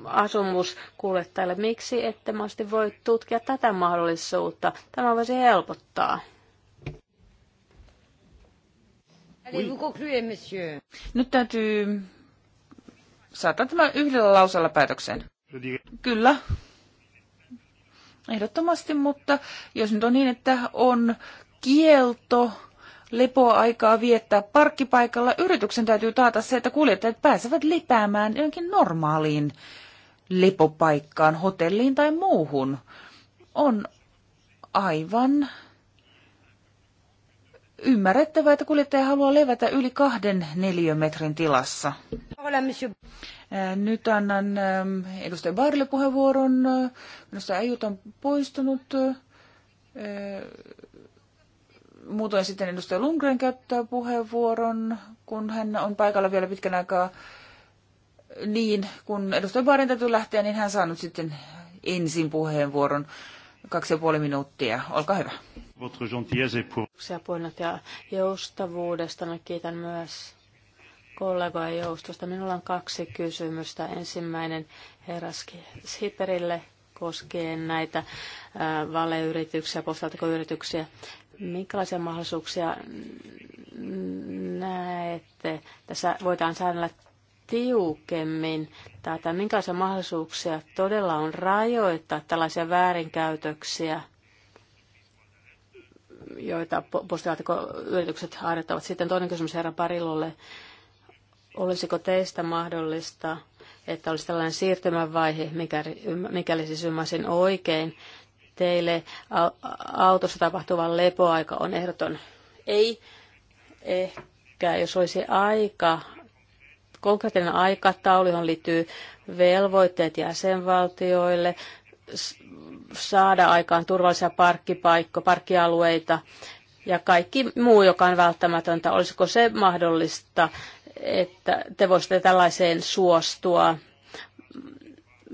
asumuskuljettajalle. Miksi ette mahdollisesti voi tutkia tätä mahdollisuutta? Tämä voisi helpottaa. Oui. Nyt täytyy saada tämä yhdellä lausella päätökseen. Kyllä ehdottomasti, mutta jos nyt on niin, että on kielto lepoaikaa viettää parkkipaikalla, yrityksen täytyy taata se, että kuljettajat pääsevät lepäämään jonkin normaaliin lepopaikkaan, hotelliin tai muuhun. On aivan ymmärrettävää, että kuljettaja haluaa levätä yli kahden neliömetrin tilassa. Nyt annan ähm, edustaja Baarille puheenvuoron. Minusta Ajut on poistunut. Äh, muutoin sitten edustaja Lundgren käyttää puheenvuoron, kun hän on paikalla vielä pitkän aikaa. Niin, kun edustaja Baarin täytyy lähteä, niin hän saa nyt sitten ensin puheenvuoron. Kaksi ja puoli minuuttia. Olkaa hyvä. Kiitoksia puheenjohtaja joustavuudesta. Kiitän myös kollegojen joustosta. Minulla on kaksi kysymystä. Ensimmäinen herra Siperille koskien näitä valeyrityksiä, postaaltakoyrityksiä. Minkälaisia mahdollisuuksia näette? Tässä voidaan säännellä tiukemmin tätä, minkälaisia mahdollisuuksia todella on rajoittaa tällaisia väärinkäytöksiä, joita postilaatikoyritykset harjoittavat. Sitten toinen kysymys herra Parilolle. Olisiko teistä mahdollista, että olisi tällainen siirtymävaihe, mikäli, mikäli siis ymmärsin oikein, teille autossa tapahtuva lepoaika on ehdoton ei. Ehkä jos olisi aika, konkreettinen aikataulu, johon liittyy velvoitteet jäsenvaltioille, saada aikaan turvallisia parkkipaikkoja, parkkialueita ja kaikki muu, joka on välttämätöntä. Olisiko se mahdollista että te voisitte tällaiseen suostua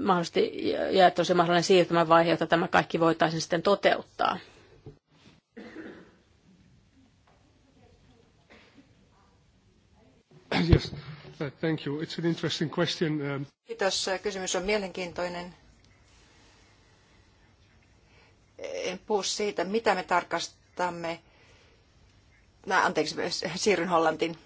mahdollisesti, ja että olisi mahdollinen siirtymävaihe, jota tämä kaikki voitaisiin sitten toteuttaa. Yes. Uh, thank you. It's an interesting question. Um, Kiitos. Uh, kysymys on mielenkiintoinen. En puhu siitä, mitä me tarkastamme. No, anteeksi, siirryn Hollantiin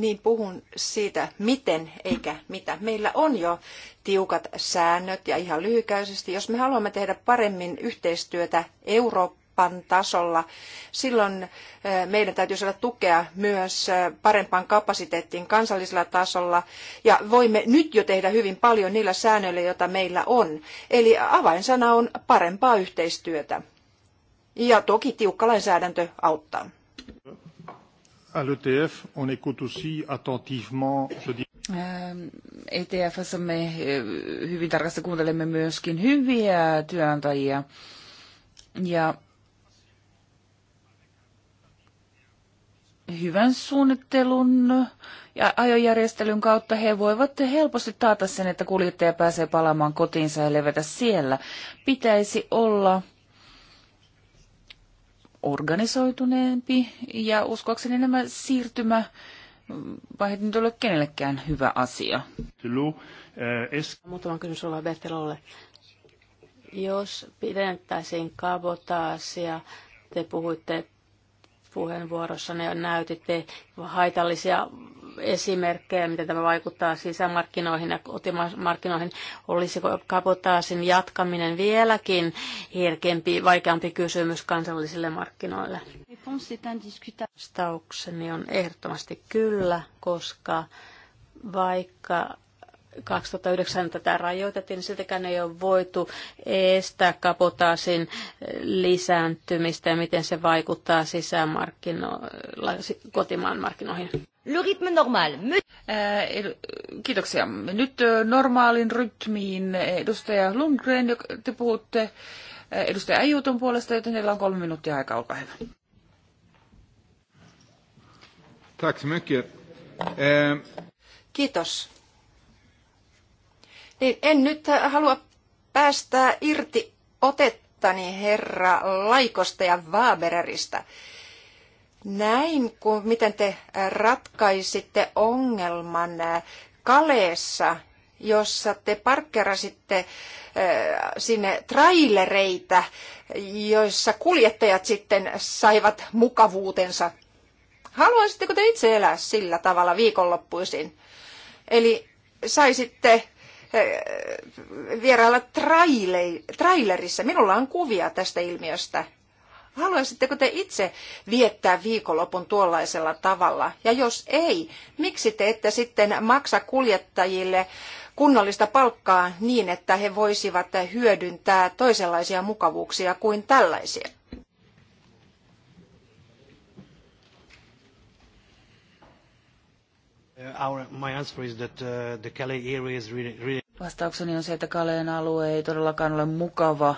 niin puhun siitä, miten eikä mitä. Meillä on jo tiukat säännöt ja ihan lyhykäisesti, jos me haluamme tehdä paremmin yhteistyötä Euroopan tasolla, silloin eh, meidän täytyy saada tukea myös eh, parempaan kapasiteettiin kansallisella tasolla ja voimme nyt jo tehdä hyvin paljon niillä säännöillä, joita meillä on. Eli avainsana on parempaa yhteistyötä. Ja toki tiukka lainsäädäntö auttaa à l'ETF, on écoute aussi attentivement, je dis... Äh, ETFssä me äh, hyvin tarkasti kuuntelemme myöskin hyviä työnantajia. Ja hyvän suunnittelun ja ajojärjestelyn kautta he voivat helposti taata sen, että kuljettaja pääsee palaamaan kotiinsa ja levätä siellä. Pitäisi olla organisoituneempi ja uskoakseni nämä siirtymä vaiheet nyt ole kenellekään hyvä asia. Eh, Muutama kysymys olla Bertelolle. Jos pidentäisiin kabotaasia, te puhuitte Puheenvuorossanne näytitte haitallisia esimerkkejä, miten tämä vaikuttaa sisämarkkinoihin ja kotimarkkinoihin. Olisiko kapotaasin jatkaminen vieläkin herkempi, vaikeampi kysymys kansallisille markkinoille? Vastaukseni on ehdottomasti kyllä, koska vaikka 2009 tätä rajoitettiin, niin siltikään ei ole voitu estää kapotaasin lisääntymistä ja miten se vaikuttaa sisämarkkinoilla, kotimaan markkinoihin. Le Äh, normal. Kiitoksia. Nyt normaalin rytmiin edustaja Lundgren, te puhutte edustaja Äijutun puolesta, joten teillä on kolme minuuttia aikaa, olkaa hyvä. Tack så mycket. Kiitos niin en nyt halua päästää irti otettani herra Laikosta ja Vaabererista. Näin, kun, miten te ratkaisitte ongelman äh, Kaleessa, jossa te parkkerasitte äh, sinne trailereitä, joissa kuljettajat sitten saivat mukavuutensa. Haluaisitteko te itse elää sillä tavalla viikonloppuisin? Eli saisitte Eh, vierailla trailerissa. Minulla on kuvia tästä ilmiöstä. Haluaisitteko te itse viettää viikonlopun tuollaisella tavalla? Ja jos ei, miksi te ette sitten maksa kuljettajille kunnollista palkkaa niin, että he voisivat hyödyntää toisenlaisia mukavuuksia kuin tällaisia? Uh, our, my answer is that uh, the Calais area is really, really Vastaukseni on se, että Kaleen alue ei todellakaan ole mukava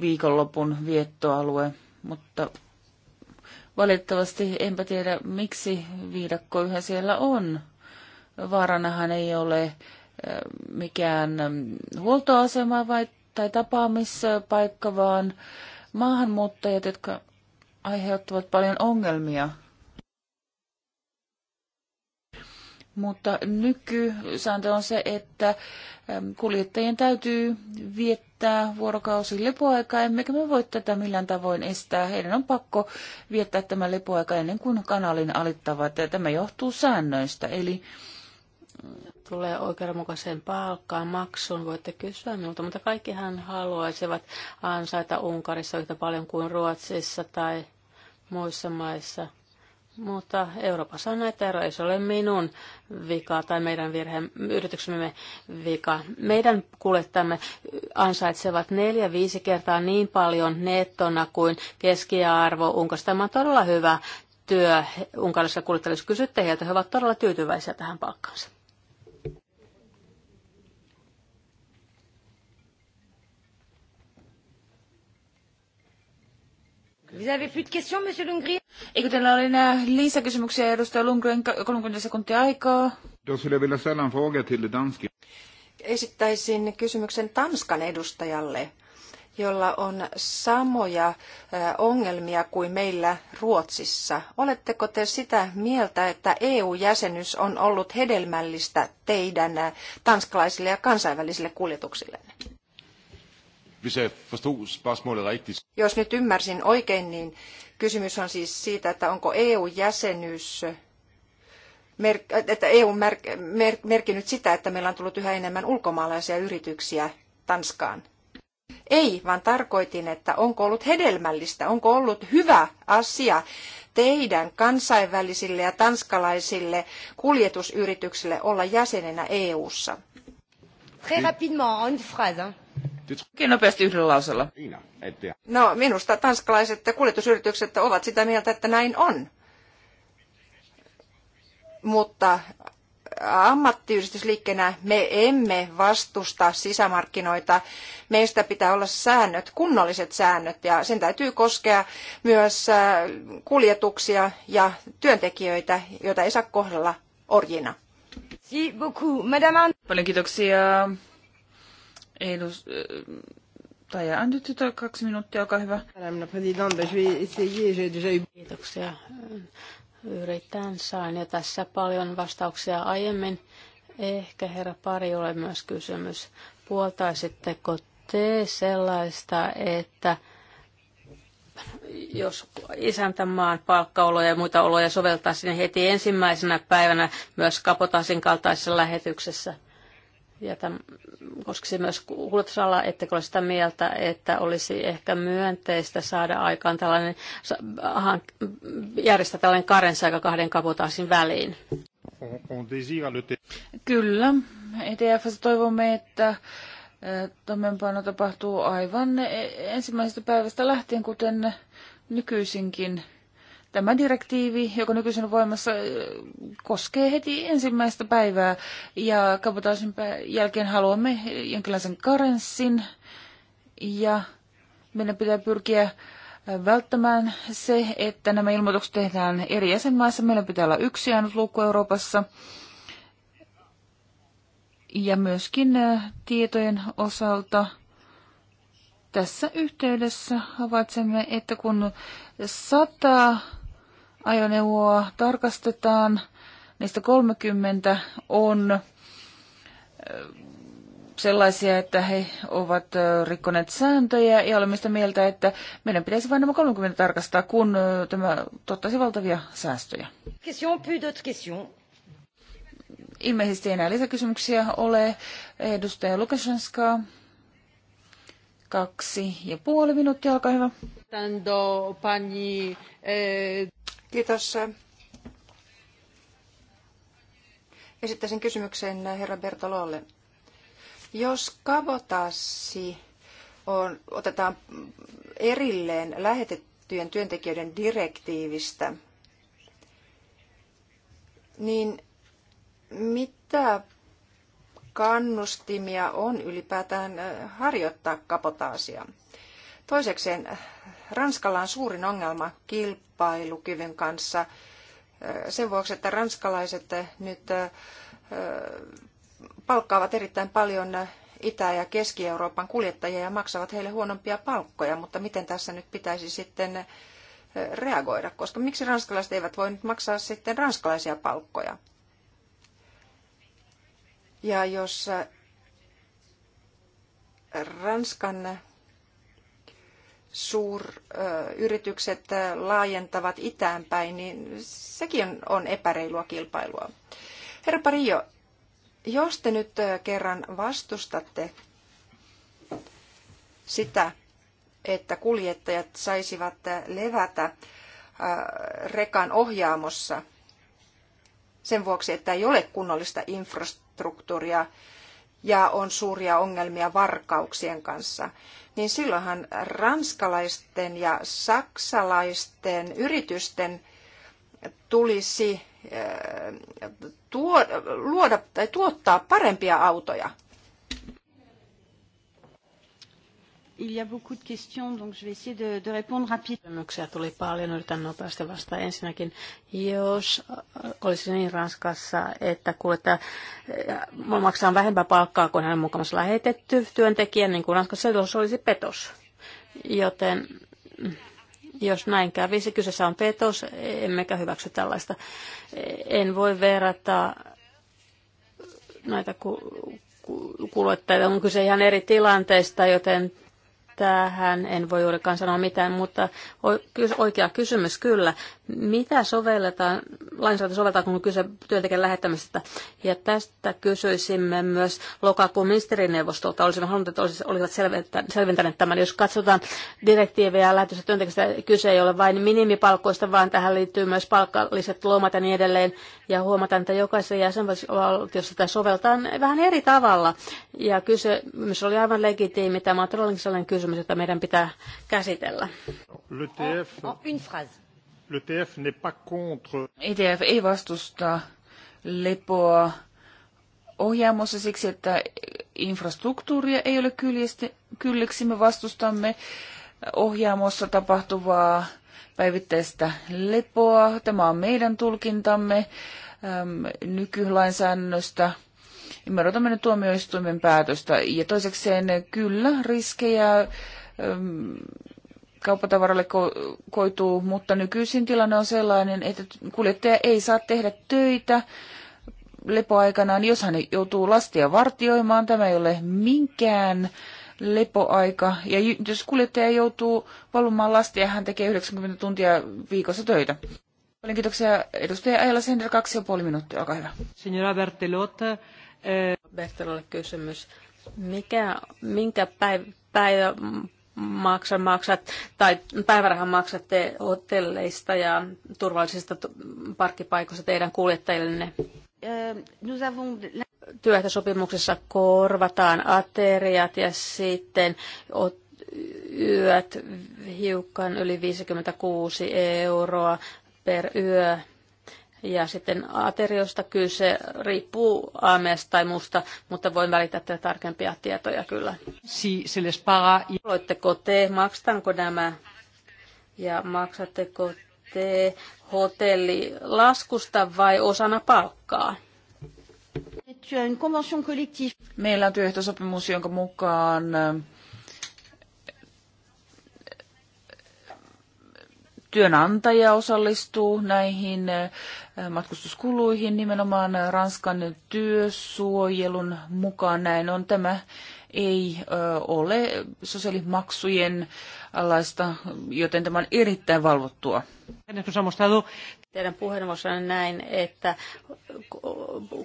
viikonlopun viettoalue, mutta valitettavasti enpä tiedä, miksi viidakko yhä siellä on. Vaaranahan ei ole äh, mikään ähm, huoltoasema vai, tai tapaamispaikka, vaan maahanmuuttajat, jotka aiheuttavat paljon ongelmia mutta nykysääntö on se, että ähm, kuljettajien täytyy viettää vuorokausi lepoaikaa, emmekä me voi tätä millään tavoin estää. Heidän on pakko viettää tämä lepoaika ennen kuin kanalin alittavat. Tämä johtuu säännöistä, eli äh, tulee oikeudenmukaiseen palkkaan, maksuun, voitte kysyä minulta, mutta kaikkihan haluaisivat ansaita Unkarissa yhtä paljon kuin Ruotsissa tai muissa maissa. Mutta Euroopassa on näitä eroja. Ei se ole minun vika tai meidän virhe, yrityksemme vika. Meidän kuljettamme ansaitsevat neljä, viisi kertaa niin paljon nettona kuin keskiarvo Unkarissa. Tämä on todella hyvä työ unkarissa kuljettajissa. kysytte heiltä, he ovat todella tyytyväisiä tähän palkkaansa. Vous avez plus de questions, monsieur Lundgren? Eikö teillä ole enää lisäkysymyksiä, edustaja Lundgren, 30 sekuntia aikaa? Jos skulle vielä sellainen fråga till dansken. Esittäisin kysymyksen Tanskan edustajalle, jolla on samoja ongelmia kuin meillä Ruotsissa. Oletteko te sitä mieltä, että EU-jäsenyys on ollut hedelmällistä teidän tanskalaisille ja kansainvälisille kuljetuksillenne? hvis jeg forstod spørgsmålet rigtigt. Jos nyt ymmärsin oikein, niin kysymys on siis siitä, että onko EU-jäsenyys että EU on merkinnyt sitä, että meillä on tullut yhä enemmän ulkomaalaisia yrityksiä Tanskaan. Ei, vaan tarkoitin, että onko ollut hedelmällistä, onko ollut hyvä asia teidän kansainvälisille ja tanskalaisille kuljetusyrityksille olla jäsenenä EU:ssa. Très rapidement, en une phrase. Kiin nopeasti yhdellä lausella. No minusta tanskalaiset kuljetusyritykset ovat sitä mieltä, että näin on. Mutta äh, ammattiyhdistysliikkeenä me emme vastusta sisämarkkinoita. Meistä pitää olla säännöt, kunnolliset säännöt ja sen täytyy koskea myös äh, kuljetuksia ja työntekijöitä, joita ei saa kohdella orjina. Paljon kiitoksia Eilus, tai on nyt kaksi minuuttia, olkaa hyvä. Kiitoksia. Yritän sain ja tässä paljon vastauksia aiemmin. Ehkä herra pari ole myös kysymys. Puoltaisitteko te sellaista, että jos isäntämaan palkkaoloja ja muita oloja soveltaa sinne heti ensimmäisenä päivänä myös kapotasin kaltaisessa lähetyksessä? ja koska se myös kuljetusalaa, ettekö ole sitä mieltä, että olisi ehkä myönteistä saada aikaan tällainen, aha, järjestää tällainen karensaika kahden kabotaasin väliin? Kyllä. EDFssä toivomme, että äh, toimeenpano tapahtuu aivan e-, ensimmäisestä päivästä lähtien, kuten nykyisinkin. Tämä direktiivi, joka nykyisin voimassa, koskee heti ensimmäistä päivää ja kabotaasin jälkeen haluamme jonkinlaisen karenssin ja meidän pitää pyrkiä välttämään se, että nämä ilmoitukset tehdään eri jäsenmaissa. Meillä pitää olla yksi ainut luukku Euroopassa. Ja myöskin tietojen osalta tässä yhteydessä havaitsemme, että kun sata ajoneuvoa tarkastetaan. Niistä 30 on sellaisia, että he ovat rikkoneet sääntöjä ja olemme sitä mieltä, että meidän pitäisi vain nämä 30 tarkastaa, kun tämä tuottaisi valtavia säästöjä. Question, plus d'autres Ilmeisesti enää lisäkysymyksiä ole. Edustaja Lukashenska, Kaksi ja puoli minuuttia, olkaa hyvä. Tando, pani, eh... Kiitos. Esittäisin kysymyksen herra Bertololle. Jos kabotassi on, otetaan erilleen lähetettyjen työntekijöiden direktiivistä, niin mitä kannustimia on ylipäätään eh, harjoittaa kapotaasia? Toisekseen Ranskalla on suurin ongelma kilpailukyvyn kanssa sen vuoksi, että ranskalaiset nyt palkkaavat erittäin paljon Itä- ja Keski-Euroopan kuljettajia ja maksavat heille huonompia palkkoja, mutta miten tässä nyt pitäisi sitten reagoida, koska miksi ranskalaiset eivät voi nyt maksaa sitten ranskalaisia palkkoja? Ja jos Ranskan suuryritykset laajentavat itään päin, niin sekin on epäreilua kilpailua. Herra Parillo, jos te nyt kerran vastustatte sitä, että kuljettajat saisivat levätä rekan ohjaamossa sen vuoksi, että ei ole kunnollista infrastruktuuria ja on suuria ongelmia varkauksien kanssa, niin silloinhan ranskalaisten ja saksalaisten yritysten tulisi äh, luoda tai tuottaa parempia autoja. Il y a beaucoup de questions, donc je vais essayer de, de répondre rapidement. tuli paljon, yritän nopeasti vastata. Ensinnäkin, jos olisi niin Ranskassa, että kuljettaja maksaa vähempää palkkaa kuin hänen mukaansa lähetetty työntekijä, niin kuin Ranskassa se olisi petos. Joten jos näin kävisi, kyseessä on petos, emmekä hyväksy tällaista. En voi verrata näitä kuljettajia, on kyse ihan eri tilanteista, joten Tähän en voi juurikaan sanoa mitään, mutta oikea kysymys kyllä. Mitä sovelletaan, lainsäädäntö sovelletaan, kun on kyse työntekijän lähettämisestä? Ja tästä kysyisimme myös lokakuun ministerineuvostolta. Olisimme halunneet, että olisivat selventäneet tämän. Jos katsotaan direktiivejä ja lähetystä työntekijästä, kyse ei ole vain minimipalkoista, vaan tähän liittyy myös palkalliset lomat ja niin edelleen. Ja huomataan, että jokaisessa jäsenvaltiossa tämä soveltaan vähän eri tavalla. Ja kyse myös oli aivan legitiimi. Tämä on todellakin sellainen kysymys, jota meidän pitää käsitellä. Oh, oh, une phrase l'ETF n'est pas contre. ETF ei vastusta lepoa ohjaamossa siksi, että infrastruktuuria ei ole kylliksi. Me vastustamme ohjaamossa tapahtuvaa päivittäistä lepoa. Tämä on meidän tulkintamme äm, nykylainsäännöstä. Me odotamme nyt tuomioistuimen päätöstä. Ja toisekseen kyllä riskejä äm, kauppatavaralle koituu, mutta nykyisin tilanne on sellainen, että kuljettaja ei saa tehdä töitä lepoaikanaan, jos hän joutuu lastia vartioimaan. Tämä ei ole minkään lepoaika. Ja jos kuljettaja joutuu valvomaan lastia, hän tekee 90 tuntia viikossa töitä. Paljon kiitoksia. Edustaja Ajala Sender, kaksi ja puoli minuuttia, olkaa hyvä. Signora Bertelotta. Eh, Bertelolle kysymys. Mikä, minkä päivä, päivä maksan maksat tai päivärahan maksatte hotelleista ja turvallisista parkkipaikoista teidän kuljettajillenne? Työehtosopimuksessa korvataan ateriat ja sitten yöt hiukan yli 56 euroa per yö ja sitten ateriosta kyse riippuu aamiasta tai muusta, mutta voin välittää teille tarkempia tietoja kyllä. Si, Oletteko te, maksatanko nämä ja maksatteko te hotellilaskusta vai osana palkkaa? Meillä on työehtosopimus, jonka mukaan työnantaja osallistuu näihin eh, matkustuskuluihin nimenomaan Ranskan työsuojelun mukaan. Näin on tämä ei eh, ole sosiaalimaksujen alaista, joten tämä on erittäin valvottua. Teidän puheenvuorossanne näin, että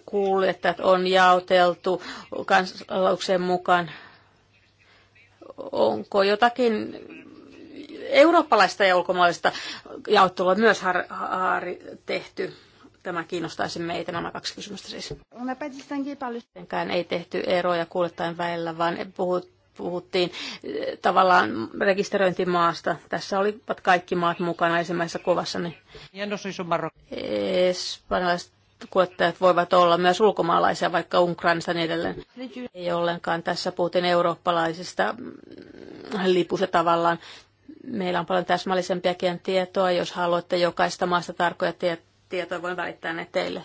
kuljettajat on jaoteltu kansalaukseen mukaan. Onko jotakin eurooppalaista ja ulkomaalaista jaottelua myös har, har, tehty? Tämä kiinnostaisi meitä, nämä kaksi kysymystä siis. Mitenkään ei tehty eroja kuljettajan välillä, vaan puhut, puhuttiin eh, tavallaan rekisteröintimaasta. Tässä olivat kaikki maat mukana ensimmäisessä kuvassa. Niin no, Espanjalaiset kuljettajat voivat olla myös ulkomaalaisia, vaikka Ukrainasta niin edelleen. Ei ollenkaan. Tässä puhuttiin eurooppalaisista mm, lipusta tavallaan. Meillä on paljon täsmällisempiäkin tietoa. Jos haluatte jokaista maasta tarkkoja tietoja, voin välittää ne teille.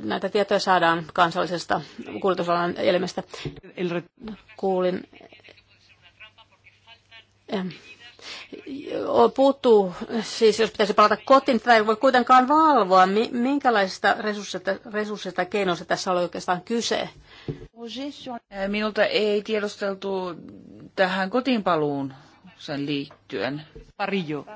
Näitä tietoja saadaan kansallisesta kuljetusalan elimestä. Kuulin puuttuu, siis jos pitäisi palata kotiin, tätä ei voi kuitenkaan valvoa. Minkälaisista resursseista, resursseista keinoista tässä oli oikeastaan kyse? Minulta ei tiedosteltu tähän kotiinpaluun sen liittyen. Parillo,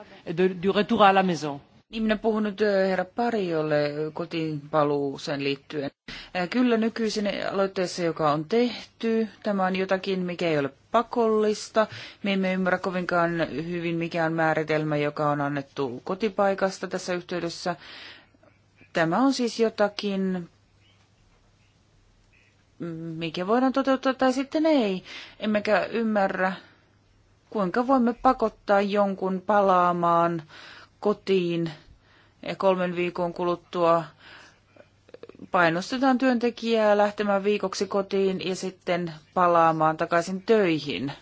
du retour à la maison. Niin minä puhun nyt eh, herra Pariolle kotiinpaluuseen liittyen. Eh, kyllä nykyisin aloitteessa, joka on tehty, tämä on jotakin, mikä ei ole pakollista. Me emme ymmärrä kovinkaan hyvin, mikä on määritelmä, joka on annettu kotipaikasta tässä yhteydessä. Tämä on siis jotakin mikä voidaan toteuttaa tai sitten ei. Emmekä ymmärrä, kuinka voimme pakottaa jonkun palaamaan kotiin ja kolmen viikon kuluttua painostetaan työntekijää lähtemään viikoksi kotiin ja sitten palaamaan takaisin töihin.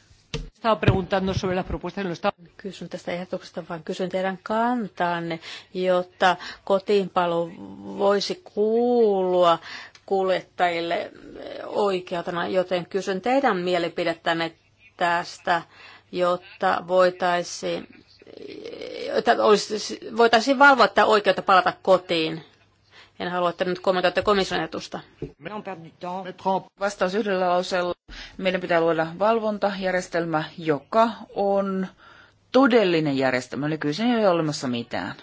Kysyn tästä ehdotuksesta, vaan kysyn teidän kantaanne, jotta kotiinpalo voisi kuulua kuljettajille oikeutena, joten kysyn teidän mielipidettänne tästä, jotta voitaisiin, jotta olisi, voitaisiin valvoa tätä oikeutta palata kotiin. En halua, että nyt kommentoitte komission ajatusta. Vastaus yhdellä lauseella. Meidän pitää luoda valvontajärjestelmä, joka on todellinen järjestelmä. Nykyisin ei ole olemassa mitään.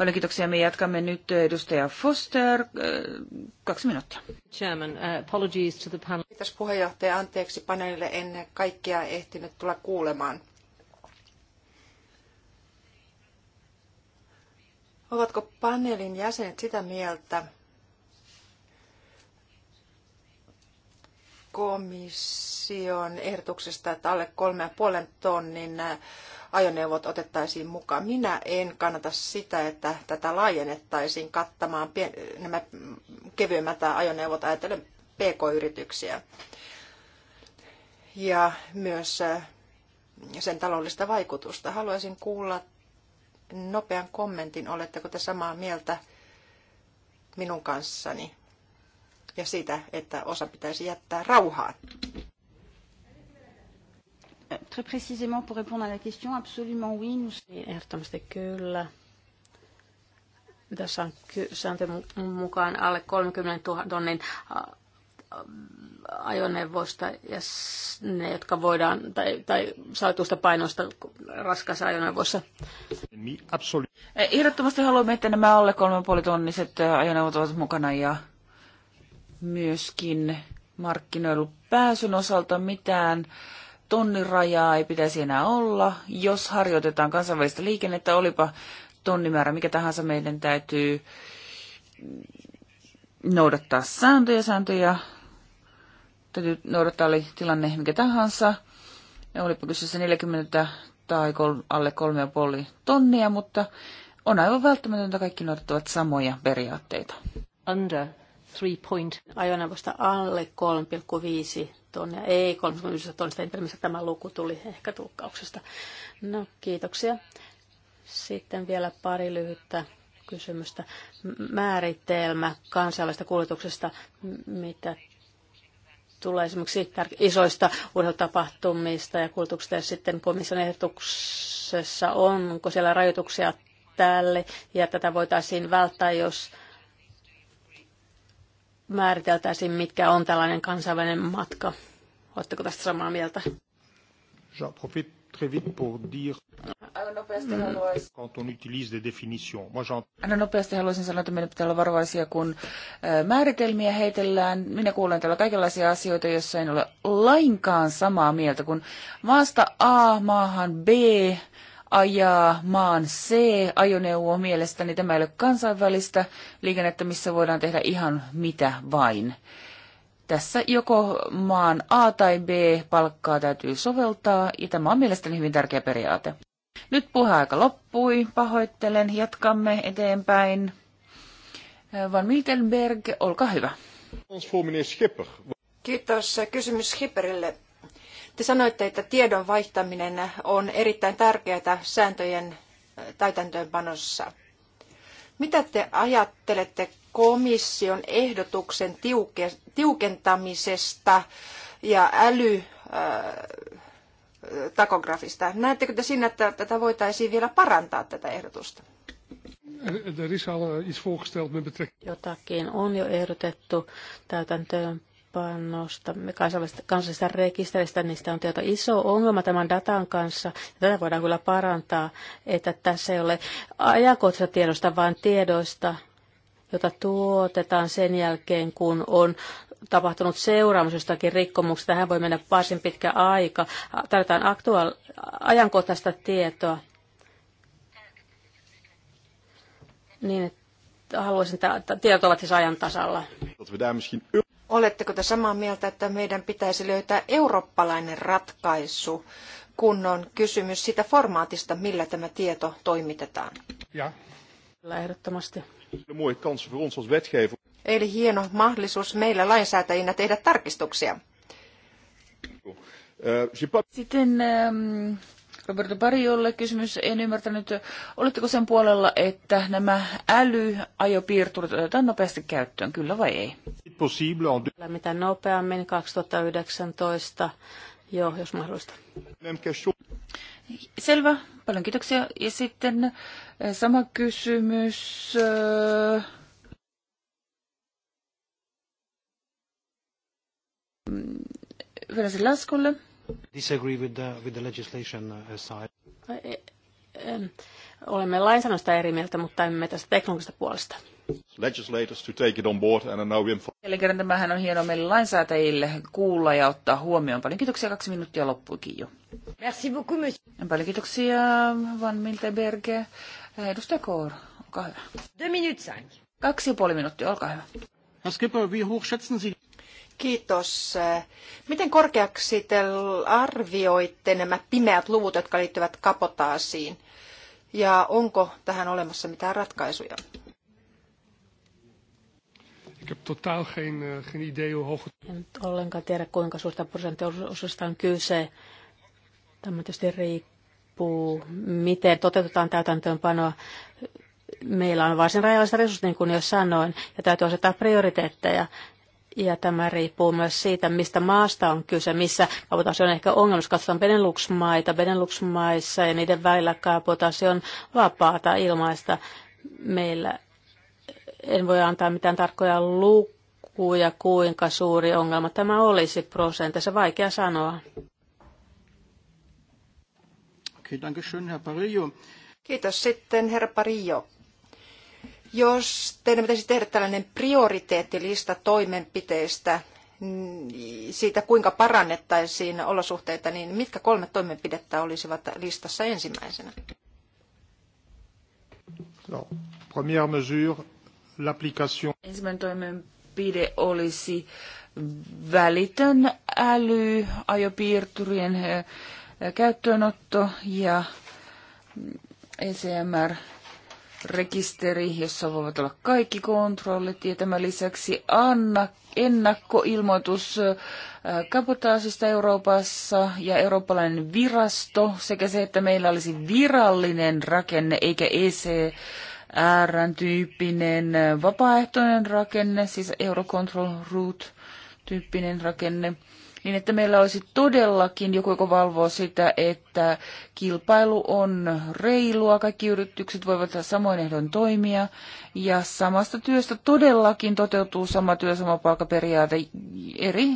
Paljon kiitoksia. Me jatkamme nyt eh, edustaja Foster. Eh, kaksi minuuttia. Chairman, eh, apologies to the panel. Kiitos puheenjohtaja. Anteeksi paneelille. En kaikkea ehtinyt tulla kuulemaan. Ovatko paneelin jäsenet sitä mieltä, komission ehdotuksesta, että alle kolme ja puolen tonnin ajoneuvot otettaisiin mukaan. Minä en kannata sitä, että tätä laajennettaisiin kattamaan pien, nämä kevyemmät ajoneuvot ajatellen pk-yrityksiä. Ja myös äh, sen taloudellista vaikutusta. Haluaisin kuulla nopean kommentin, oletteko te samaa mieltä minun kanssani ja siitä, että osa pitäisi jättää rauhaan. Très précisément pour répondre à la question, absolument oui. Nous... Niin, ehdottomasti kyllä. Tässä on sääntöjen mukaan alle 30 000 tonnin äh, äh, ajoneuvoista ja ne, jotka voidaan, tai, tai saatuista painoista raskaassa ajoneuvoissa. Niin, eh, ehdottomasti haluamme, että nämä alle 3,5 tonniset äh, ajoneuvot ovat mukana ja myöskin markkinoilu pääsyn osalta mitään äh, tonnin rajaa ei pitäisi enää olla. Jos harjoitetaan kansainvälistä liikennettä, olipa tonnimäärä mikä tahansa, meidän täytyy noudattaa sääntöjä, sääntöjä täytyy noudattaa oli tilanne mikä tahansa. Ja olipa kyseessä 40 tai alle 3,5 tonnia, mutta on aivan välttämätöntä kaikki noudattavat samoja periaatteita. Under 3. point ajoneuvosta alle 3,5 tonnia, ei 3,5 tonnista, en tiedä missä tämä luku tuli ehkä tulkkauksesta. No, kiitoksia. Sitten vielä pari lyhyttä kysymystä. Määritelmä kansainvälistä kuljetuksesta, mitä tulee esimerkiksi isoista urheilutapahtumista ja kuljetuksista, ja sitten komission ehdotuksessa onko siellä rajoituksia tälle ja tätä voitaisiin välttää, jos määriteltäisiin, mitkä on tällainen kansainvälinen matka. Oletteko tästä samaa mieltä? J'en très vite pour dire Aina nopeasti haluaisin sanoa, että meidän pitää olla varovaisia, kun määritelmiä heitellään. Minä kuulen täällä kaikenlaisia asioita, joissa en ole lainkaan samaa mieltä, kun maasta A maahan B ajaa maan c ajoneuvo mielestäni. Tämä ei ole kansainvälistä liikennettä, missä voidaan tehdä ihan mitä vain. Tässä joko maan A- tai B-palkkaa täytyy soveltaa, ja tämä on mielestäni hyvin tärkeä periaate. Nyt puheaika loppui, pahoittelen, jatkamme eteenpäin. Van Miltenberg, olkaa hyvä. Kiitos. Kysymys Schipperille. Te sanoitte, että tiedon vaihtaminen on erittäin tärkeää sääntöjen äh, täytäntöönpanossa. Mitä te ajattelette komission ehdotuksen tiuke, tiukentamisesta ja älytakografista? Äh, Näettekö te siinä, että tätä voitaisiin vielä parantaa tätä ehdotusta? Er- er- er eh, Jotakin on jo ehdotettu täytäntöön panosta kansallisesta, kansallisesta rekisteristä, niistä on tieto iso ongelma tämän datan kanssa. tätä voidaan kyllä parantaa, että tässä ei ole ajankohtaisesta tiedosta, vaan tiedoista, jota tuotetaan sen jälkeen, kun on tapahtunut seuraamus jostakin rikkomuksesta. Tähän voi mennä varsin pitkä aika. Tarvitaan aktuaal- ajankohtaista tietoa. Niin, että haluaisin, että tiedot ovat siis ajan tasalla. Oletteko te samaa mieltä, että meidän pitäisi löytää eurooppalainen ratkaisu, kun on kysymys siitä formaatista, millä tämä tieto toimitetaan? Ja. Kyllä ehdottomasti. Eli hieno mahdollisuus meillä lainsäätäjinä tehdä tarkistuksia. Eh, Sitten ähm, Roberto Pariolle kysymys. En ymmärtänyt, oletteko sen puolella, että nämä älyajopiirturit otetaan nopeasti käyttöön, kyllä vai ei? Mitä nopeammin 2019 jo, jos mahdollista. Selvä, paljon kiitoksia. Ja sitten eh, sama kysymys. Eh, Venäisen laskulle. Disagree with the, with the legislation uh, side. E, olemme lainsäädännöstä eri mieltä, mutta emme tästä teknologisesta puolesta. Legislators to take it on board and now Eli kerran tämähän on hienoa meille lainsäätäjille kuulla ja ottaa huomioon. Paljon kiitoksia, kaksi minuuttia loppuikin jo. Merci beaucoup, monsieur. Paljon kiitoksia, Van Miltenberg. Edustaja Koor, olkaa hyvä. Kaksi ja puoli minuuttia, olkaa hyvä. Herr Skipper, wie hoch schätzen Sie Kiitos. Miten korkeaksi te arvioitte nämä pimeät luvut, jotka liittyvät kapotaasiin? Ja onko tähän olemassa mitään ratkaisuja? En ollenkaan tiedä, kuinka suurta prosenttiosuudesta on kyse. Tämä tietysti riippuu, miten toteutetaan täytäntöönpanoa. Meillä on varsin rajalliset resurssit, niin kuin jo sanoin, ja täytyy asettaa prioriteetteja. Ja tämä riippuu myös siitä, mistä maasta on kyse, missä kabotaasi on ehkä ongelma. Jos katsotaan Benelux-maita, Benelux-maissa ja niiden välillä kabotaasi on vapaata, ilmaista. Meillä en voi antaa mitään tarkkoja lukuja, kuinka suuri ongelma tämä olisi prosentissa. Vaikea sanoa. Kiitos sitten, herra Parillo. Jos teidän pitäisi tehdä tällainen prioriteettilista toimenpiteistä, mm, siitä kuinka parannettaisiin olosuhteita, niin mitkä kolme toimenpidettä olisivat listassa ensimmäisenä? No, première mesure, l'application. Ensimmäinen toimenpide olisi välitön äly, ajopiirturien käyttöönotto ja mm, ECMR rekisteri, jossa voivat olla kaikki kontrollit ja tämän lisäksi anna, ennakkoilmoitus kabotaasista Euroopassa ja eurooppalainen virasto sekä se, että meillä olisi virallinen rakenne eikä ECR-tyyppinen vapaaehtoinen rakenne, siis Eurocontrol Route-tyyppinen rakenne niin että meillä olisi todellakin joku, joka valvoo sitä, että kilpailu on reilua, kaikki yritykset voivat samoin ehdon toimia, ja samasta työstä todellakin toteutuu sama työ, sama palkaperiaate eri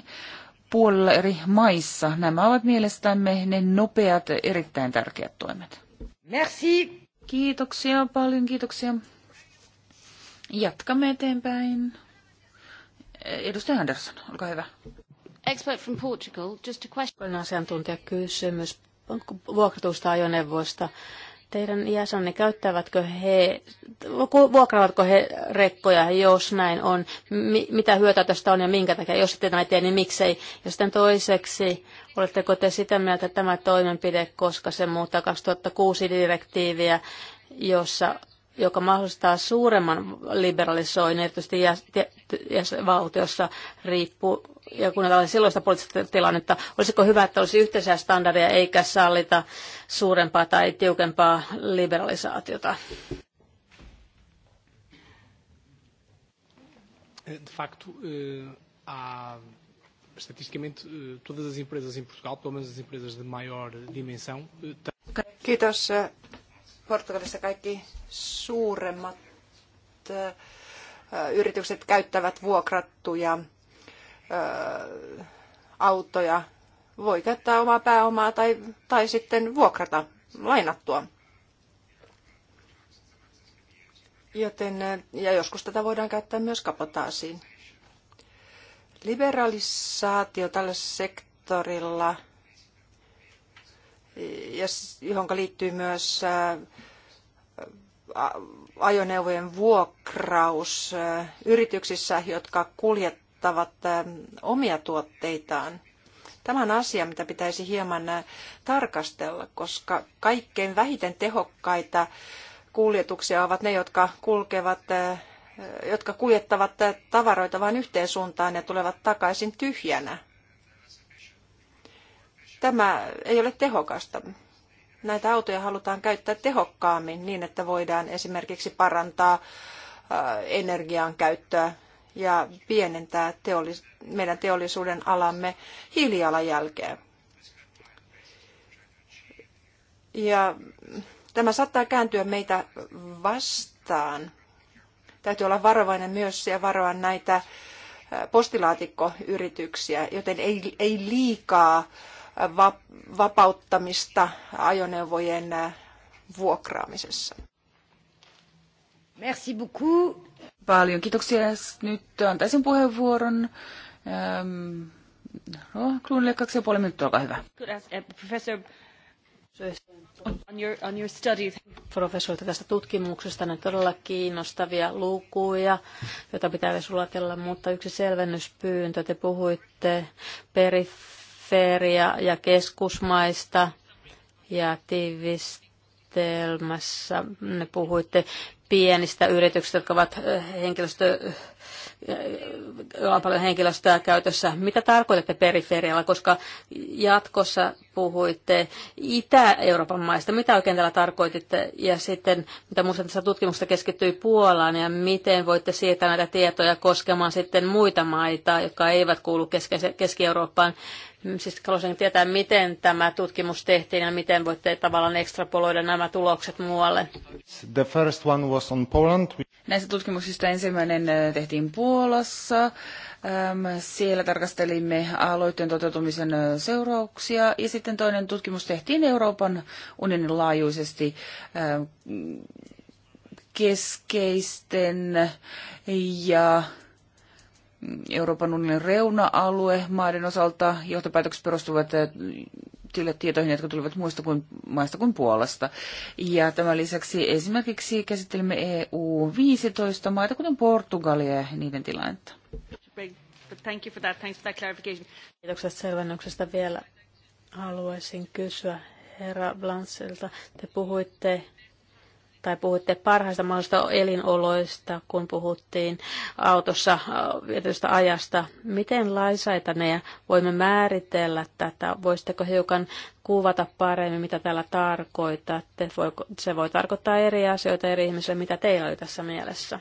puolilla eri maissa. Nämä ovat mielestämme ne nopeat, erittäin tärkeät toimet. Merci. Kiitoksia, paljon kiitoksia. Jatkamme eteenpäin. Edustaja Andersson, olkaa hyvä. Expert from Portugal, just a question. Asiantuntija kysymys vuokratusta ajoneuvoista. Teidän jäsenne, käyttävätkö he, vuokraavatko he rekkoja, jos näin on? M- mitä hyötyä tästä on ja minkä takia? Jos ette näin tee, niin miksei? Ja sitten toiseksi, oletteko te sitä mieltä, että tämä toimenpide, koska se muuttaa 2006 direktiiviä, jossa joka mahdollistaa suuremman liberalisoinnin, erityisesti jäsenvaltiossa riippuu ja kun ajatellaan silloista poliittista tilannetta, olisiko hyvä, että olisi yhteisiä standardeja eikä sallita suurempaa tai tiukempaa liberalisaatiota? Eh, de facto, eh, há estatisticamente eh, todas as empresas em Portugal, pelo menos as empresas de maior dimensão. Kiitos. Portugalissa kaikki suuremmat yritykset käyttävät vuokrattuja autoja. Voi käyttää omaa pääomaa tai, tai sitten vuokrata lainattua. Joten, ja joskus tätä voidaan käyttää myös kapotaasiin. Liberalisaatio tällä sektorilla, ja, johon liittyy myös ajoneuvojen vuokraus yrityksissä, jotka kuljet, tuottavat omia tuotteitaan. Tämä on asia, mitä pitäisi hieman tarkastella, koska kaikkein vähiten tehokkaita kuljetuksia ovat ne, jotka kulkevat jotka kuljettavat tavaroita vain yhteen suuntaan ja tulevat takaisin tyhjänä. Tämä ei ole tehokasta. Näitä autoja halutaan käyttää tehokkaammin niin, että voidaan esimerkiksi parantaa energian käyttöä ja pienentää teollis- meidän teollisuuden alamme hiilijalanjälkeä. Ja tämä saattaa kääntyä meitä vastaan. Täytyy olla varovainen myös ja varoa näitä postilaatikkoyrityksiä, joten ei, ei liikaa vapauttamista ajoneuvojen vuokraamisessa. Merci beaucoup. Paljon kiitoksia. Nyt antaisin puheenvuoron ähm, no, kaksi ja puoli minuuttia, olkaa hyvä. Eh, professor on your, on your studies. professorilta tästä tutkimuksesta. Ne todella kiinnostavia lukuja, joita pitää sulatella, mutta yksi selvennyspyyntö. Te puhuitte periferia- ja keskusmaista ja tiivistelmässä ne puhuitte pienistä yrityksistä, jotka ovat henkilöstö, on paljon henkilöstöä käytössä. Mitä tarkoitatte periferialla, koska jatkossa puhuitte Itä-Euroopan maista. Mitä oikein tällä tarkoititte? Ja sitten, mitä muistan tässä tutkimuksessa keskittyi Puolaan, ja miten voitte siirtää näitä tietoja koskemaan sitten muita maita, jotka eivät kuulu Keski-Eurooppaan. Mm, siis haluaisin tietää, miten tämä tutkimus tehtiin ja miten voitte tavallaan ekstrapoloida nämä tulokset muualle. The first one was on Poland. Näistä tutkimuksista ensimmäinen tehtiin Puolassa. Siellä tarkastelimme aloitteen toteutumisen seurauksia ja sitten toinen tutkimus tehtiin Euroopan unionin laajuisesti keskeisten ja Euroopan unionin reuna-alue maiden osalta. Johtopäätökset perustuvat eh, tietoihin, jotka tulivat muista kuin, maista kuin Puolasta. Ja tämän lisäksi esimerkiksi käsittelimme EU-15 maita, kuten Portugalia ja niiden tilannetta. Thank you for that. Thanks for that clarification. Kiitokset selvennyksestä vielä. Haluaisin kysyä herra Blansilta. Te puhuitte tai puhuitte parhaista mahdollisista elinoloista, kun puhuttiin autossa äh, vietystä ajasta. Miten laisaita ne voimme määritellä tätä? Voisitteko hiukan kuvata paremmin, mitä täällä tarkoitatte? se voi tarkoittaa eri asioita eri ihmisille. Mitä teillä oli tässä mielessä?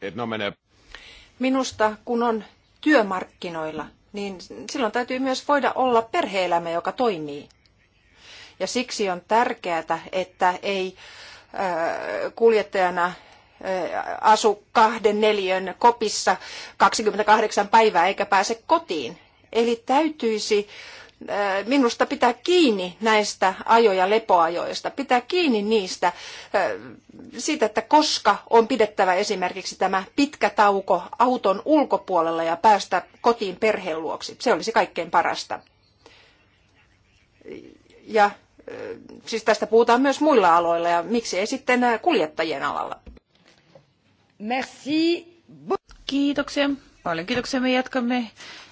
Eh, no Minusta, kun on työmarkkinoilla, niin silloin täytyy myös voida olla perheelämä, joka toimii. Ja siksi on tärkeää, että ei kuljettajana asu kahden neljön kopissa 28 päivää eikä pääse kotiin. Eli täytyisi minusta pitää kiinni näistä ajo- ja lepoajoista, pitää kiinni niistä, siitä, että koska on pidettävä esimerkiksi tämä pitkä tauko auton ulkopuolella ja päästä kotiin perheen luoksi. Se olisi kaikkein parasta. Ja siis tästä puhutaan myös muilla aloilla ja miksi ei sitten äh, kuljettajien alalla? Merci. Kiitoksia. Paljon kiitoksia. Me jatkamme.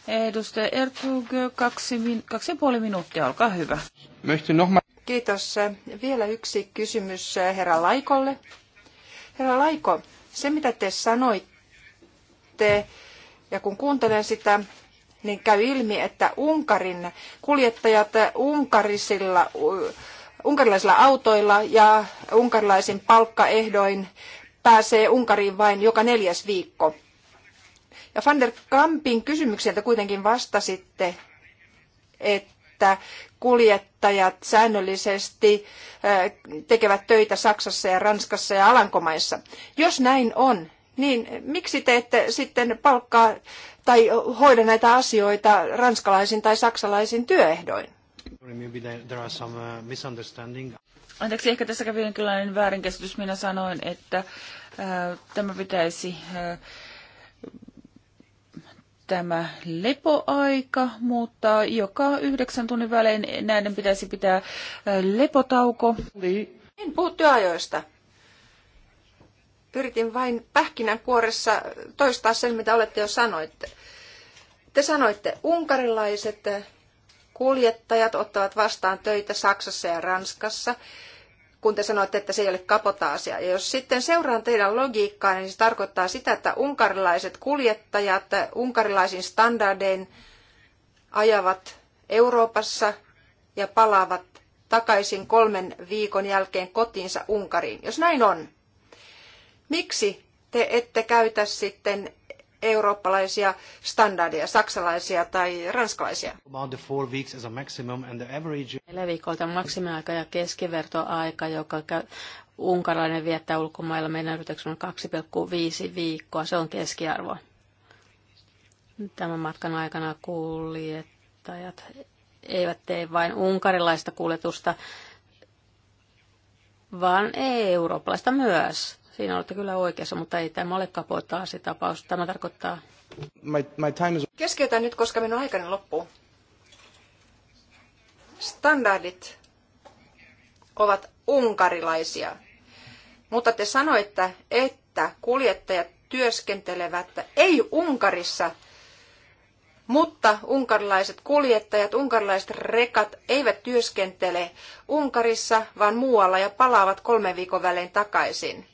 Edustaja Ertug, kaksi, kaksi ja puoli minuuttia, olkaa hyvä. Kiitos. Vielä yksi kysymys äh, herra Laikolle. Herra Laiko, se mitä te sanoitte, ja kun kuuntelen sitä, niin käy ilmi, että Unkarin kuljettajat unkarisilla, unkarilaisilla autoilla ja unkarilaisin palkkaehdoin pääsee Unkariin vain joka neljäs viikko. Ja Van der Kampin kysymykseltä kuitenkin vastasitte, että kuljettajat säännöllisesti eh, tekevät töitä Saksassa ja Ranskassa ja Alankomaissa. Jos näin on, niin miksi te ette sitten palkkaa tai hoida näitä asioita ranskalaisin tai saksalaisin työehdoin? Uh, Anteeksi, ehkä tässä kävi jonkinlainen väärinkäsitys. Minä sanoin, että äh, tämä pitäisi äh, tämä lepoaika, mutta joka yhdeksän tunnin välein näiden pitäisi pitää äh, lepotauko. En niin, puhu työajoista yritin vain pähkinänkuoressa toistaa sen, mitä olette jo sanoitte. Te sanoitte, unkarilaiset kuljettajat ottavat vastaan töitä Saksassa ja Ranskassa, kun te sanoitte, että se ei ole kapotaasia. Ja jos sitten seuraan teidän logiikkaa, niin se tarkoittaa sitä, että unkarilaiset kuljettajat unkarilaisin standardein ajavat Euroopassa ja palaavat takaisin kolmen viikon jälkeen kotiinsa Unkariin. Jos näin on, Miksi te ette käytä sitten eurooppalaisia standardeja, saksalaisia tai ranskalaisia? Neljä viikolta maksimiaika ja keskivertoaika, joka käy, unkarainen viettää ulkomailla. Meidän yrityksemme on 2,5 viikkoa, se on keskiarvo. Tämän matkan aikana kuljettajat eivät tee vain unkarilaista kuljetusta, vaan eurooppalaista myös Siinä olette kyllä oikeassa, mutta ei tämä ole se tapaus. Tämä tarkoittaa... My, my time is... Keskeytän nyt, koska minun aikani loppuu. Standardit ovat unkarilaisia, mutta te sanoitte, että kuljettajat työskentelevät ei Unkarissa, mutta unkarilaiset kuljettajat, unkarilaiset rekat eivät työskentele Unkarissa, vaan muualla ja palaavat kolmen viikon välein takaisin.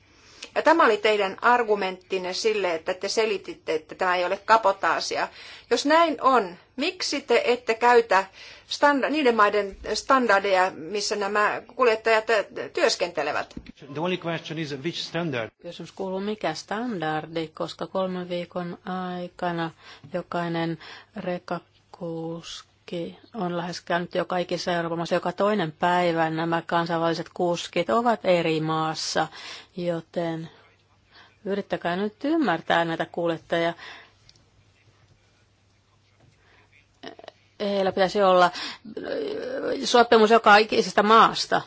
Ja tämä oli teidän argumenttinne sille, että te selititte, että tämä ei ole kapotaasia. Jos näin on, miksi te ette käytä standa- niiden maiden standardeja, missä nämä kuljettajat äh, työskentelevät? The only question is which standard? Kysymys kuuluu, mikä standardi, koska kolmen viikon aikana jokainen rekakuski on lähes käynyt jo kaikissa Euroopan maissa. Joka toinen päivä nämä kansainväliset kuskit ovat eri maassa, joten yrittäkää nyt ymmärtää näitä kuljettajia. Heillä pitäisi olla äh, sopimus joka ikisestä maasta.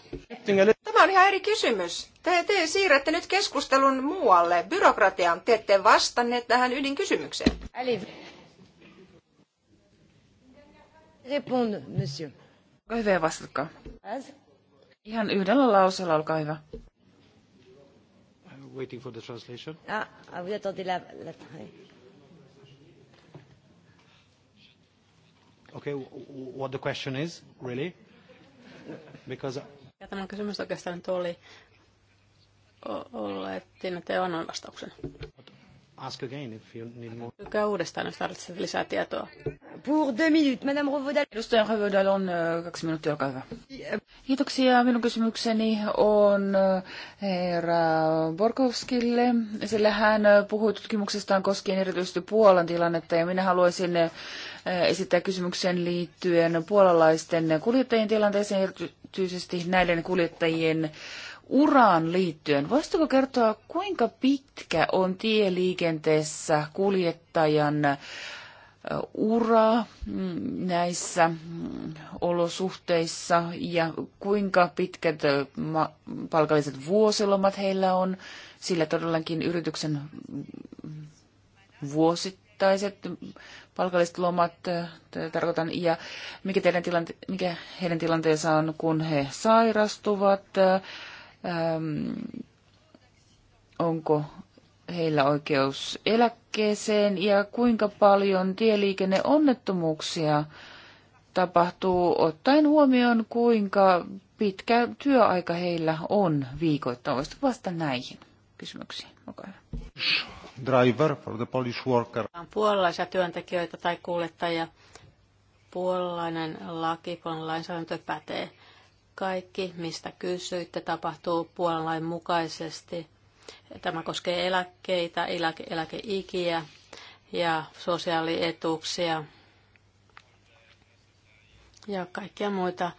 Tämä on ihan eri kysymys. Te, te siirrätte nyt keskustelun muualle, byrokratiaan. Te ette vastanneet tähän ydinkysymykseen. Repond, monsieur. Olkaa hyvä ja vastatkaa. Ihan yhdellä lauseella, olkaa hyvä. I'm waiting for the translation. Ah, ah vous attendez la, la... Okay, what the question is, really? Because... Ja tämän kysymys oikeastaan nyt oli, oletin, että on vastauksen. Ask again if you need more. Kykää uudestaan, jos tarvitset lisää tietoa. Pour deux minutes, Madame Rovodal. Edustaja Rovodal on äh, kaksi minuuttia, olkaa hyvä. Kiitoksia. Minun kysymykseni on äh, herra Borkovskille, sillä hän äh, puhui tutkimuksestaan koskien erityisesti Puolan tilannetta, ja minä haluaisin esittää kysymyksen liittyen puolalaisten kuljettajien tilanteeseen, erityisesti näiden kuljettajien uraan liittyen. Voisitko kertoa, kuinka pitkä on tieliikenteessä kuljettajan ura mm, näissä mm, olosuhteissa ja kuinka pitkät palkalliset vuosilomat heillä on, sillä todellakin yrityksen mm, vuosittaiset palkalliset lomat tarkoitan, ja mikä, teidän tilante- mikä heidän tilanteensa on, kun he sairastuvat, Ähm, onko heillä oikeus eläkkeeseen ja kuinka paljon tieliikenneonnettomuuksia tapahtuu ottaen huomioon, kuinka pitkä työaika heillä on viikoittain. Voisitko vasta näihin kysymyksiin? Driver for the Polish worker. Puolalaisia työntekijöitä tai kuljettajia. Puolalainen laki, puolalainen lainsäädäntö pätee kaikki, mistä kysyitte, tapahtuu Puolan lain mukaisesti. Tämä koskee eläkkeitä, eläke, eläkeikiä ja sosiaalietuuksia ja kaikkia muita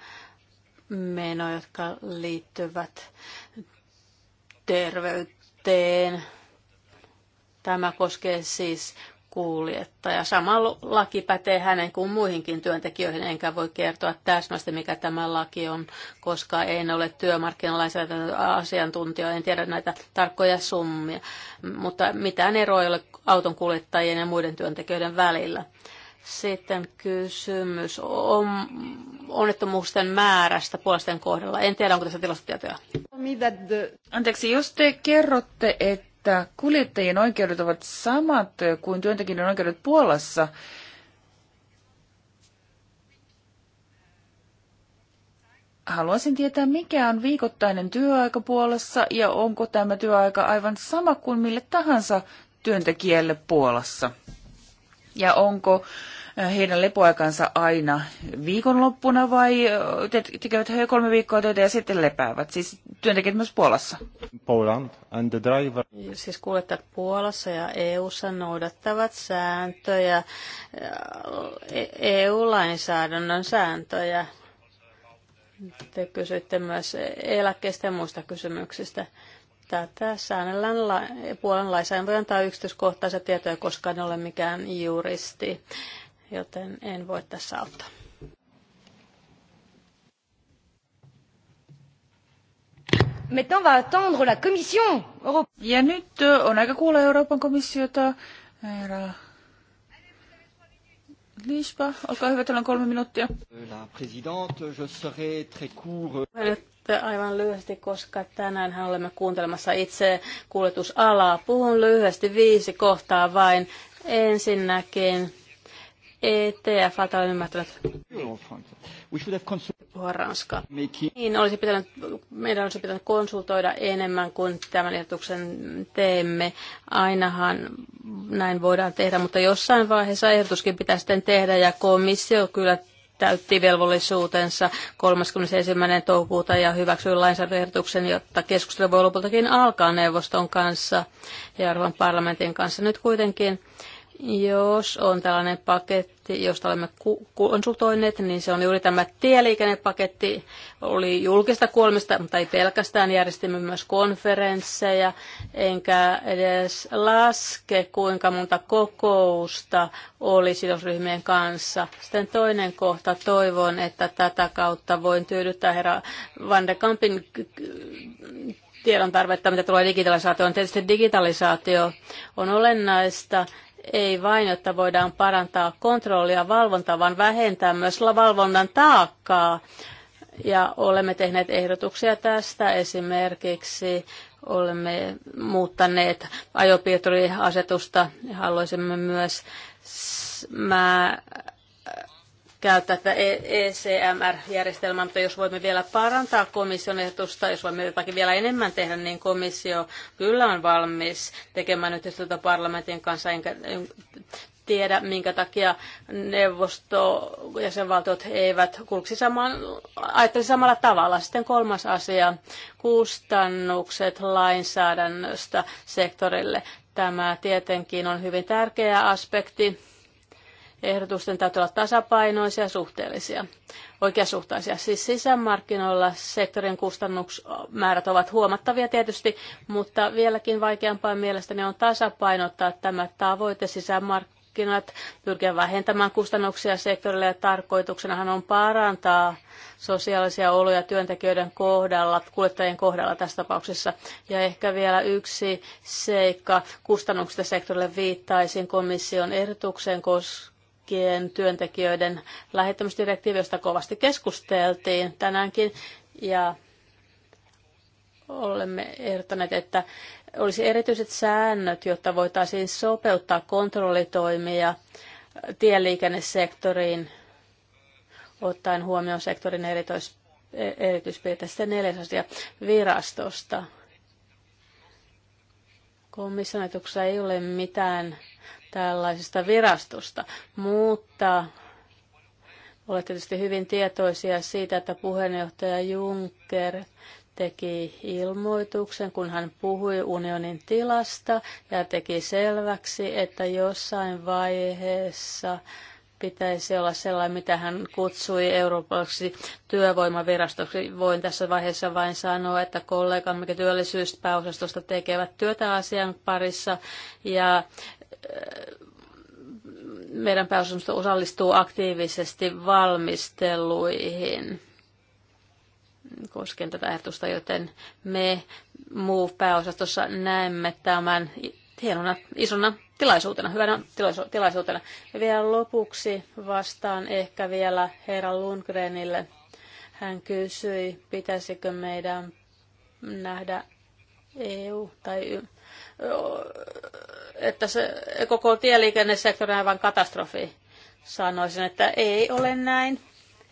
menoja, jotka liittyvät terveyteen. Tämä koskee siis kuljettaja. Sama laki pätee hänen kuin muihinkin työntekijöihin, enkä voi kertoa täsmästi, mikä tämä laki on, koska en ole työmarkkinalainsäädännön asiantuntija, en tiedä näitä tarkkoja summia. Mutta mitään eroa ei ole auton kuljettajien ja muiden työntekijöiden välillä. Sitten kysymys on onnettomuusten määrästä puolesten kohdalla. En tiedä, onko tässä tilastotietoja. Anteeksi, jos te kerrotte, että että kuljettajien oikeudet ovat samat kuin työntekijöiden oikeudet Puolassa. Haluaisin tietää, mikä on viikoittainen työaika Puolassa ja onko tämä työaika aivan sama kuin mille tahansa työntekijälle Puolassa. Ja onko heidän lepoaikansa aina viikonloppuna vai te- tekevät he kolme viikkoa töitä ja sitten lepäävät? Siis työntekijät myös Puolassa. Poland and the driver. Siis että Puolassa ja EU-ssa noudattavat sääntöjä, EU-lainsäädännön e sääntöjä. Te kysyitte myös eläkkeistä ja muista kysymyksistä. Tätä säännellään la- Puolan lainsäädäntö antaa yksityiskohtaisia tietoja, koska en ole mikään juristi joten en voi tässä auttaa. Maintenant va attendre la commission. Ja nyt äh, on aika kuulla Euroopan komissiota. Herra Lisba, olkaa hyvä, teillä on kolme minuuttia. La présidente, je serai très court. Nyt Aivan lyhyesti, koska tänään olemme kuuntelemassa itse kuljetusalaa. Puhun lyhyesti viisi kohtaa vain. Ensinnäkin ETF olen ymmärtänyt puhua ranskaa. Niin, olisi pitänyt, meidän olisi pitänyt konsultoida enemmän kuin tämän ehdotuksen teemme. Ainahan näin voidaan tehdä, mutta jossain vaiheessa ehdotuskin pitää sitten tehdä ja komissio kyllä täytti velvollisuutensa 31. toukokuuta ja hyväksyi lainsäädäntöehdotuksen, jotta keskustelu voi lopultakin alkaa neuvoston kanssa ja Euroopan parlamentin kanssa. Nyt kuitenkin jos on tällainen paketti, josta olemme konsultoineet, niin se on juuri tämä tieliikennepaketti. Oli julkista kuulemista, mutta ei pelkästään. Järjestimme myös konferensseja, enkä edes laske, kuinka monta kokousta oli sidosryhmien kanssa. Sitten toinen kohta. Toivon, että tätä kautta voin tyydyttää herra Van de Kampin tiedon tarvetta, mitä tulee digitalisaatioon. Tietysti digitalisaatio on olennaista ei vain, että voidaan parantaa kontrollia valvontaa, vaan vähentää myös valvonnan taakkaa. Ja olemme tehneet ehdotuksia tästä esimerkiksi. Olemme muuttaneet ajopiirturiasetusta ja haluaisimme myös mä käyttää tätä ECMR-järjestelmää, e mutta jos voimme vielä parantaa komission ehdotusta, jos voimme jotakin vielä enemmän tehdä, niin komissio kyllä on valmis tekemään yhteistyötä parlamentin kanssa, enkä tiedä, minkä takia neuvosto ja valtiot eivät kulksi samaan, ajatteli samalla tavalla. Sitten kolmas asia, kustannukset lainsäädännöstä sektorille. Tämä tietenkin on hyvin tärkeä aspekti ehdotusten täytyy olla tasapainoisia ja suhteellisia, oikeasuhtaisia. Siis sisämarkkinoilla sektorin kustannusmäärät ovat huomattavia tietysti, mutta vieläkin vaikeampaa mielestäni on tasapainottaa tämä tavoite sisämarkkinat, pyrkiä vähentämään kustannuksia sektorille ja tarkoituksenahan on parantaa sosiaalisia oloja työntekijöiden kohdalla, kuljettajien kohdalla tässä tapauksessa. Ja ehkä vielä yksi seikka kustannuksista sektorille viittaisin komission ehdotukseen, koska kaikkien työntekijöiden lähettämisdirektiivi, josta kovasti keskusteltiin tänäänkin. Ja olemme ehdottaneet, että olisi erityiset säännöt, jotta voitaisiin sopeuttaa kontrollitoimia tieliikennesektoriin, ottaen huomioon sektorin erityis, erityispiirteistä. Sitten neljäs asia virastosta. Komissionituksessa ei ole mitään tällaisesta virastosta, mutta olette tietysti hyvin tietoisia siitä, että puheenjohtaja Juncker teki ilmoituksen, kun hän puhui unionin tilasta ja teki selväksi, että jossain vaiheessa pitäisi olla sellainen, mitä hän kutsui Euroopaksi työvoimavirastoksi. Voin tässä vaiheessa vain sanoa, että kollegamme työllisyyspääosastosta tekevät työtä asian parissa ja meidän pääosamista osallistuu aktiivisesti valmisteluihin koskien tätä ehdotusta, joten me MOVE-pääosastossa näemme tämän hienona isona tilaisuutena, hyvänä tilaisu- tilaisuutena. Ja vielä lopuksi vastaan ehkä vielä herra Lundgrenille. Hän kysyi, pitäisikö meidän nähdä EU tai että se koko tieliikennesektori on aivan katastrofi. Sanoisin, että ei ole näin.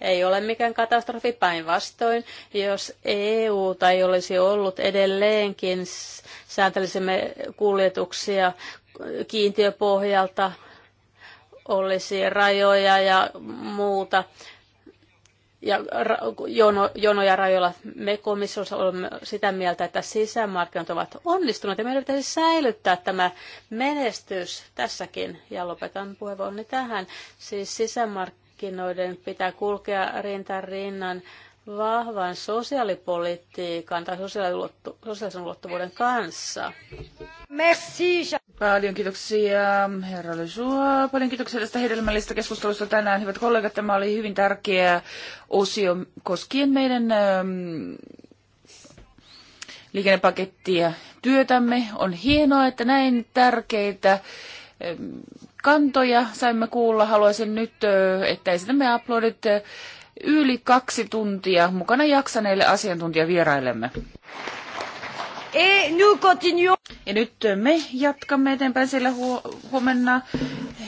Ei ole mikään katastrofi päinvastoin. Jos EU tai olisi ollut edelleenkin, sääntelisimme kuljetuksia kiintiöpohjalta, olisi rajoja ja muuta ja jono, jonoja rajoilla. Me komissiossa olemme sitä mieltä, että sisämarkkinat ovat onnistuneet ja meidän pitäisi säilyttää tämä menestys tässäkin. Ja lopetan puheenvuoroni tähän. Siis sisämarkkinoiden pitää kulkea rinta rinnan vahvan sosiaalipolitiikan tai sosiaalisen ulottuvuuden kanssa. Merci. Paljon kiitoksia herra Lesua. Paljon kiitoksia tästä hedelmällisestä keskustelusta tänään. Hyvät kollegat, tämä oli hyvin tärkeä osio koskien meidän ähm, liikennepakettia työtämme. On hienoa, että näin tärkeitä ähm, kantoja saimme kuulla. Haluaisin nyt, äh, että esitämme uploadit äh, yli kaksi tuntia mukana jaksaneille asiantuntijavieraillemme. Ja nyt me jatkamme eteenpäin, hu- huomenna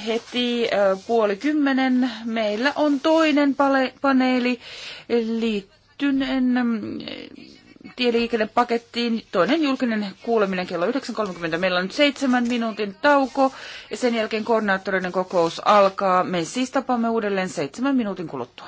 heti puoli kymmenen. Meillä on toinen pale- paneeli liittyen mm, tieliikennepakettiin. Toinen julkinen kuuleminen kello 9.30. Meillä on nyt seitsemän minuutin tauko ja sen jälkeen koordinaattoreiden kokous alkaa. Me siis tapaamme uudelleen seitsemän minuutin kuluttua.